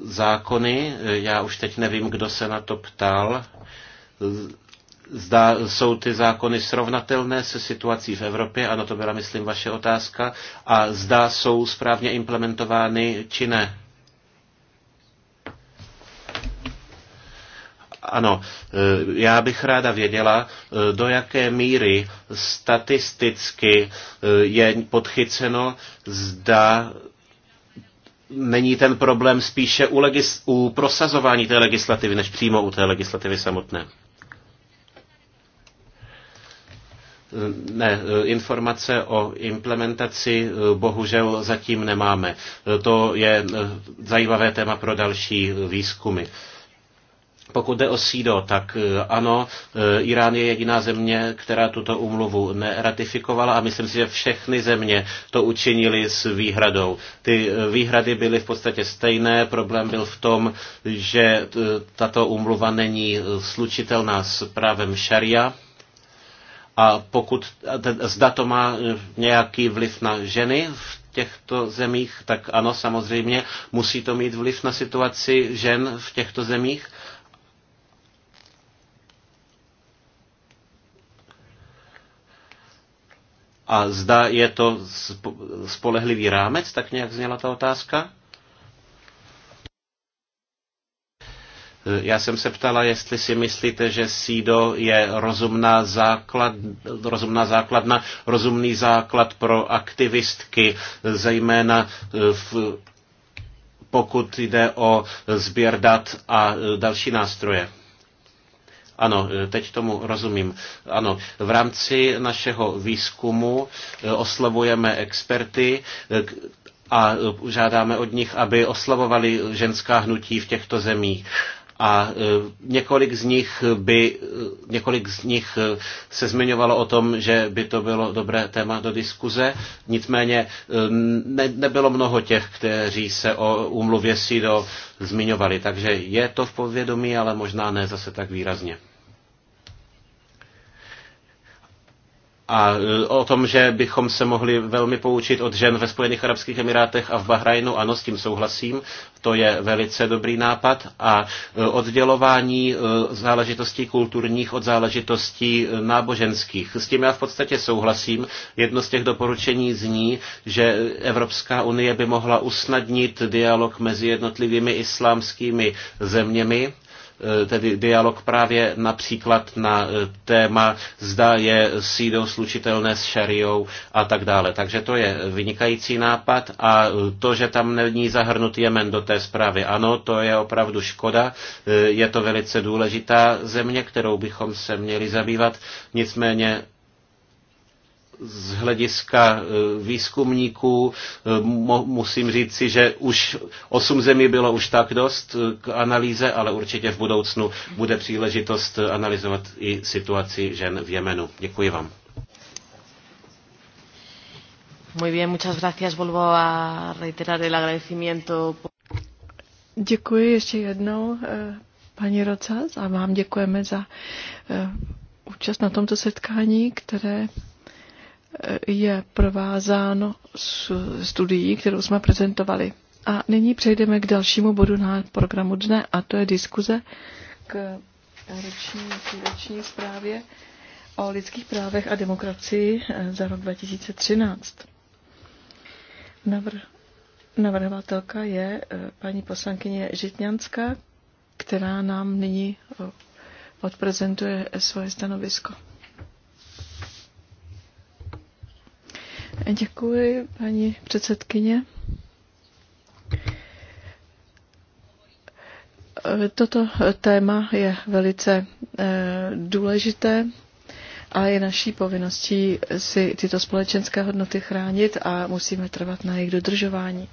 B: zákony. Eh, já už teď nevím, kdo se na to ptal. Eh, zda jsou ty zákony srovnatelné se situací v Evropě, ano, to byla, myslím, vaše otázka, a zda jsou správně implementovány či ne. Ano, já bych ráda věděla, do jaké míry statisticky je podchyceno, zda není ten problém spíše u, legis- u prosazování té legislativy, než přímo u té legislativy samotné? Ne, informace o implementaci bohužel zatím nemáme. To je eh, zajímavé téma pro další eh, výzkumy. Pokud jde o SIDO, tak eh, ano, eh, Irán je jediná země, která tuto umluvu neratifikovala a myslím si, že všechny země to učinili s výhradou. Ty eh, výhrady byly v podstatě stejné, problém byl v tom, že tato umluva není slučitelná s právem šaria, a pokud zda to má nějaký vliv na ženy v těchto zemích, tak ano, samozřejmě musí to mít vliv na situaci žen v těchto zemích. A zda je to spolehlivý rámec, tak nějak zněla ta otázka? Já jsem se ptala, jestli si myslíte, že SIDO je rozumná, základ, rozumná základna, rozumný základ pro aktivistky, zejména eh, v, pokud jde o sběr dat a eh, další nástroje. Ano, e, teď tomu rozumím. Ano, v rámci našeho výzkumu e, oslavujeme experty, e, a žádáme od nich, aby oslavovali ženská hnutí v těchto zemích a e, několik z nich by, e, několik z nich e, se zmiňovalo o tom, že by to bylo dobré téma do diskuze, nicméně ne, nebylo mnoho těch, kteří se o úmluvě SIDO zmiňovali, takže je to v povědomí, ale možná ne zase tak výrazně. a e, o tom, že bychom se mohli velmi poučit od žen ve Spojených Arabských Emirátech a v Bahrajnu, ano, s tím souhlasím, to je velice dobrý nápad a e, oddělování e, záležitostí kulturních od záležitostí náboženských. S tím já v podstatě souhlasím. Jedno z těch doporučení zní, že Evropská unie by mohla usnadnit dialog mezi jednotlivými islámskými zeměmi Eh, tedy dialog právě například na eh, téma, zda je sídou slučitelné s šariou a tak dále. Takže to je vynikající nápad a eh, to, že tam není zahrnut Jemen do té zprávy, ano, to je opravdu škoda. Je to velice důležitá země, kterou bychom se měli zabývat. Nicméně z hlediska e, výzkumníků e, musím říci, že už osm zemí bylo už tak dost e, k analýze, ale určitě v budoucnu bude příležitost analyzovat i situaci žen v Jemenu. Děkuji vám.
D: Muy bien, muchas gracias. Volvo a reiterar el agradecimiento.
A: Děkuji ještě jednou, paní Rocas, a vám děkujeme za účast na tomto setkání, které je provázáno s studií, kterou jsme prezentovali. A nyní přejdeme k dalšímu bodu na programu dne, a to je diskuze k roční, roční zprávě o lidských právech a demokracii eh, za rok 2013. Navr- navrhovatelka je eh, paní poslankyně Žitňanská, která nám nyní eh, odprezentuje svoje stanovisko. Děkuji, paní předsedkyně. Toto téma je velice eh, důležité a je naší povinností si tyto společenské hodnoty chránit a musíme trvat na jejich dodržování.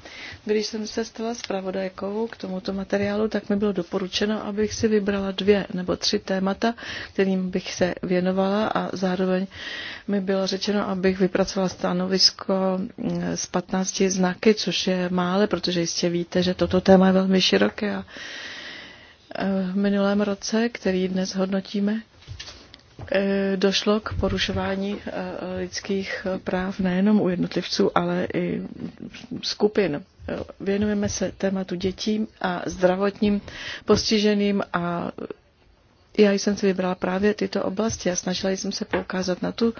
A: Když jsem se stala zpravodajkou k tomuto materiálu, tak mi bylo doporučeno, abych si vybrala dvě nebo tři témata, kterým bych se věnovala a zároveň mi bylo řečeno, abych vypracovala stanovisko eh, z 15 znaky, což je mále, protože jistě víte, že toto téma je velmi široké a eh, v minulém roce, který dnes hodnotíme, Eh, došlo k porušování eh, lidských eh, práv nejenom u jednotlivců, ale i skupin. Věnujeme se tématu dětí a zdravotním postiženým a já jsem si vybrala právě tyto oblasti a snažila jsem se poukázat na tu,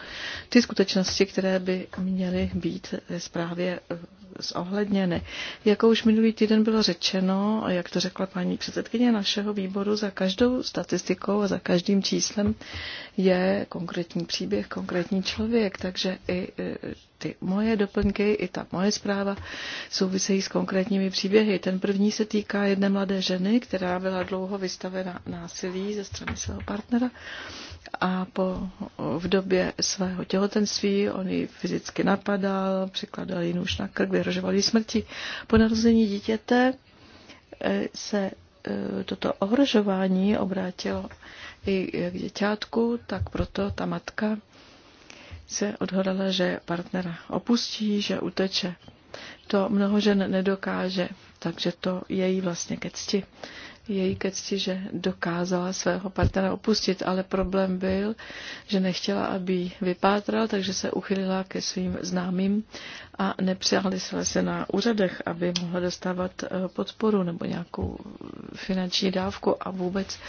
A: ty skutečnosti, které by měly být zprávě zohledněny. Jako už minulý týden bylo řečeno, a jak to řekla paní předsedkyně našeho výboru, za každou statistikou a za každým číslem je konkrétní příběh, konkrétní člověk, takže i e, ty moje doplňky, i ta moje zpráva souvisejí s konkrétními příběhy. Ten první se týká jedné mladé ženy, která byla dlouho vystavena násilí ze strany svého partnera a po, v době svého těhotenství on ji fyzicky napadal, přikladal ji nůž na krk, vyhrožovali smrti. Po narození dítěte eh, se eh, toto ohrožování obrátilo i k děťátku, tak proto ta matka se odhodala, že partnera opustí, že uteče. To mnoho žen nedokáže, takže to je jí vlastně ke cti. Její ke cti, že dokázala svého partnera opustit, ale problém byl, že nechtěla, aby vypátral, takže se uchylila ke svým známým a nepřijali se, se na úřadech, aby mohla dostávat eh, podporu nebo nějakou finanční dávku a vůbec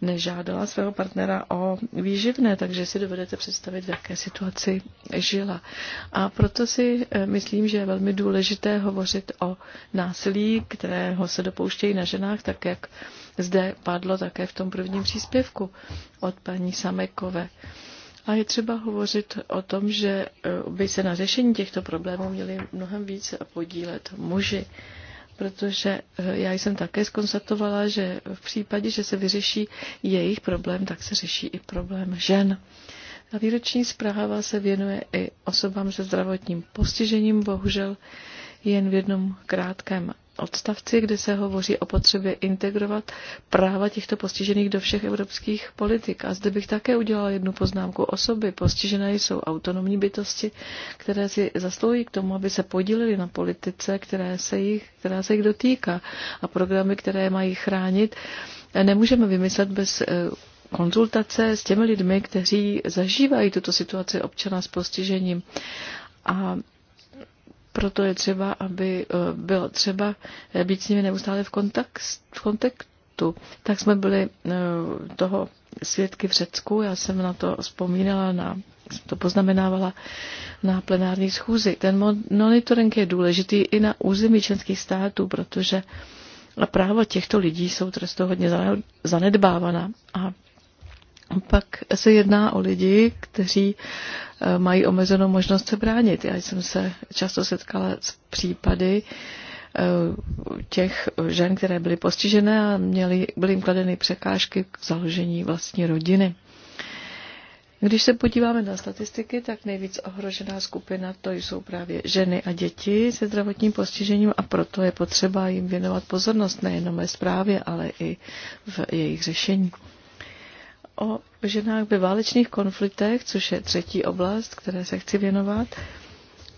A: nežádala svého partnera o výživné, takže si dovedete představit, v jaké situaci žila. A proto si eh, myslím, že je velmi důležité hovořit o násilí, kterého se dopouštějí na ženách, tak jak zde padlo také v tom prvním příspěvku od paní Samekové. A je třeba hovořit o tom, že eh, by se na řešení těchto problémů měli mnohem více podílet muži. Protože eh, já jsem také skonstatovala, že v případě, že se vyřeší jejich problém, tak se řeší i problém žen. A výroční zpráva se věnuje i osobám se zdravotním postižením, bohužel jen v jednom krátkém odstavci, kde se hovoří o potřebě integrovat práva těchto postižených do všech evropských politik. A zde bych také udělala jednu poznámku. Osoby postižené jsou autonomní bytosti, které si zaslouží k tomu, aby se podílely na politice, které se jich, která se jich dotýká. A programy, které mají chránit, nemůžeme vymyslet bez eh, konzultace s těmi lidmi, kteří zažívají tuto situaci občana s postižením. A proto je třeba, aby eh, bylo třeba eh, být s nimi neustále v, kontakt, v kontaktu. Tak jsme byli eh, toho svědky v Řecku, já jsem na to vzpomínala, na, jsem to poznamenávala na plenární schůzi. Ten monitoring je důležitý i na území členských států, protože práva těchto lidí jsou trestu hodně zanedbávaná a pak se jedná o lidi, kteří eh, mají omezenou možnost se bránit. Já jsem se často setkala s případy eh, těch žen, které byly postižené a měly, byly jim kladeny překážky k založení vlastní rodiny. Když se podíváme na statistiky, tak nejvíc ohrožená skupina to jsou právě ženy a děti se zdravotním postižením a proto je potřeba jim věnovat pozornost nejenom ve zprávě, ale i v jejich řešení o ženách ve válečných konfliktech, což je třetí oblast, které se chci věnovat.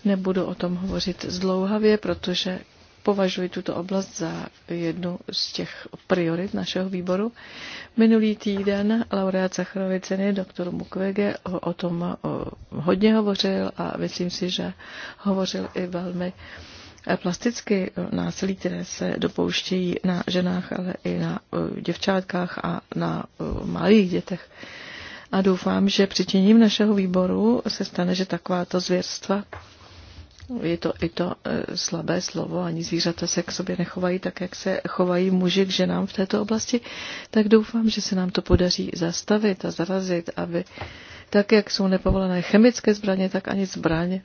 A: Nebudu o tom hovořit zdlouhavě, protože považuji tuto oblast za jednu z těch priorit našeho výboru. Minulý týden laureát Sacharovy ceny doktor Mukwege o, o tom o, hodně hovořil a myslím si, že hovořil i velmi uh, plasticky násilí, které se dopouštějí na ženách, ale i na eh, děvčátkách a na eh, malých dětech. A doufám, že přičiním našeho výboru se stane, že takováto zvěrstva je to i to e, slabé slovo, ani zvířata se k sobě nechovají tak, jak se chovají muži k ženám v této oblasti, tak doufám, že se nám to podaří zastavit a zarazit, aby tak, jak jsou nepovolené chemické zbraně, tak ani zbraň e,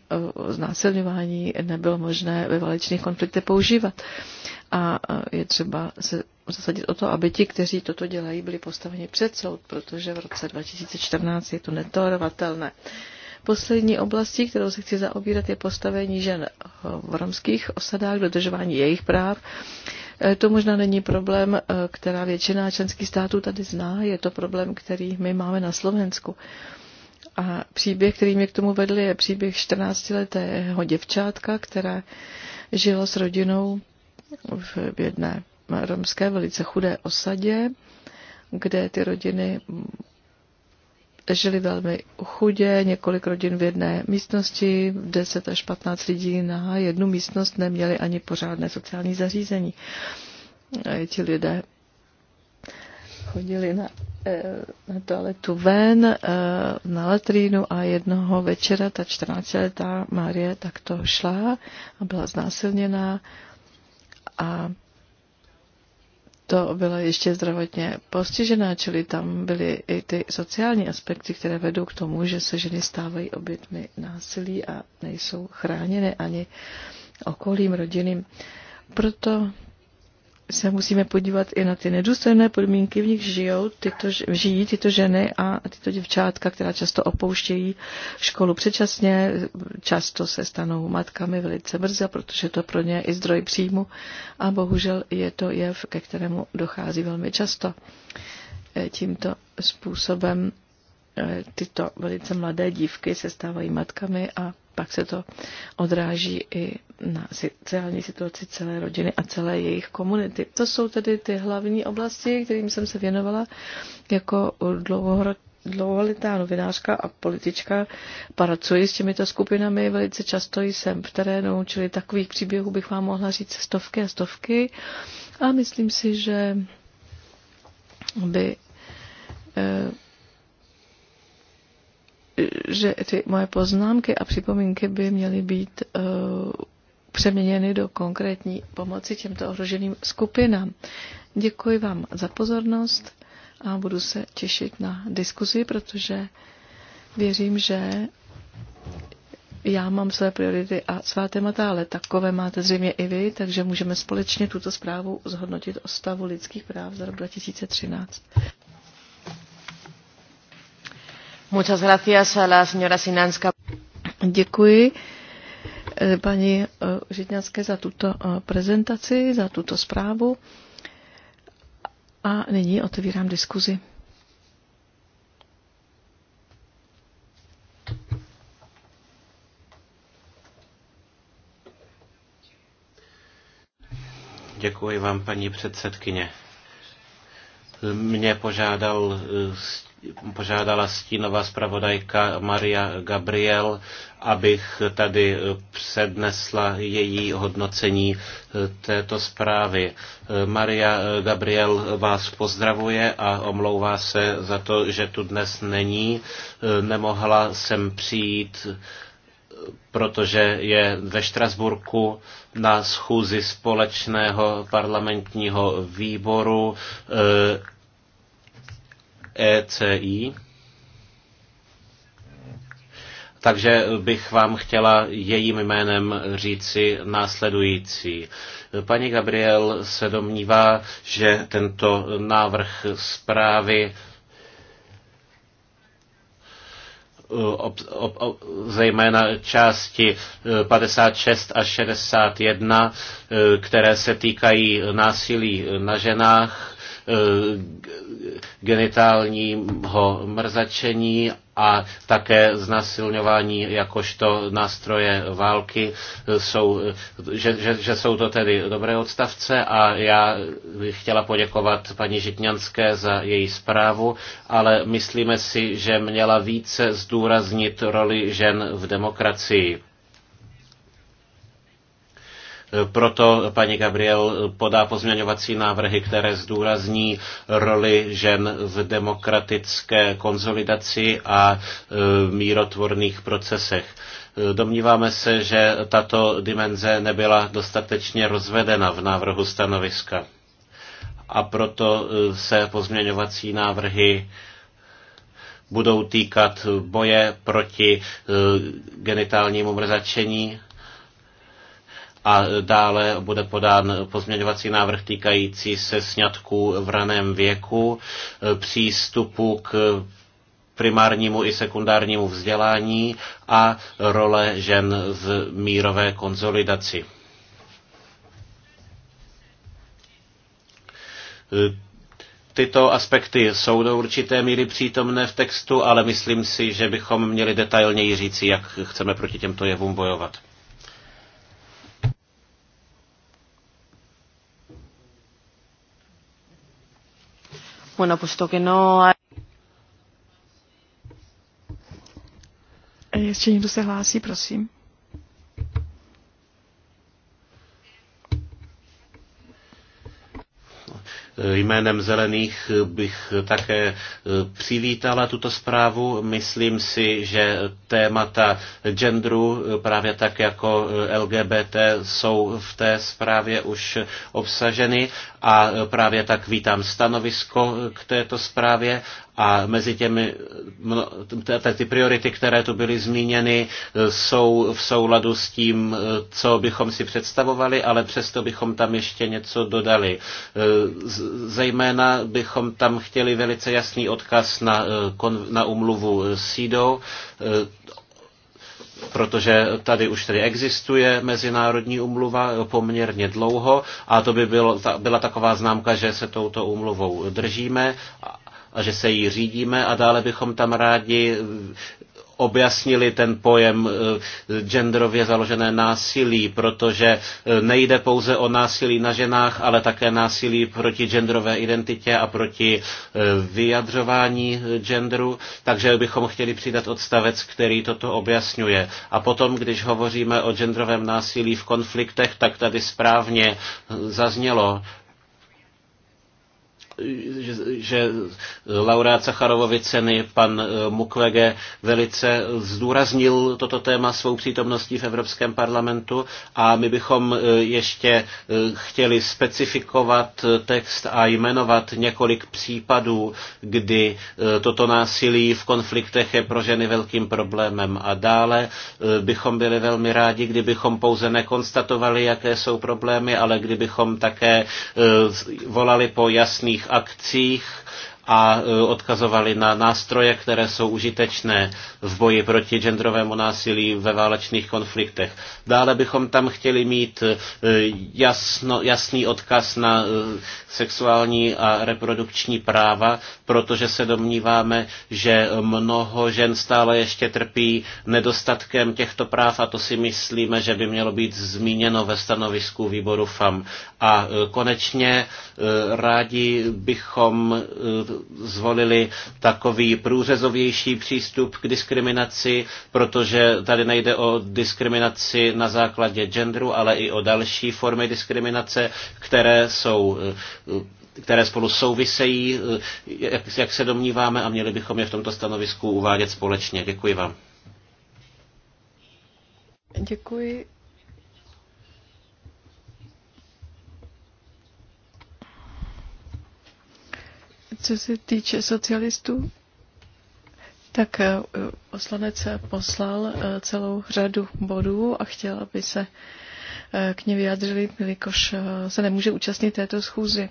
A: znásilňování nebylo možné ve válečných konfliktech používat. A e, je třeba se zasadit o to, aby ti, kteří toto dělají, byli postaveni před soud, protože v roce 2014 je to netolerovatelné. Poslední oblastí, kterou se chci zaobírat, je postavení žen v romských osadách, dodržování jejich práv. E, to možná není problém, e, která většina členských států tady zná, je to problém, který my máme na Slovensku. A příběh, který mě k tomu vedl, je příběh 14-letého děvčátka, která žila s rodinou v jedné romské velice chudé osadě, kde ty rodiny žili velmi chudě, několik rodin v jedné místnosti, 10 až 15 lidí na jednu místnost neměli ani pořádné sociální zařízení. E, ti lidé chodili na, e, na toaletu ven, e, na latrínu a jednoho večera ta 14-letá Marie takto šla a byla znásilněná a to byla ještě zdravotně postižená, čili tam byly i ty sociální aspekty, které vedou k tomu, že se ženy stávají obětmi násilí a nejsou chráněny ani okolím, rodinným. Proto se musíme podívat i na ty nedůstojné podmínky, v nich žijou tyto, žijí tyto ženy a tyto děvčátka, která často opouštějí školu předčasně, často se stanou matkami velice brzy, protože to pro ně je i zdroj příjmu a bohužel je to jev, ke kterému dochází velmi často. E, tímto způsobem e, tyto velice mladé dívky se stávají matkami a pak se to odráží i na sociální situaci celé rodiny a celé jejich komunity. To jsou tedy ty hlavní oblasti, kterým jsem se věnovala jako dlouhohod dlouholetá novinářka a politička, pracuji s těmito skupinami, velice často jsem v terénu, čili takových příběhů bych vám mohla říct stovky a stovky a myslím si, že by eh, že ty moje poznámky a připomínky by měly být eh, přeměněny do konkrétní pomoci těmto ohroženým skupinám. Děkuji vám za pozornost a budu se těšit na diskuzi, protože věřím, že já mám své priority a svá témata, ale takové máte zřejmě i vy, takže můžeme společně tuto zprávu zhodnotit o stavu lidských práv za rok 2013. Muchas
D: gracias a la señora Sinanska. Děkuji
A: Eh, paní eh, Žitňanské za tuto eh, prezentaci, za tuto zprávu. A nyní otevírám diskuzi.
B: Děkuji vám, paní předsedkyně mě požádal, požádala stínová zpravodajka Maria Gabriel, abych tady přednesla její hodnocení eh, této zprávy. Eh, Maria Gabriel vás pozdravuje a omlouvá se za to, že tu dnes není. Eh, Nemohla sem přijít protože je ve Štrasburku na schůzi společného parlamentního výboru ECI. Eh, e Takže bych vám chtěla jejím jménem říci následující. Paní Gabriel se domnívá, že tento návrh zprávy Eh, ob, ob, ob, zejména části 56 eh, a 61, eh, které se týkají násilí na ženách, genitálního mrzačení a také znasilňování jakožto nástroje války, jsou, že, že, že jsou to tedy dobré odstavce a já bych chtěla poděkovat paní Žitňanské za její zprávu, ale myslíme si, že měla více zdůraznit roli žen v demokracii proto paní Gabriel podá pozměňovací návrhy, které zdůrazní roli žen v demokratické konzolidaci a e, mírotvorných procesech. E, domníváme se, že tato dimenze nebyla dostatečně rozvedena v návrhu stanoviska. A proto e, se pozměňovací návrhy budou týkat boje proti genitálnímu mrzačení, a dále bude podán pozměňovací návrh týkající se sňatků v raném věku, e, přístupu k primárnímu i sekundárnímu vzdělání a role žen v mírové konzolidaci. E, tyto aspekty jsou do určité míry přítomné v textu, ale myslím si, že bychom měli detailněji říci, jak chceme proti těmto jevům bojovat.
D: Bueno, puesto que no hay...
A: Eh, ještě někdo se hlásí, prosím.
B: Jménem zelených bych také e, přivítala tuto zprávu. Myslím si, že témata genderu, e, právě tak jako e, LGBT, jsou v té zprávě už obsaženy a právě tak vítám stanovisko k této zprávě a mezi těmi ty priority, které tu byly zmíněny, e, jsou v souladu s tím, e, co bychom si představovali, ale přesto bychom tam ještě něco dodali. E, zejména bychom tam chtěli velice jasný odkaz na, na umluvu SIDO, protože tady už tedy existuje mezinárodní umluva poměrně dlouho a to by bylo, ta, byla taková známka, že se touto umluvou držíme a že se jí řídíme a dále bychom tam rádi eh, objasnili ten pojem eh, genderově založené násilí, protože eh, nejde pouze o násilí na ženách, ale také násilí proti genderové identitě a proti vyjadřování genderu, takže bychom chtěli přidat odstavec, který toto objasňuje. A potom, když hovoříme o genderovém násilí v konfliktech, tak tady správně zaznělo, že, že laureát Sacharovovy ceny, pan eh, Mukwege, velice zdůraznil toto téma svou přítomností v Evropském parlamentu a my bychom eh, ještě eh, chtěli specifikovat text a jmenovat několik případů, kdy toto násilí v konfliktech je pro ženy velkým problémem. A dále bychom byli velmi rádi, kdybychom pouze nekonstatovali, jaké jsou problémy, ale kdybychom také volali po jasných akcích a e, odkazovali na nástroje, které jsou užitečné v boji proti genderovému násilí ve válečných konfliktech. Dále bychom tam chtěli mít e, jasno, jasný odkaz na e, sexuální a reprodukční práva, protože se domníváme, že mnoho žen stále ještě trpí nedostatkem těchto práv a to si myslíme, že by mělo být zmíněno ve stanovisku výboru FAM. A konečně rádi bychom zvolili takový průřezovější přístup k diskriminaci, protože tady nejde o diskriminaci na základě genderu, ale i o další formy diskriminace, které jsou které spolu souvisejí, jak, jak se domníváme a měli bychom je v tomto stanovisku uvádět společně. Děkuji vám.
A: Děkuji Co se týče socialistů, tak eh, poslanec poslal eh, celou řadu bodů a chtěl, aby se eh, k ně vyjádřili, jelikož se nemůže účastnit této schůzy.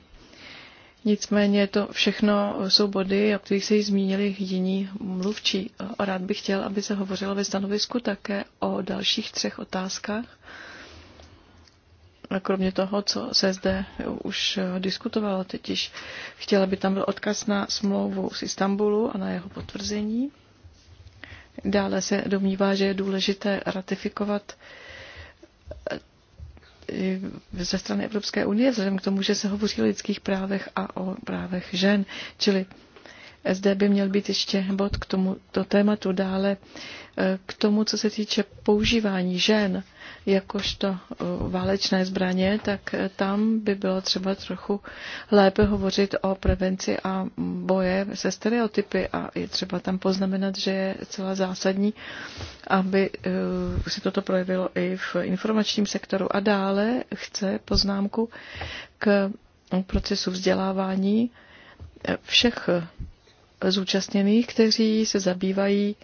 A: Nicméně to všechno jsou body, o kterých se ji zmínili jiní mluvčí. A rád bych chtěl, aby se hovořilo ve stanovisku také o dalších třech otázkách, kromě toho, co se zde už eh, diskutovalo teď, již chtěla by tam byl odkaz na smlouvu z Istanbulu a na jeho potvrzení. Dále se domnívá, že je důležité ratifikovat eh, ze strany Evropské unie, vzhledem k tomu, že se hovoří o lidských právech a o právech žen. Čili SD by měl být ještě bod k tomuto tématu dále, eh, k tomu, co se týče používání žen jakožto eh, válečné zbraně, tak eh, tam by bylo třeba trochu lépe hovořit o prevenci a boje se stereotypy a je třeba tam poznamenat, že je celá zásadní, aby eh, se toto projevilo i v informačním sektoru. A dále chce poznámku k procesu vzdělávání všech zúčastněných, kteří se zabývají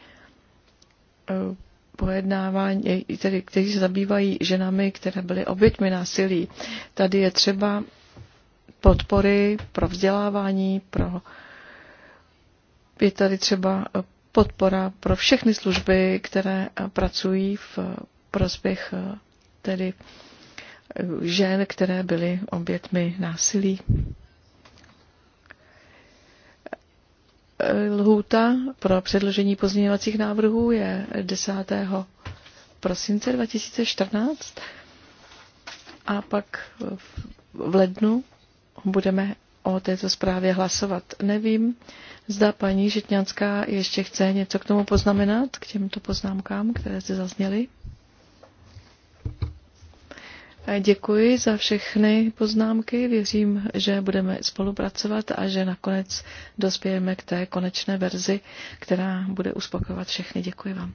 A: pojednávání, tedy, kteří se zabývají ženami, které byly oběťmi násilí. Tady je třeba podpory pro vzdělávání, pro je tady třeba podpora pro všechny služby, které pracují v prospěch tedy žen, které byly obětmi násilí. Lhůta pro předložení pozměňovacích návrhů je 10. prosince 2014 a pak v lednu budeme o této zprávě hlasovat. Nevím, zda paní Žitňanská ještě chce něco k tomu poznamenat, k těmto poznámkám, které zde zazněly. Děkuji za všechny poznámky. Věřím, že budeme spolupracovat a že nakonec dospějeme k té konečné verzi, která bude uspokojovat všechny. Děkuji vám.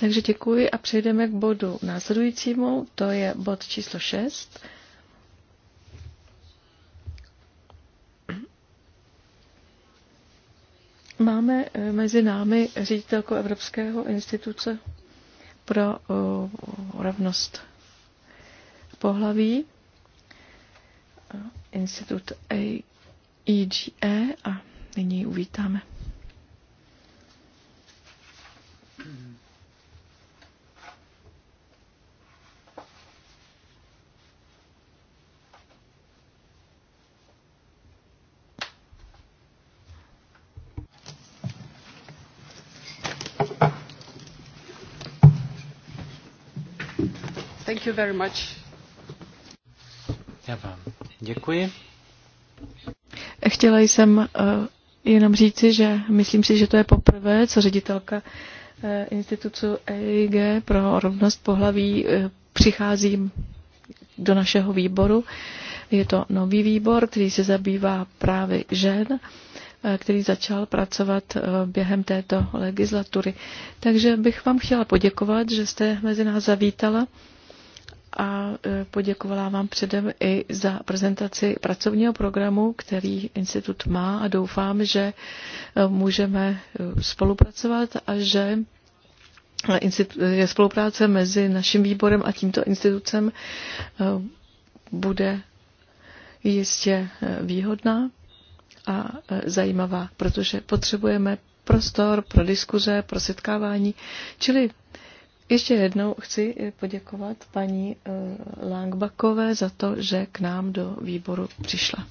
A: Takže děkuji a přejdeme k bodu následujícímu, to je bod číslo 6. Máme eh, mezi námi ředitelku Evropského instituce pro eh, rovnost pohlaví, eh, institut AEGE e a nyní uvítáme.
C: you very much. Já vám děkuji.
A: Chtěla jsem uh, jenom říci, že myslím si, že to je poprvé, co ředitelka uh, institutu EIG pro rovnost pohlaví uh, přichází do našeho výboru. Je to nový výbor, který se zabývá právě žen, který začal pracovat během této legislatury. Takže bych vám chtěla poděkovat, že jste mezi nás zavítala a e, poděkovala vám předem i za prezentaci pracovního programu, který institut má a doufám, že e, můžeme e, spolupracovat a že je spolupráce mezi naším výborem a tímto institucem bude jistě výhodná a zajímavá, protože potřebujeme prostor pro diskuze, pro setkávání, čili ještě jednou chci poděkovat paní eh, Langbakové za to, že k nám do výboru přišla.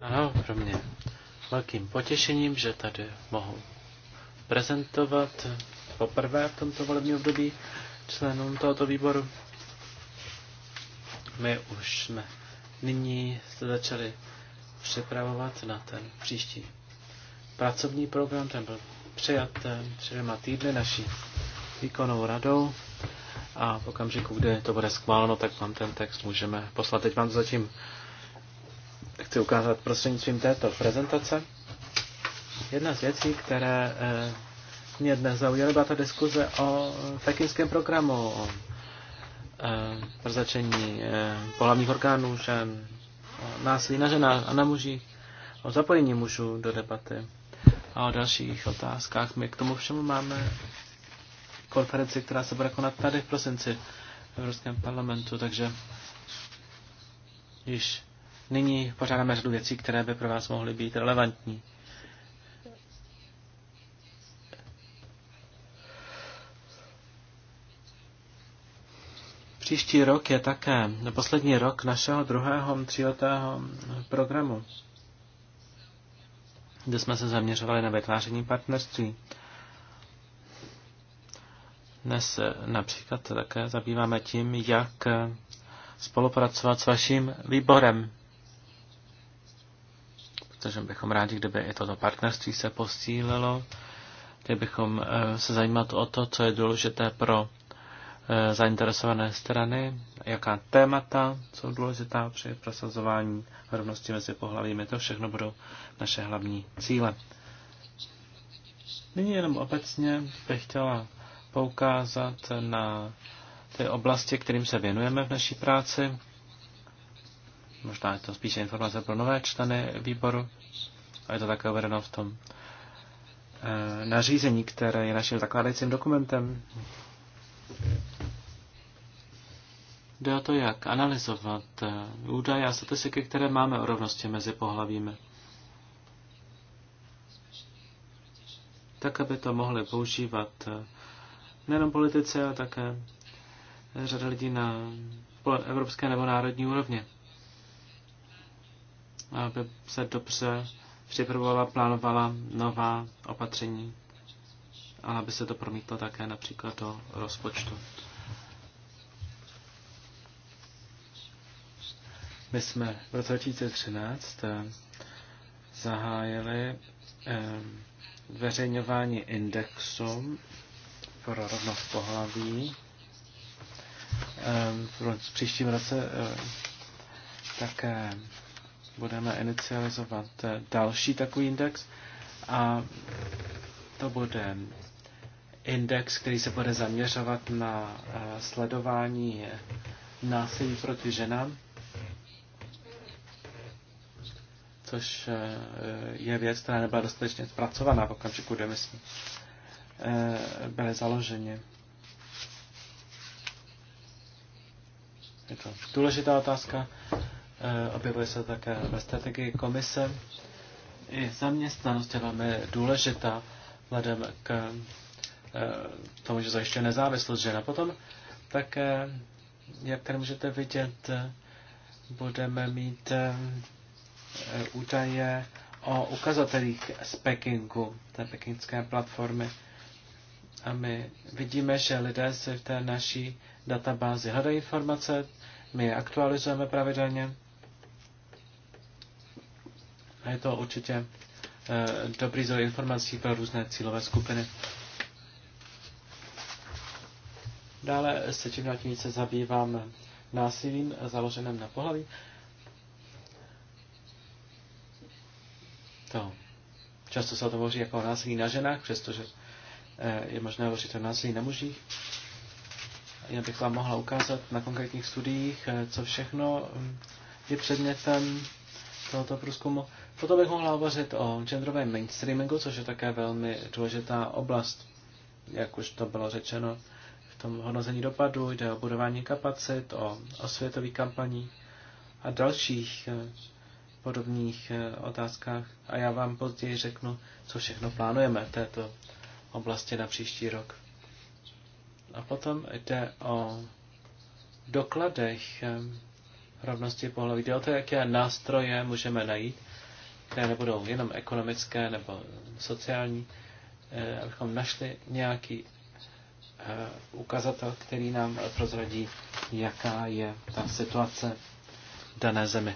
C: Ano, pro mě velkým potěšením, že tady mohu prezentovat poprvé v tomto volebním období členům tohoto výboru. My už jsme nyní se začali připravovat na ten příští pracovní program, ten byl přijat před eh, dvěma týdny naší výkonnou radou a v okamžiku, kdy to bude schváleno, tak vám ten text můžeme poslat. Teď vám to zatím chci ukázat prostřednictvím této prezentace. Jedna z věcí, které eh, mě dnes zaujaly, byla ta diskuze o fekinském programu, o eh, prozačení pohlavních orgánů žen, o násilí na ženách a na mužích, o zapojení mužů do debaty a o dalších otázkách. My k tomu všemu máme konferenci, která se bude konat tady v prosinci v Evropském parlamentu, takže již nyní pořádáme řadu věcí, které by pro vás mohly být relevantní. Příští rok je také poslední rok našeho druhého tříletého programu kde jsme se zaměřovali na vytváření partnerství. Dnes například také zabýváme tím, jak spolupracovat s vaším výborem. Protože bychom rádi, kdyby i toto partnerství se posílilo, kdybychom eh, se zajímat o to, co je důležité pro Eh, zainteresované strany, jaká témata jsou důležitá při prosazování rovnosti mezi pohlavími. To všechno budou naše hlavní cíle. Nyní jenom obecně bych chtěla poukázat na ty oblasti, kterým se věnujeme v naší práci. Možná je to spíše informace pro nové členy výboru a je to také uvedeno v tom eh, nařízení, které je naším zakládajícím dokumentem. Jde o to, jak analyzovat eh, údaje a statistiky, které máme o rovnosti mezi pohlavími. Tak, aby to mohli používat eh, nejenom politici, ale také eh, řada lidí na evropské nebo národní úrovni. Aby se dobře připravovala, plánovala nová opatření a aby se to promítlo také například do rozpočtu. My jsme v roce 2013 eh, zahájili eh, veřejňování indexu pro rovnost pohlaví. Eh, v příštím roce také budeme inicializovat další takový index a to bude index, který se bude zaměřovat na sledování násilí proti ženám. což eh, je věc, která nebyla dostatečně zpracovaná v okamžiku demisí, eh, byly založeny. Je to důležitá otázka, eh, objevuje se také ve strategii komise. I zaměstnanost je velmi důležitá vzhledem k tomu, že zajišťuje nezávislost žena. potom také, jak tady můžete vidět, budeme mít Eh, údaje o ukazatelích z Pekingu, té pekingské platformy. A my vidíme, že lidé si v té naší databázi hledají informace, my je aktualizujeme pravidelně. A je to určitě eh, dobrý zdroj informací pro různé cílové skupiny. Dále se tím dál tím více zabýváme násilím založeném na pohlaví. to, často se o tom hovoří jako o násilí na ženách, přestože eh, je možné hovořit o násilí na mužích. Já bych vám mohla ukázat na konkrétních studiích, eh, co všechno hm, je předmětem tohoto průzkumu. Potom bych mohla hovořit o genderovém mainstreamingu, což je také velmi důležitá oblast, jak už to bylo řečeno v tom hodnocení dopadu, jde o budování kapacit, o osvětových kampaní a dalších eh, podobných eh, otázkách a já vám později řeknu, co všechno plánujeme v této oblasti na příští rok. A potom jde o dokladech eh, rovnosti pohlaví. Jde o to, jaké nástroje můžeme najít, které nebudou jenom ekonomické nebo sociální, eh, abychom našli nějaký ukazatel, který nám prozradí, jaká je ta situace v dané zemi.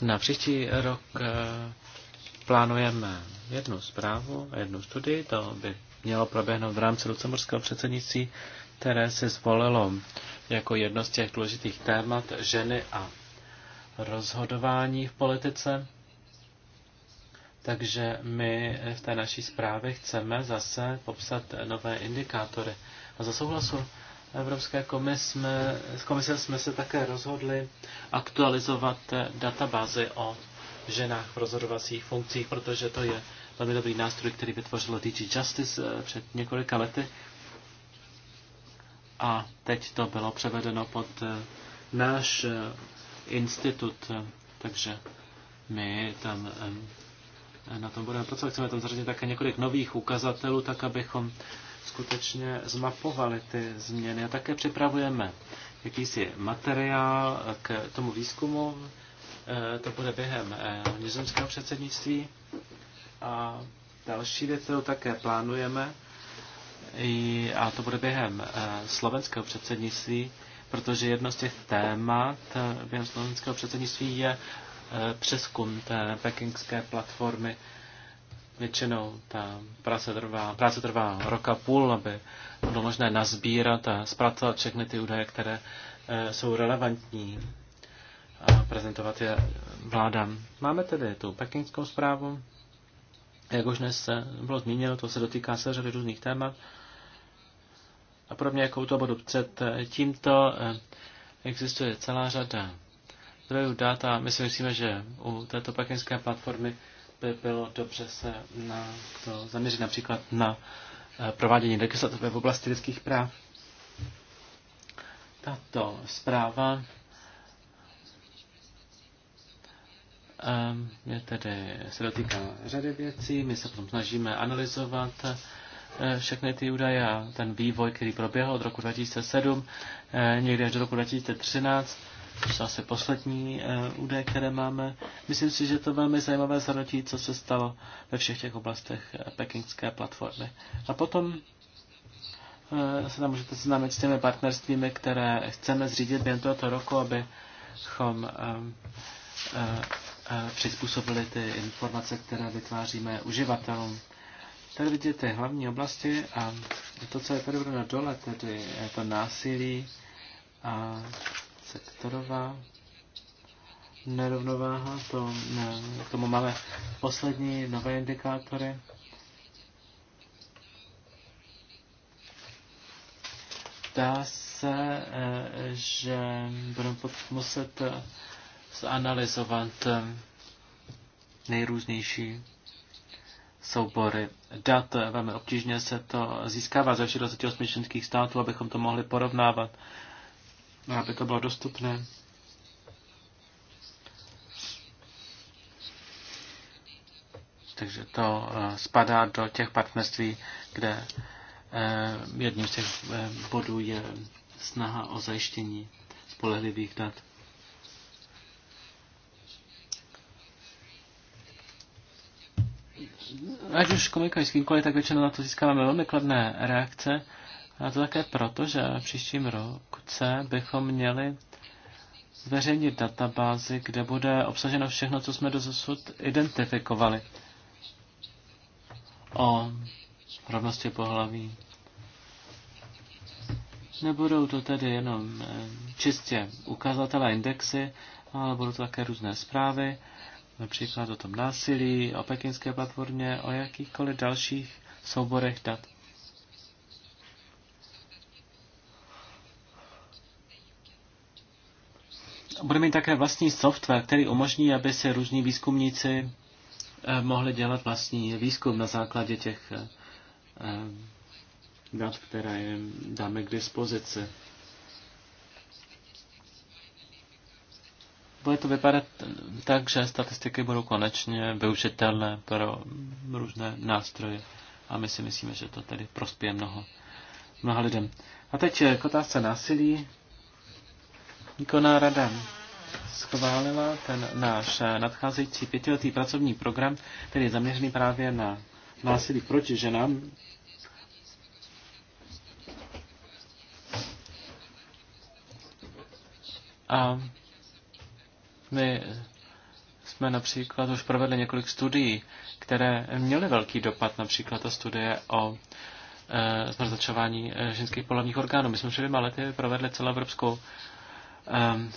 C: Na příští rok eh, plánujeme jednu zprávu a jednu studii. To by mělo proběhnout v rámci lucemburského předsednictví, které se zvolilo jako jedno z těch důležitých témat ženy a rozhodování v politice. Takže my v té naší zprávě chceme zase popsat nové indikátory. A za souhlasu Evropské komise s komise jsme se také rozhodli aktualizovat databázy o ženách v rozhodovacích funkcích, protože to je velmi dobrý nástroj, který vytvořilo DG Justice eh, před několika lety. A teď to bylo převedeno pod eh, náš eh, institut, takže my tam na tom budeme pracovat. Chceme tam zařadit také několik nových ukazatelů, tak abychom skutečně zmapovali ty změny. A také připravujeme jakýsi materiál k tomu výzkumu. Eh, to bude během eh, nizozemského předsednictví. A další věc, kterou také plánujeme, a to bude během eh, slovenského předsednictví, protože jedno z těch témat během slovenského předsednictví je přeskum té pekingské platformy Většinou ta práce trvá, práce trvá roka půl, aby bylo možné nazbírat a zpracovat všechny ty údaje, které e, jsou relevantní a prezentovat je vládám. Máme tedy tu pekingskou zprávu. Jak už dnes se bylo zmíněno, to se dotýká se řady různých témat. A podobně jako u toho bodu před eh, tímto eh, existuje celá řada zdrojů dat a my si myslíme, že u této pekinské platformy by bylo dobře se na to zaměřit například na eh, provádění legislativy v oblasti lidských práv. Tato zpráva ehm, je tedy, se dotýká řady věcí, my se potom snažíme analyzovat eh, všechny ty údaje a ten vývoj, který proběhl od roku 2007 eh, někdy až do roku 2013 to jsou asi poslední e, údaje, které máme. Myslím si, že to velmi zajímavé zhrnutí, co se stalo ve všech těch oblastech eh, pekingské platformy. A potom e, se tam můžete seznámit s těmi partnerstvími, které chceme zřídit během tohoto roku, abychom e, e, e, přizpůsobili ty informace, které vytváříme uživatelům. Tady vidíte hlavní oblasti a to, co je tady na dole, tedy to násilí a sektorová nerovnováha, to, ne, k tomu máme poslední nové indikátory. Dá se, eh, že budeme muset eh, zanalizovat eh, nejrůznější soubory dat. Velmi obtížně se to získává ze všech 28 členských států, abychom to mohli porovnávat. No, aby to bylo dostupné. Takže to eh, spadá do těch partnerství, kde eh, jedním z těch eh, bodů je snaha o zajištění spolehlivých dat. Ať už komunikujeme s kýmkoliv, tak většinou na to získáváme velmi kladné reakce. A to také proto, že příštím rok roce bychom měli zveřejnit databázi, kde bude obsaženo všechno, co jsme dosud identifikovali o rovnosti pohlaví. Nebudou to tedy jenom eh, čistě ukazatele indexy, ale budou to také různé zprávy, například o tom násilí, o pekinské platformě, o jakýchkoliv dalších souborech dat. bude mít také vlastní software, který umožní, aby se různí výzkumníci eh, mohli dělat vlastní výzkum na základě těch eh, eh, dat, které jim dáme k dispozici. Bude to vypadat tak, že statistiky budou konečně využitelné pro různé nástroje a my si myslíme, že to tedy prospěje mnoho, mnoha lidem. A teď k otázce násilí. Výkonná rada schválila ten náš nadcházející pětiletý pracovní program, který je zaměřený právě na násilí proti ženám. A my jsme například už provedli několik studií, které měly velký dopad, například ta studie o e, zmrzačování e, ženských polovních orgánů. My jsme před dvěma lety provedli celoevropskou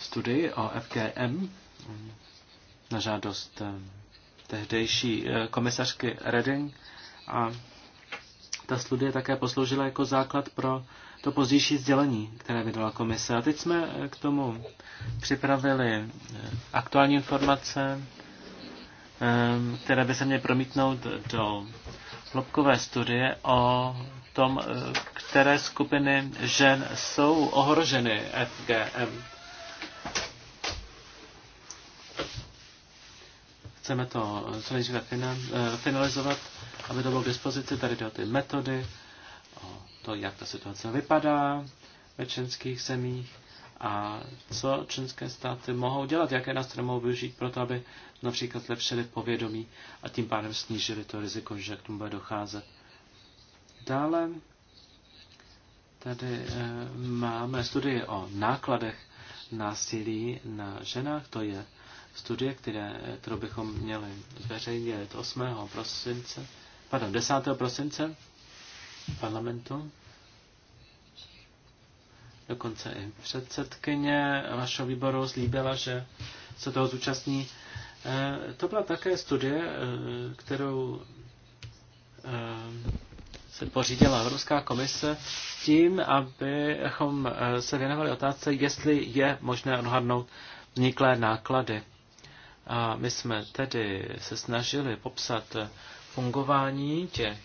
C: studii o FGM na žádost tehdejší e, komisařky Redding a ta studie také posloužila jako základ pro to pozdější sdělení, které vydala komise. A teď jsme e, k tomu připravili e, aktuální informace, které by se měly promítnout do hloubkové studie o tom, které skupiny žen jsou ohroženy FGM. Chceme to co nejdříve eh, finalizovat, aby to bylo k dispozici. Tady jde o ty metody, o to, jak ta situace vypadá ve členských zemích a co členské státy mohou dělat, jaké nástroje mohou využít pro to, aby například zlepšili povědomí a tím pádem snížili to riziko, že k tomu bude docházet. Dále tady eh, máme studii o nákladech násilí na ženách, to je studie, které, kterou bychom měli zveřejnit 8. prosince, pardon, 10. prosince parlamentu. Dokonce i předsedkyně vašeho výboru slíbila, že se toho zúčastní. Eh, to byla také studie, eh, kterou eh, se pořídila Evropská komise s tím, abychom se věnovali otázce, jestli je možné odhadnout vzniklé náklady a my jsme tedy se snažili popsat fungování těch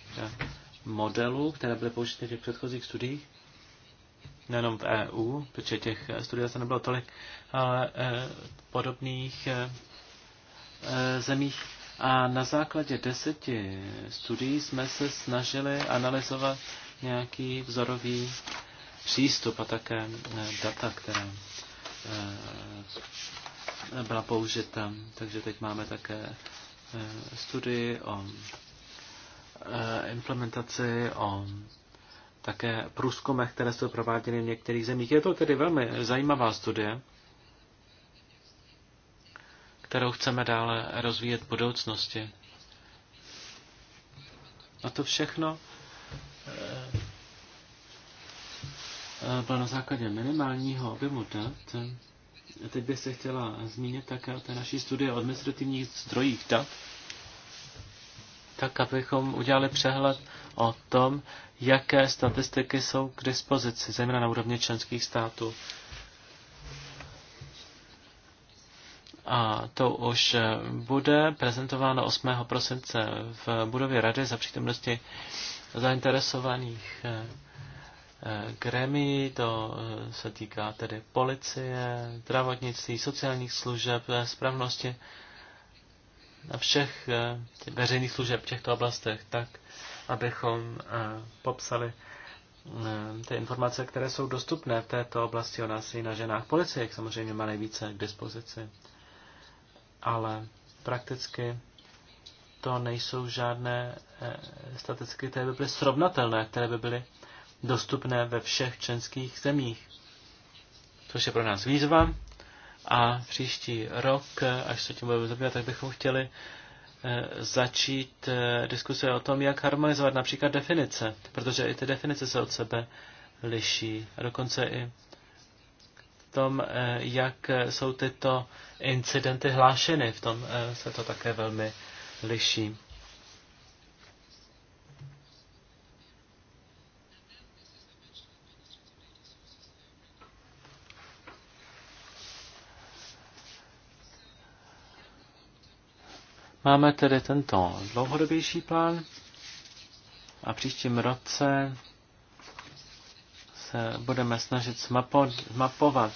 C: modelů, které byly použity v těch předchozích studiích, nejenom v EU, protože těch studií se nebylo tolik, ale e, podobných e, e, zemích. A na základě deseti studií jsme se snažili analyzovat nějaký vzorový přístup a také data, které byla použita. Takže teď máme také eh, studii o eh, implementaci, o také průzkumech, které jsou prováděny v některých zemích. Je to tedy velmi zajímavá studie, kterou chceme dále rozvíjet v budoucnosti. A to všechno eh, bylo na základě minimálního objemu dat, Teď bych se chtěla zmínit také o té naší studie o administrativních zdrojích dat, tak abychom udělali přehled o tom, jaké statistiky jsou k dispozici, zejména na úrovni členských států. A to už eh, bude prezentováno 8. prosince v budově Rady za přítomnosti zainteresovaných eh, gremii, to eh, se týká tedy policie, zdravotnictví, sociálních služeb, eh, správnosti a všech eh, veřejných služeb v těchto oblastech, tak abychom popsali ty informace, které jsou dostupné v této oblasti o i na ženách. Policie samozřejmě má nejvíce k dispozici, ale prakticky to nejsou žádné statistiky, které by byly srovnatelné, které by byly dostupné ve všech členských zemích. To je pro nás výzva. A příští rok, až se tím budeme zabývat, tak bychom chtěli eh, začít eh, diskuse o tom, jak harmonizovat například definice, protože i ty definice se od sebe liší. A dokonce i v tom, eh, jak jsou tyto incidenty hlášeny, v tom se to také velmi liší. Máme tedy tento dlouhodobější plán a příštím roce se budeme snažit mapovat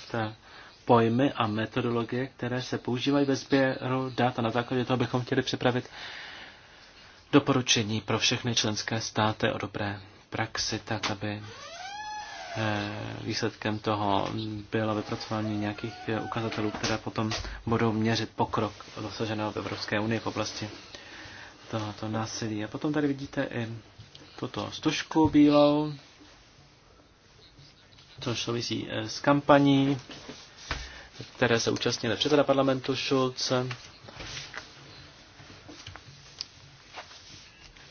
C: pojmy a metodologie, které se používají ve sběru dat a na základě toho bychom chtěli připravit doporučení pro všechny členské státy o dobré praxi, tak aby Eh, výsledkem toho bylo vypracování nějakých eh, ukazatelů, které potom budou měřit pokrok dosaženého v Evropské unii v oblasti tohoto násilí. A potom tady vidíte i tuto stužku bílou, což souvisí eh, s kampaní, které se účastnili předseda parlamentu Schulz.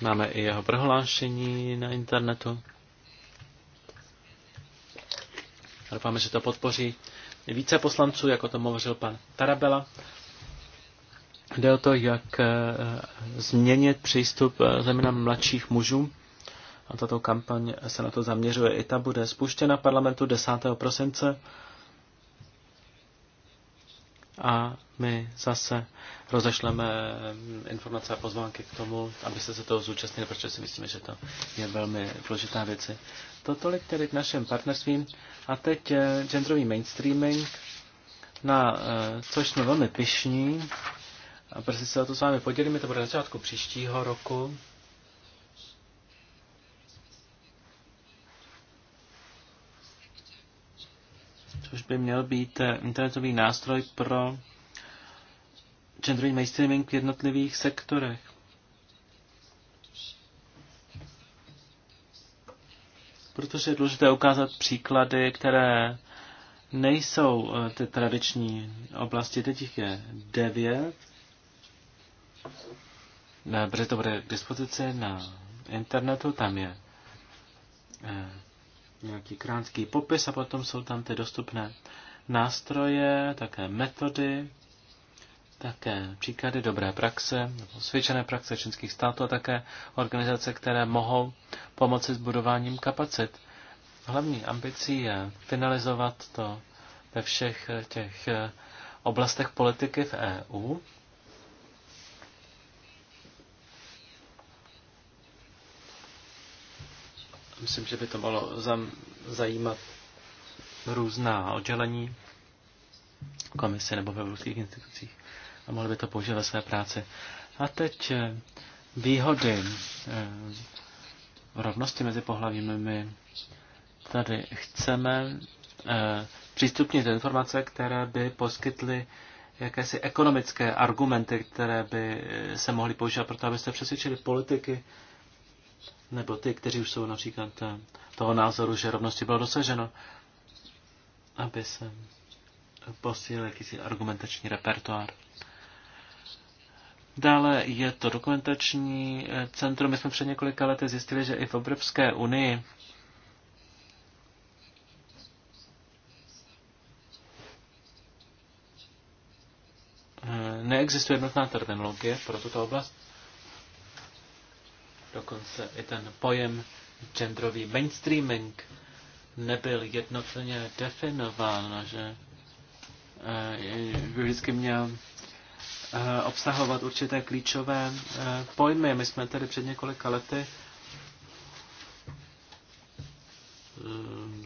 C: Máme i jeho prohlášení na internetu. Doufáme, že to podpoří více poslanců, jako to hovořil pan Tarabela. Jde o to, jak eh, změnit přístup eh, zejména mladších mužů. A tato kampaň se na to zaměřuje. I ta bude spuštěna parlamentu 10. prosince a my zase rozešleme eh, informace a pozvánky k tomu, abyste se toho zúčastnili, protože si myslíme, že to je velmi důležitá věc. To tolik tedy k našem partnerstvím. A teď eh, genderový mainstreaming, na eh, což jsme velmi pišní. A prostě se o to s vámi podělíme, to bude na začátku příštího roku. což by měl být eh, internetový nástroj pro genderový mainstreaming v jednotlivých sektorech. Protože je důležité ukázat příklady, které nejsou eh, ty tradiční oblasti, teď jich je devět. Eh, brzy to bude k dispozici na internetu, tam je nějaký krátký popis a potom jsou tam ty dostupné nástroje, také metody, také příklady dobré praxe, svědčené praxe členských států a také organizace, které mohou pomoci s budováním kapacit. Hlavní ambicí je finalizovat to ve všech těch oblastech politiky v EU Myslím, že by to mohlo zajímat různá oddělení komise nebo ve evropských institucích a mohli by to použít ve své práci. A teď eh, výhody eh, rovnosti mezi pohlavími. My tady chceme eh, přístupnit informace, které by poskytly jakési ekonomické argumenty, které by se mohly používat pro to, abyste přesvědčili politiky nebo ty, kteří už jsou například eh, toho názoru, že rovnosti bylo dosaženo, aby se posílil jakýsi argumentační repertoár. Dále je to dokumentační eh, centrum. My jsme před několika lety zjistili, že i v Evropské unii eh, neexistuje jednotná terminologie pro tuto oblast. Dokonce i ten pojem genderový mainstreaming nebyl jednotně definován, že by eh, vždycky měl eh, obsahovat určité klíčové eh, pojmy. My jsme tedy před několika lety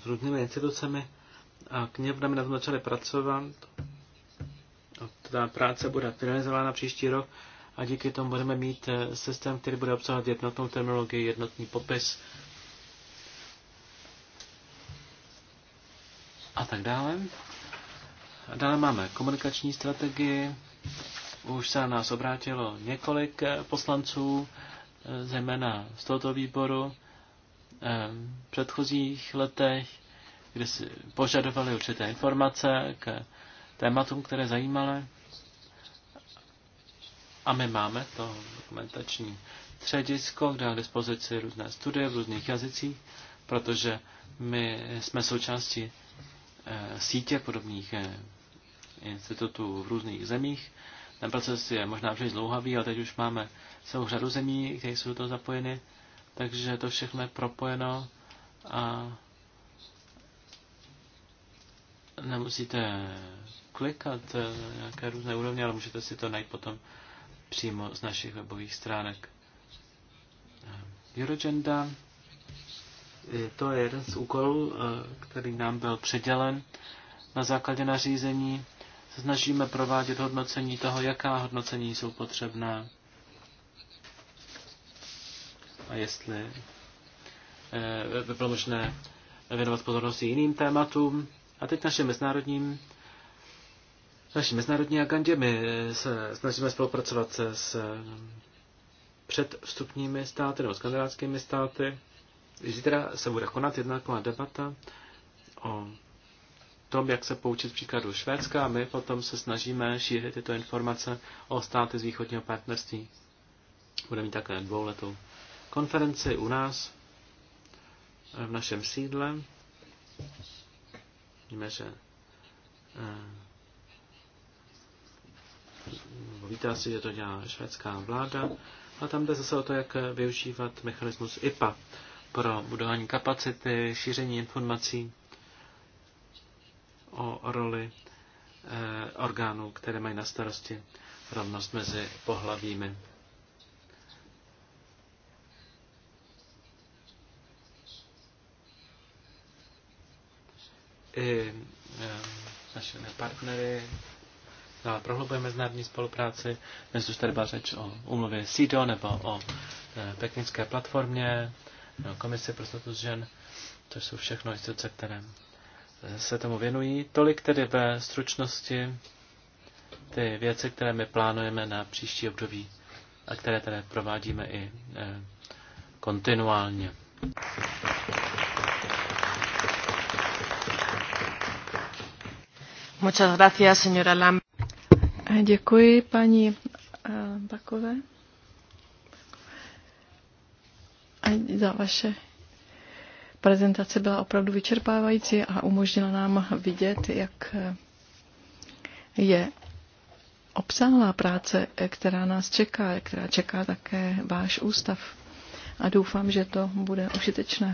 C: s různými institucemi a knihovnami na tom začali pracovat. A ta práce bude finalizována příští rok a díky tomu budeme mít eh, systém, který bude obsahovat jednotnou terminologii, jednotný popis a tak dále. A dále máme komunikační strategii. Už se na nás obrátilo několik eh, poslanců, eh, zejména z tohoto výboru v předchozích letech, kde si požadovali určité informace k tématům, které zajímaly. A my máme to dokumentační středisko, kde je dispozici různé studie v různých jazycích, protože my jsme součástí eh, sítě podobných eh, institutů v různých zemích. Ten proces je možná příliš dlouhavý, ale teď už máme celou řadu zemí, které jsou do toho zapojeny, takže to všechno je propojeno a nemusíte klikat eh, na nějaké různé úrovně, ale můžete si to najít potom přímo z našich webových stránek. Eurogenda, to je jeden z úkolů, eh, který nám byl předělen na základě nařízení. Snažíme provádět hodnocení toho, jaká hodnocení jsou potřebná a jestli eh, by bylo možné věnovat pozornost jiným tématům. A teď našim mezinárodním v naší mezinárodní agendě my eh, se snažíme spolupracovat se, s eh, předvstupními státy nebo skandinávskými státy. Zítra se bude konat jedna taková debata o tom, jak se poučit příkladu Švédska a my potom se snažíme šířit tyto informace o státy z východního partnerství. Budeme mít také dvouletou konferenci u nás eh, v našem sídle. Víme, že víte asi, že to dělá švédská vláda, a tam jde zase o to, jak využívat mechanismus IPA pro budování kapacity, šíření informací o roli eh, orgánů, které mají na starosti rovnost mezi pohlavími. I eh, naše partnery dále prohlubuje mezinárodní spolupráci. Dnes už tady byla řeč o úmluvě SIDO nebo o e, Pekinské platformě, no, komisi pro status žen. To jsou všechno instituce, které e, se tomu věnují. Tolik tedy ve stručnosti ty věci, které my plánujeme na příští období a které tedy provádíme i e, kontinuálně.
D: Muchas gracias, señora Lam.
A: Děkuji paní eh, Bakové za vaše prezentace byla opravdu vyčerpávající a umožnila nám vidět, jak eh, je obsáhlá práce, eh, která nás čeká, která čeká také váš ústav. A doufám, že to bude užitečné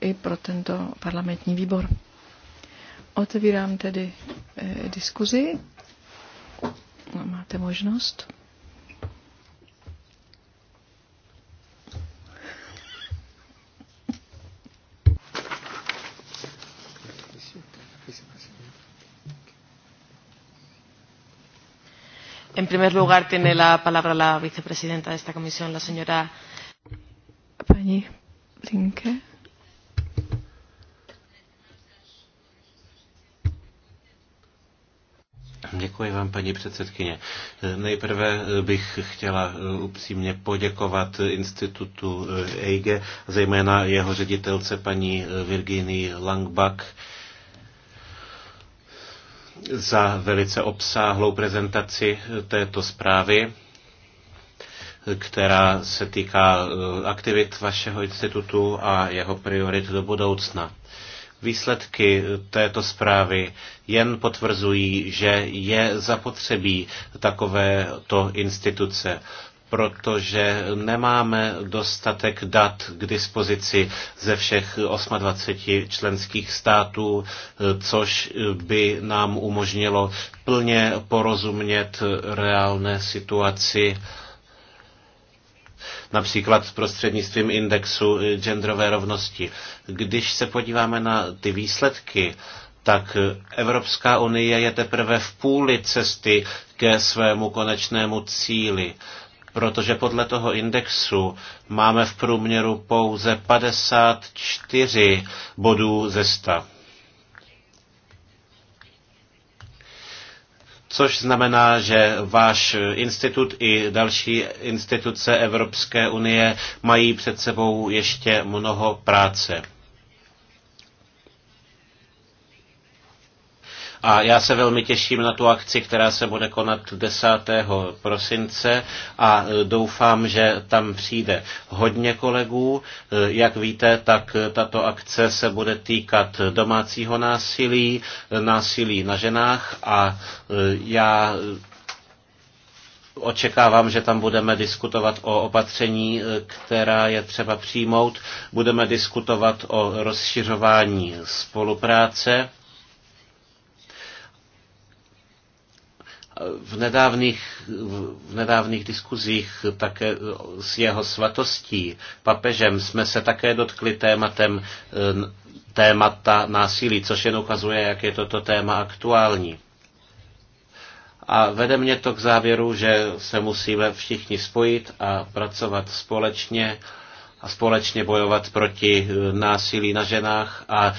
A: i pro tento parlamentní výbor. Otevírám tedy diskuzi No, Máte možnost.
D: En primer lugar, tiene la palabra la vicepresidenta de esta comisión, la señora.
A: Pani Linke.
B: Děkuji vám, paní předsedkyně. Nejprve bych chtěla eh, upřímně poděkovat institutu eh, EIGE, zejména jeho ředitelce paní eh, Virginii Langbach, za velice obsáhlou prezentaci této zprávy která se týká aktivit vašeho institutu a jeho priorit do budoucna. Výsledky této zprávy jen potvrzují, že je zapotřebí takovéto instituce protože nemáme dostatek dat k dispozici ze všech 28 členských států, což by nám umožnilo plně porozumět reálné situaci například prostřednictvím indexu eh, genderové rovnosti. Když se podíváme na ty výsledky, tak eh, Evropská unie je teprve v půli cesty ke svému konečnému cíli protože podle toho indexu máme v průměru pouze 54 bodů ze 100. což znamená, že váš institut i další instituce Evropské unie mají před sebou ještě mnoho práce. A já se velmi těším na tu akci, která se bude konat 10. prosince a e, doufám, že tam přijde hodně kolegů. E, jak víte, tak e, tato akce se bude týkat domácího násilí, násilí na ženách a já očekávám, že tam budeme diskutovat o opatření, která je třeba přijmout. Budeme diskutovat o rozšiřování spolupráce V nedávných, v nedávných diskuzích také s jeho svatostí papežem jsme se také dotkli tématem eh, témata násilí, což jen ukazuje, jak je toto téma aktuální. A vede mě to k závěru, že se musíme všichni spojit a pracovat společně a společně bojovat proti eh, násilí na ženách a eh,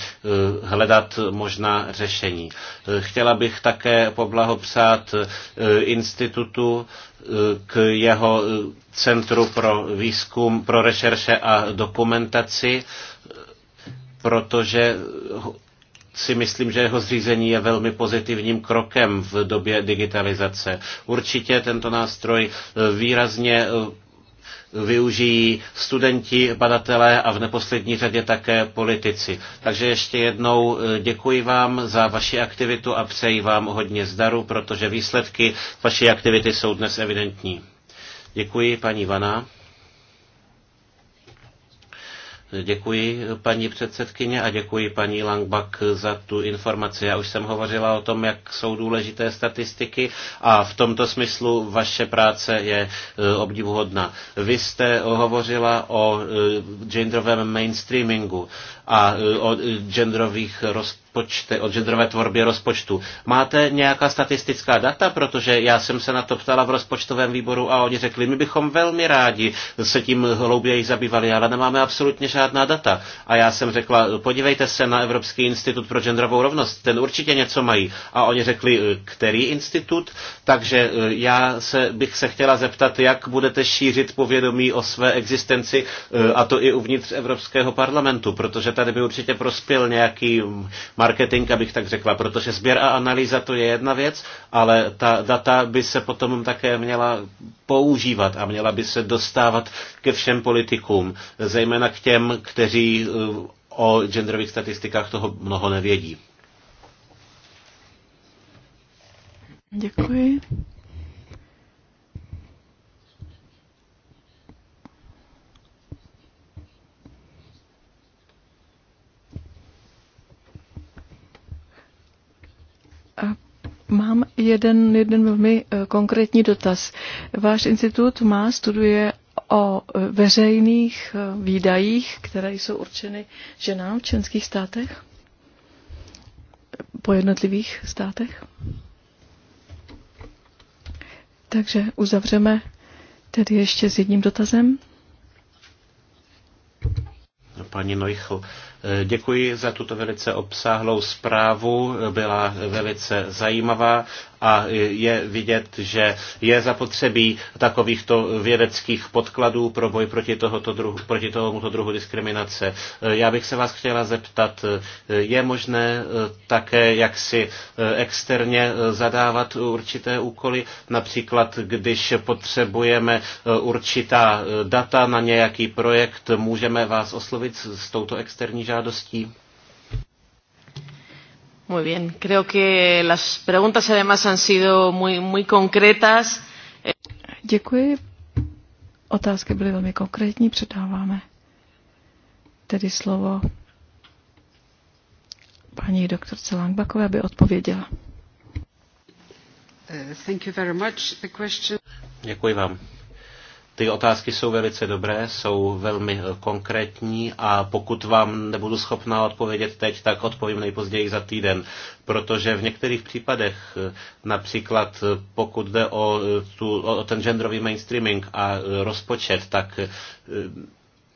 B: hledat možná řešení. Eh, chtěla bych také poblahopřát institutu k jeho Centru pro výzkum, pro rešerše a dokumentaci, protože si myslím, že jeho zřízení je velmi pozitivním krokem v době digitalizace. Určitě tento nástroj výrazně využijí studenti, badatelé a v neposlední řadě také politici. Takže ještě jednou eh, děkuji vám za vaši aktivitu a přeji vám hodně zdaru, protože výsledky vaší aktivity jsou dnes evidentní. Děkuji, paní Vana. Děkuji paní předsedkyně a děkuji paní Langbak za tu informaci. Já už jsem hovořila o tom, jak jsou důležité statistiky a v tomto smyslu vaše práce je e, obdivuhodná. Vy jste hovořila o e, genderovém mainstreamingu a e, o genderových rozpočtech rozpočty, o genderové tvorbě rozpočtu. Máte nějaká statistická data, protože já jsem se na to ptala v rozpočtovém výboru a oni řekli, my bychom velmi rádi se tím hlouběji zabývali, ale nemáme absolutně žádná data. A já jsem řekla, podívejte se na Evropský institut pro genderovou rovnost, ten určitě něco mají. A oni řekli, který institut? Takže eh, já se, bych se chtěla zeptat, jak budete šířit povědomí o své existenci, eh, a to i uvnitř Evropského parlamentu, protože tady by určitě prospěl nějaký marketing, abych tak řekla, protože sběr a analýza to je jedna věc, ale ta data by se potom také měla používat a měla by se dostávat ke všem politikům, zejména k těm, kteří eh, o genderových statistikách toho mnoho nevědí.
A: Děkuji. Mám jeden, jeden velmi eh, konkrétní dotaz. Váš institut má, studuje o eh, veřejných eh, výdajích, které jsou určeny ženám v členských státech? Po jednotlivých státech? Takže uzavřeme tedy ještě s jedním dotazem.
B: Pani Neuchl, Děkuji za tuto velice obsáhlou zprávu, byla velice zajímavá a je vidět, že je zapotřebí takovýchto vědeckých podkladů pro boj proti, tohoto druhu, proti tomuto druhu diskriminace. Já bych se vás chtěla zeptat, je možné eh, také jaksi eh, externě eh, zadávat určité úkoly, například když potřebujeme určitá data na nějaký projekt, můžeme vás oslovit s touto externí žádostí?
D: Muy bien, creo que las preguntas además han sido muy, muy concretas.
A: Děkuji. Otázky byly velmi konkrétní, předáváme tedy slovo paní doktorce Langbakové, aby odpověděla. Eh, thank you very much. The
B: question... Děkuji vám. Ty otázky jsou velice dobré, jsou velmi eh, konkrétní a pokud vám nebudu schopná odpovědět teď, tak odpovím nejpozději za týden, protože v některých případech, eh, například eh, pokud jde o, tu, o ten genderový mainstreaming a rozpočet, tak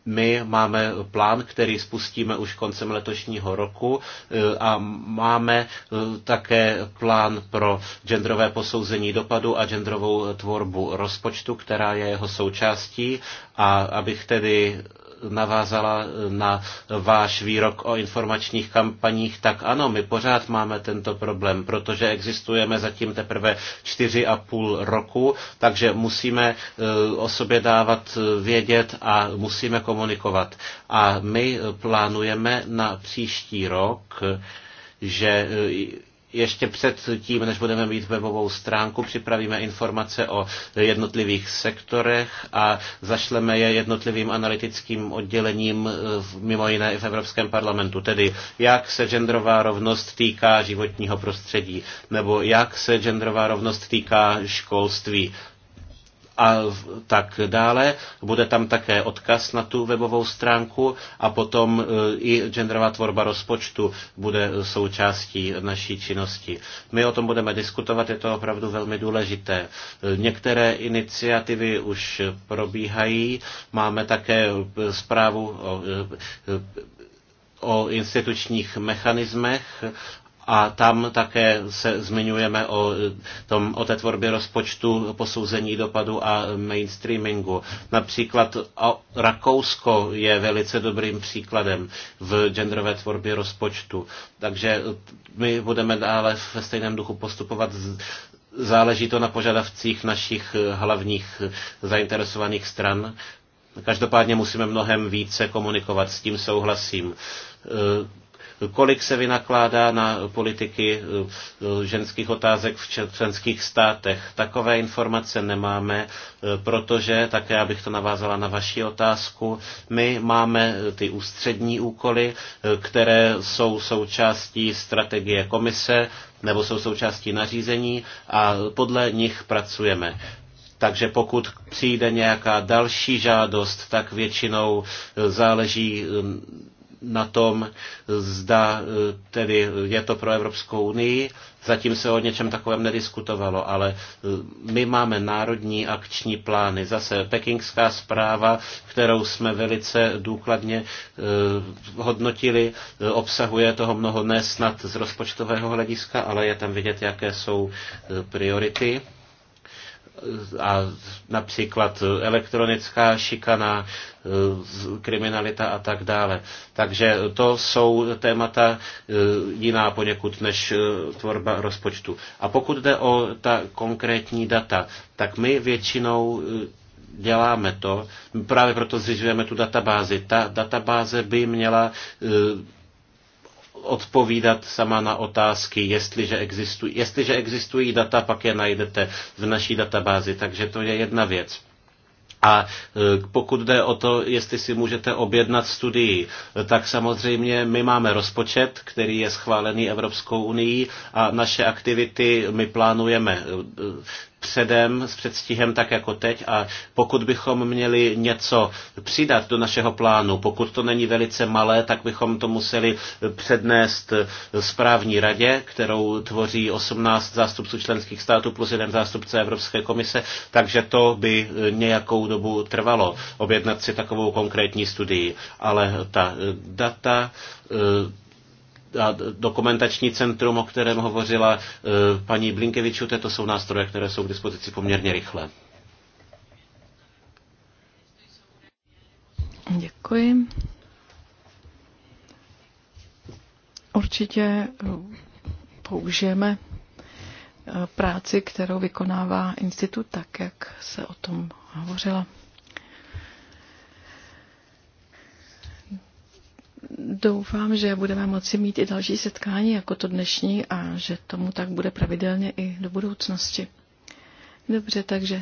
B: my máme plán, který spustíme už koncem letošního roku eh, a máme eh, také plán pro genderové posouzení dopadu a genderovou tvorbu rozpočtu, která je jeho součástí. A abych tedy navázala na váš výrok o informačních kampaních, tak ano, my pořád máme tento problém, protože existujeme zatím teprve 4,5 roku, takže musíme eh, o sobě dávat eh, vědět a musíme komunikovat. A my plánujeme na příští rok, že eh, ještě před tím, než budeme mít webovou stránku, připravíme informace o jednotlivých sektorech a zašleme je jednotlivým analytickým oddělením, eh, mimo jiné i v Evropském parlamentu. Tedy jak se genderová rovnost týká životního prostředí, nebo jak se genderová rovnost týká školství, a tak dále. Bude tam také odkaz na tu webovou stránku a potom e, i genderová tvorba rozpočtu bude součástí naší činnosti. My o tom budeme diskutovat, je to opravdu velmi důležité. E, některé iniciativy už probíhají. Máme také zprávu o, e, o institučních mechanismech a tam také se zmiňujeme o, eh, tom, o té tvorbě rozpočtu, posouzení dopadu a mainstreamingu. Například Rakousko je velice dobrým příkladem v genderové tvorbě rozpočtu. Takže eh, my budeme dále ve stejném duchu postupovat z, záleží to na požadavcích našich eh, hlavních zainteresovaných stran. Každopádně musíme mnohem více komunikovat, s tím souhlasím kolik se vynakládá na politiky eh, ženských otázek v členských státech. Takové informace nemáme, eh, protože, také abych to navázala na vaši otázku, my máme eh, ty ústřední úkoly, které jsou součástí strategie komise nebo jsou součástí nařízení a podle nich pracujeme. Takže pokud přijde nějaká další žádost, tak většinou záleží na tom, zda e, tedy je to pro Evropskou unii. Zatím se o něčem takovém nediskutovalo, ale e, my máme národní akční plány. Zase pekingská zpráva, kterou jsme velice důkladně e, hodnotili, obsahuje toho mnoho ne snad z rozpočtového hlediska, ale je tam vidět, jaké jsou priority a například elektronická šikana, kriminalita a tak dále. Takže to jsou témata e, jiná poněkud než e, tvorba rozpočtu. A pokud jde o ta konkrétní data, tak my většinou e, děláme to, právě proto zřizujeme tu databázi. Ta databáze by měla odpovídat sama na otázky, jestliže existují, jestliže existují data, pak je najdete v naší databázi. Takže to je jedna věc. A e, pokud jde o to, jestli si můžete objednat studii, tak samozřejmě my máme rozpočet, který je schválený Evropskou unii a naše aktivity my plánujeme e, předem, s předstihem, tak jako teď. A pokud bychom měli něco přidat do našeho plánu, pokud to není velice malé, tak bychom to museli přednést správní radě, kterou tvoří 18 zástupců členských států plus jeden zástupce Evropské komise, takže to by nějakou dobu trvalo objednat si takovou konkrétní studii. Ale ta data a dokumentační centrum, o kterém hovořila e, paní Blinkevičů, to jsou nástroje, které jsou k dispozici poměrně rychle.
A: Děkuji. Určitě e, použijeme e, práci, kterou vykonává institut, tak jak se o tom hovořila. Doufám, že budeme moci mít i další setkání jako to dnešní a že tomu tak bude pravidelně i do budoucnosti. Dobře, takže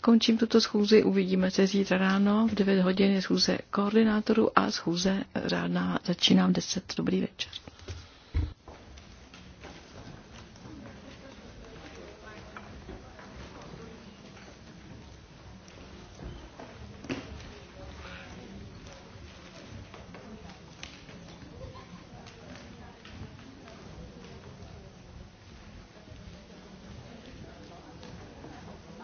A: končím tuto schůzi, uvidíme se zítra ráno, v 9 hodin je schůze koordinátorů a schůze řádná začíná v 10. Dobrý večer.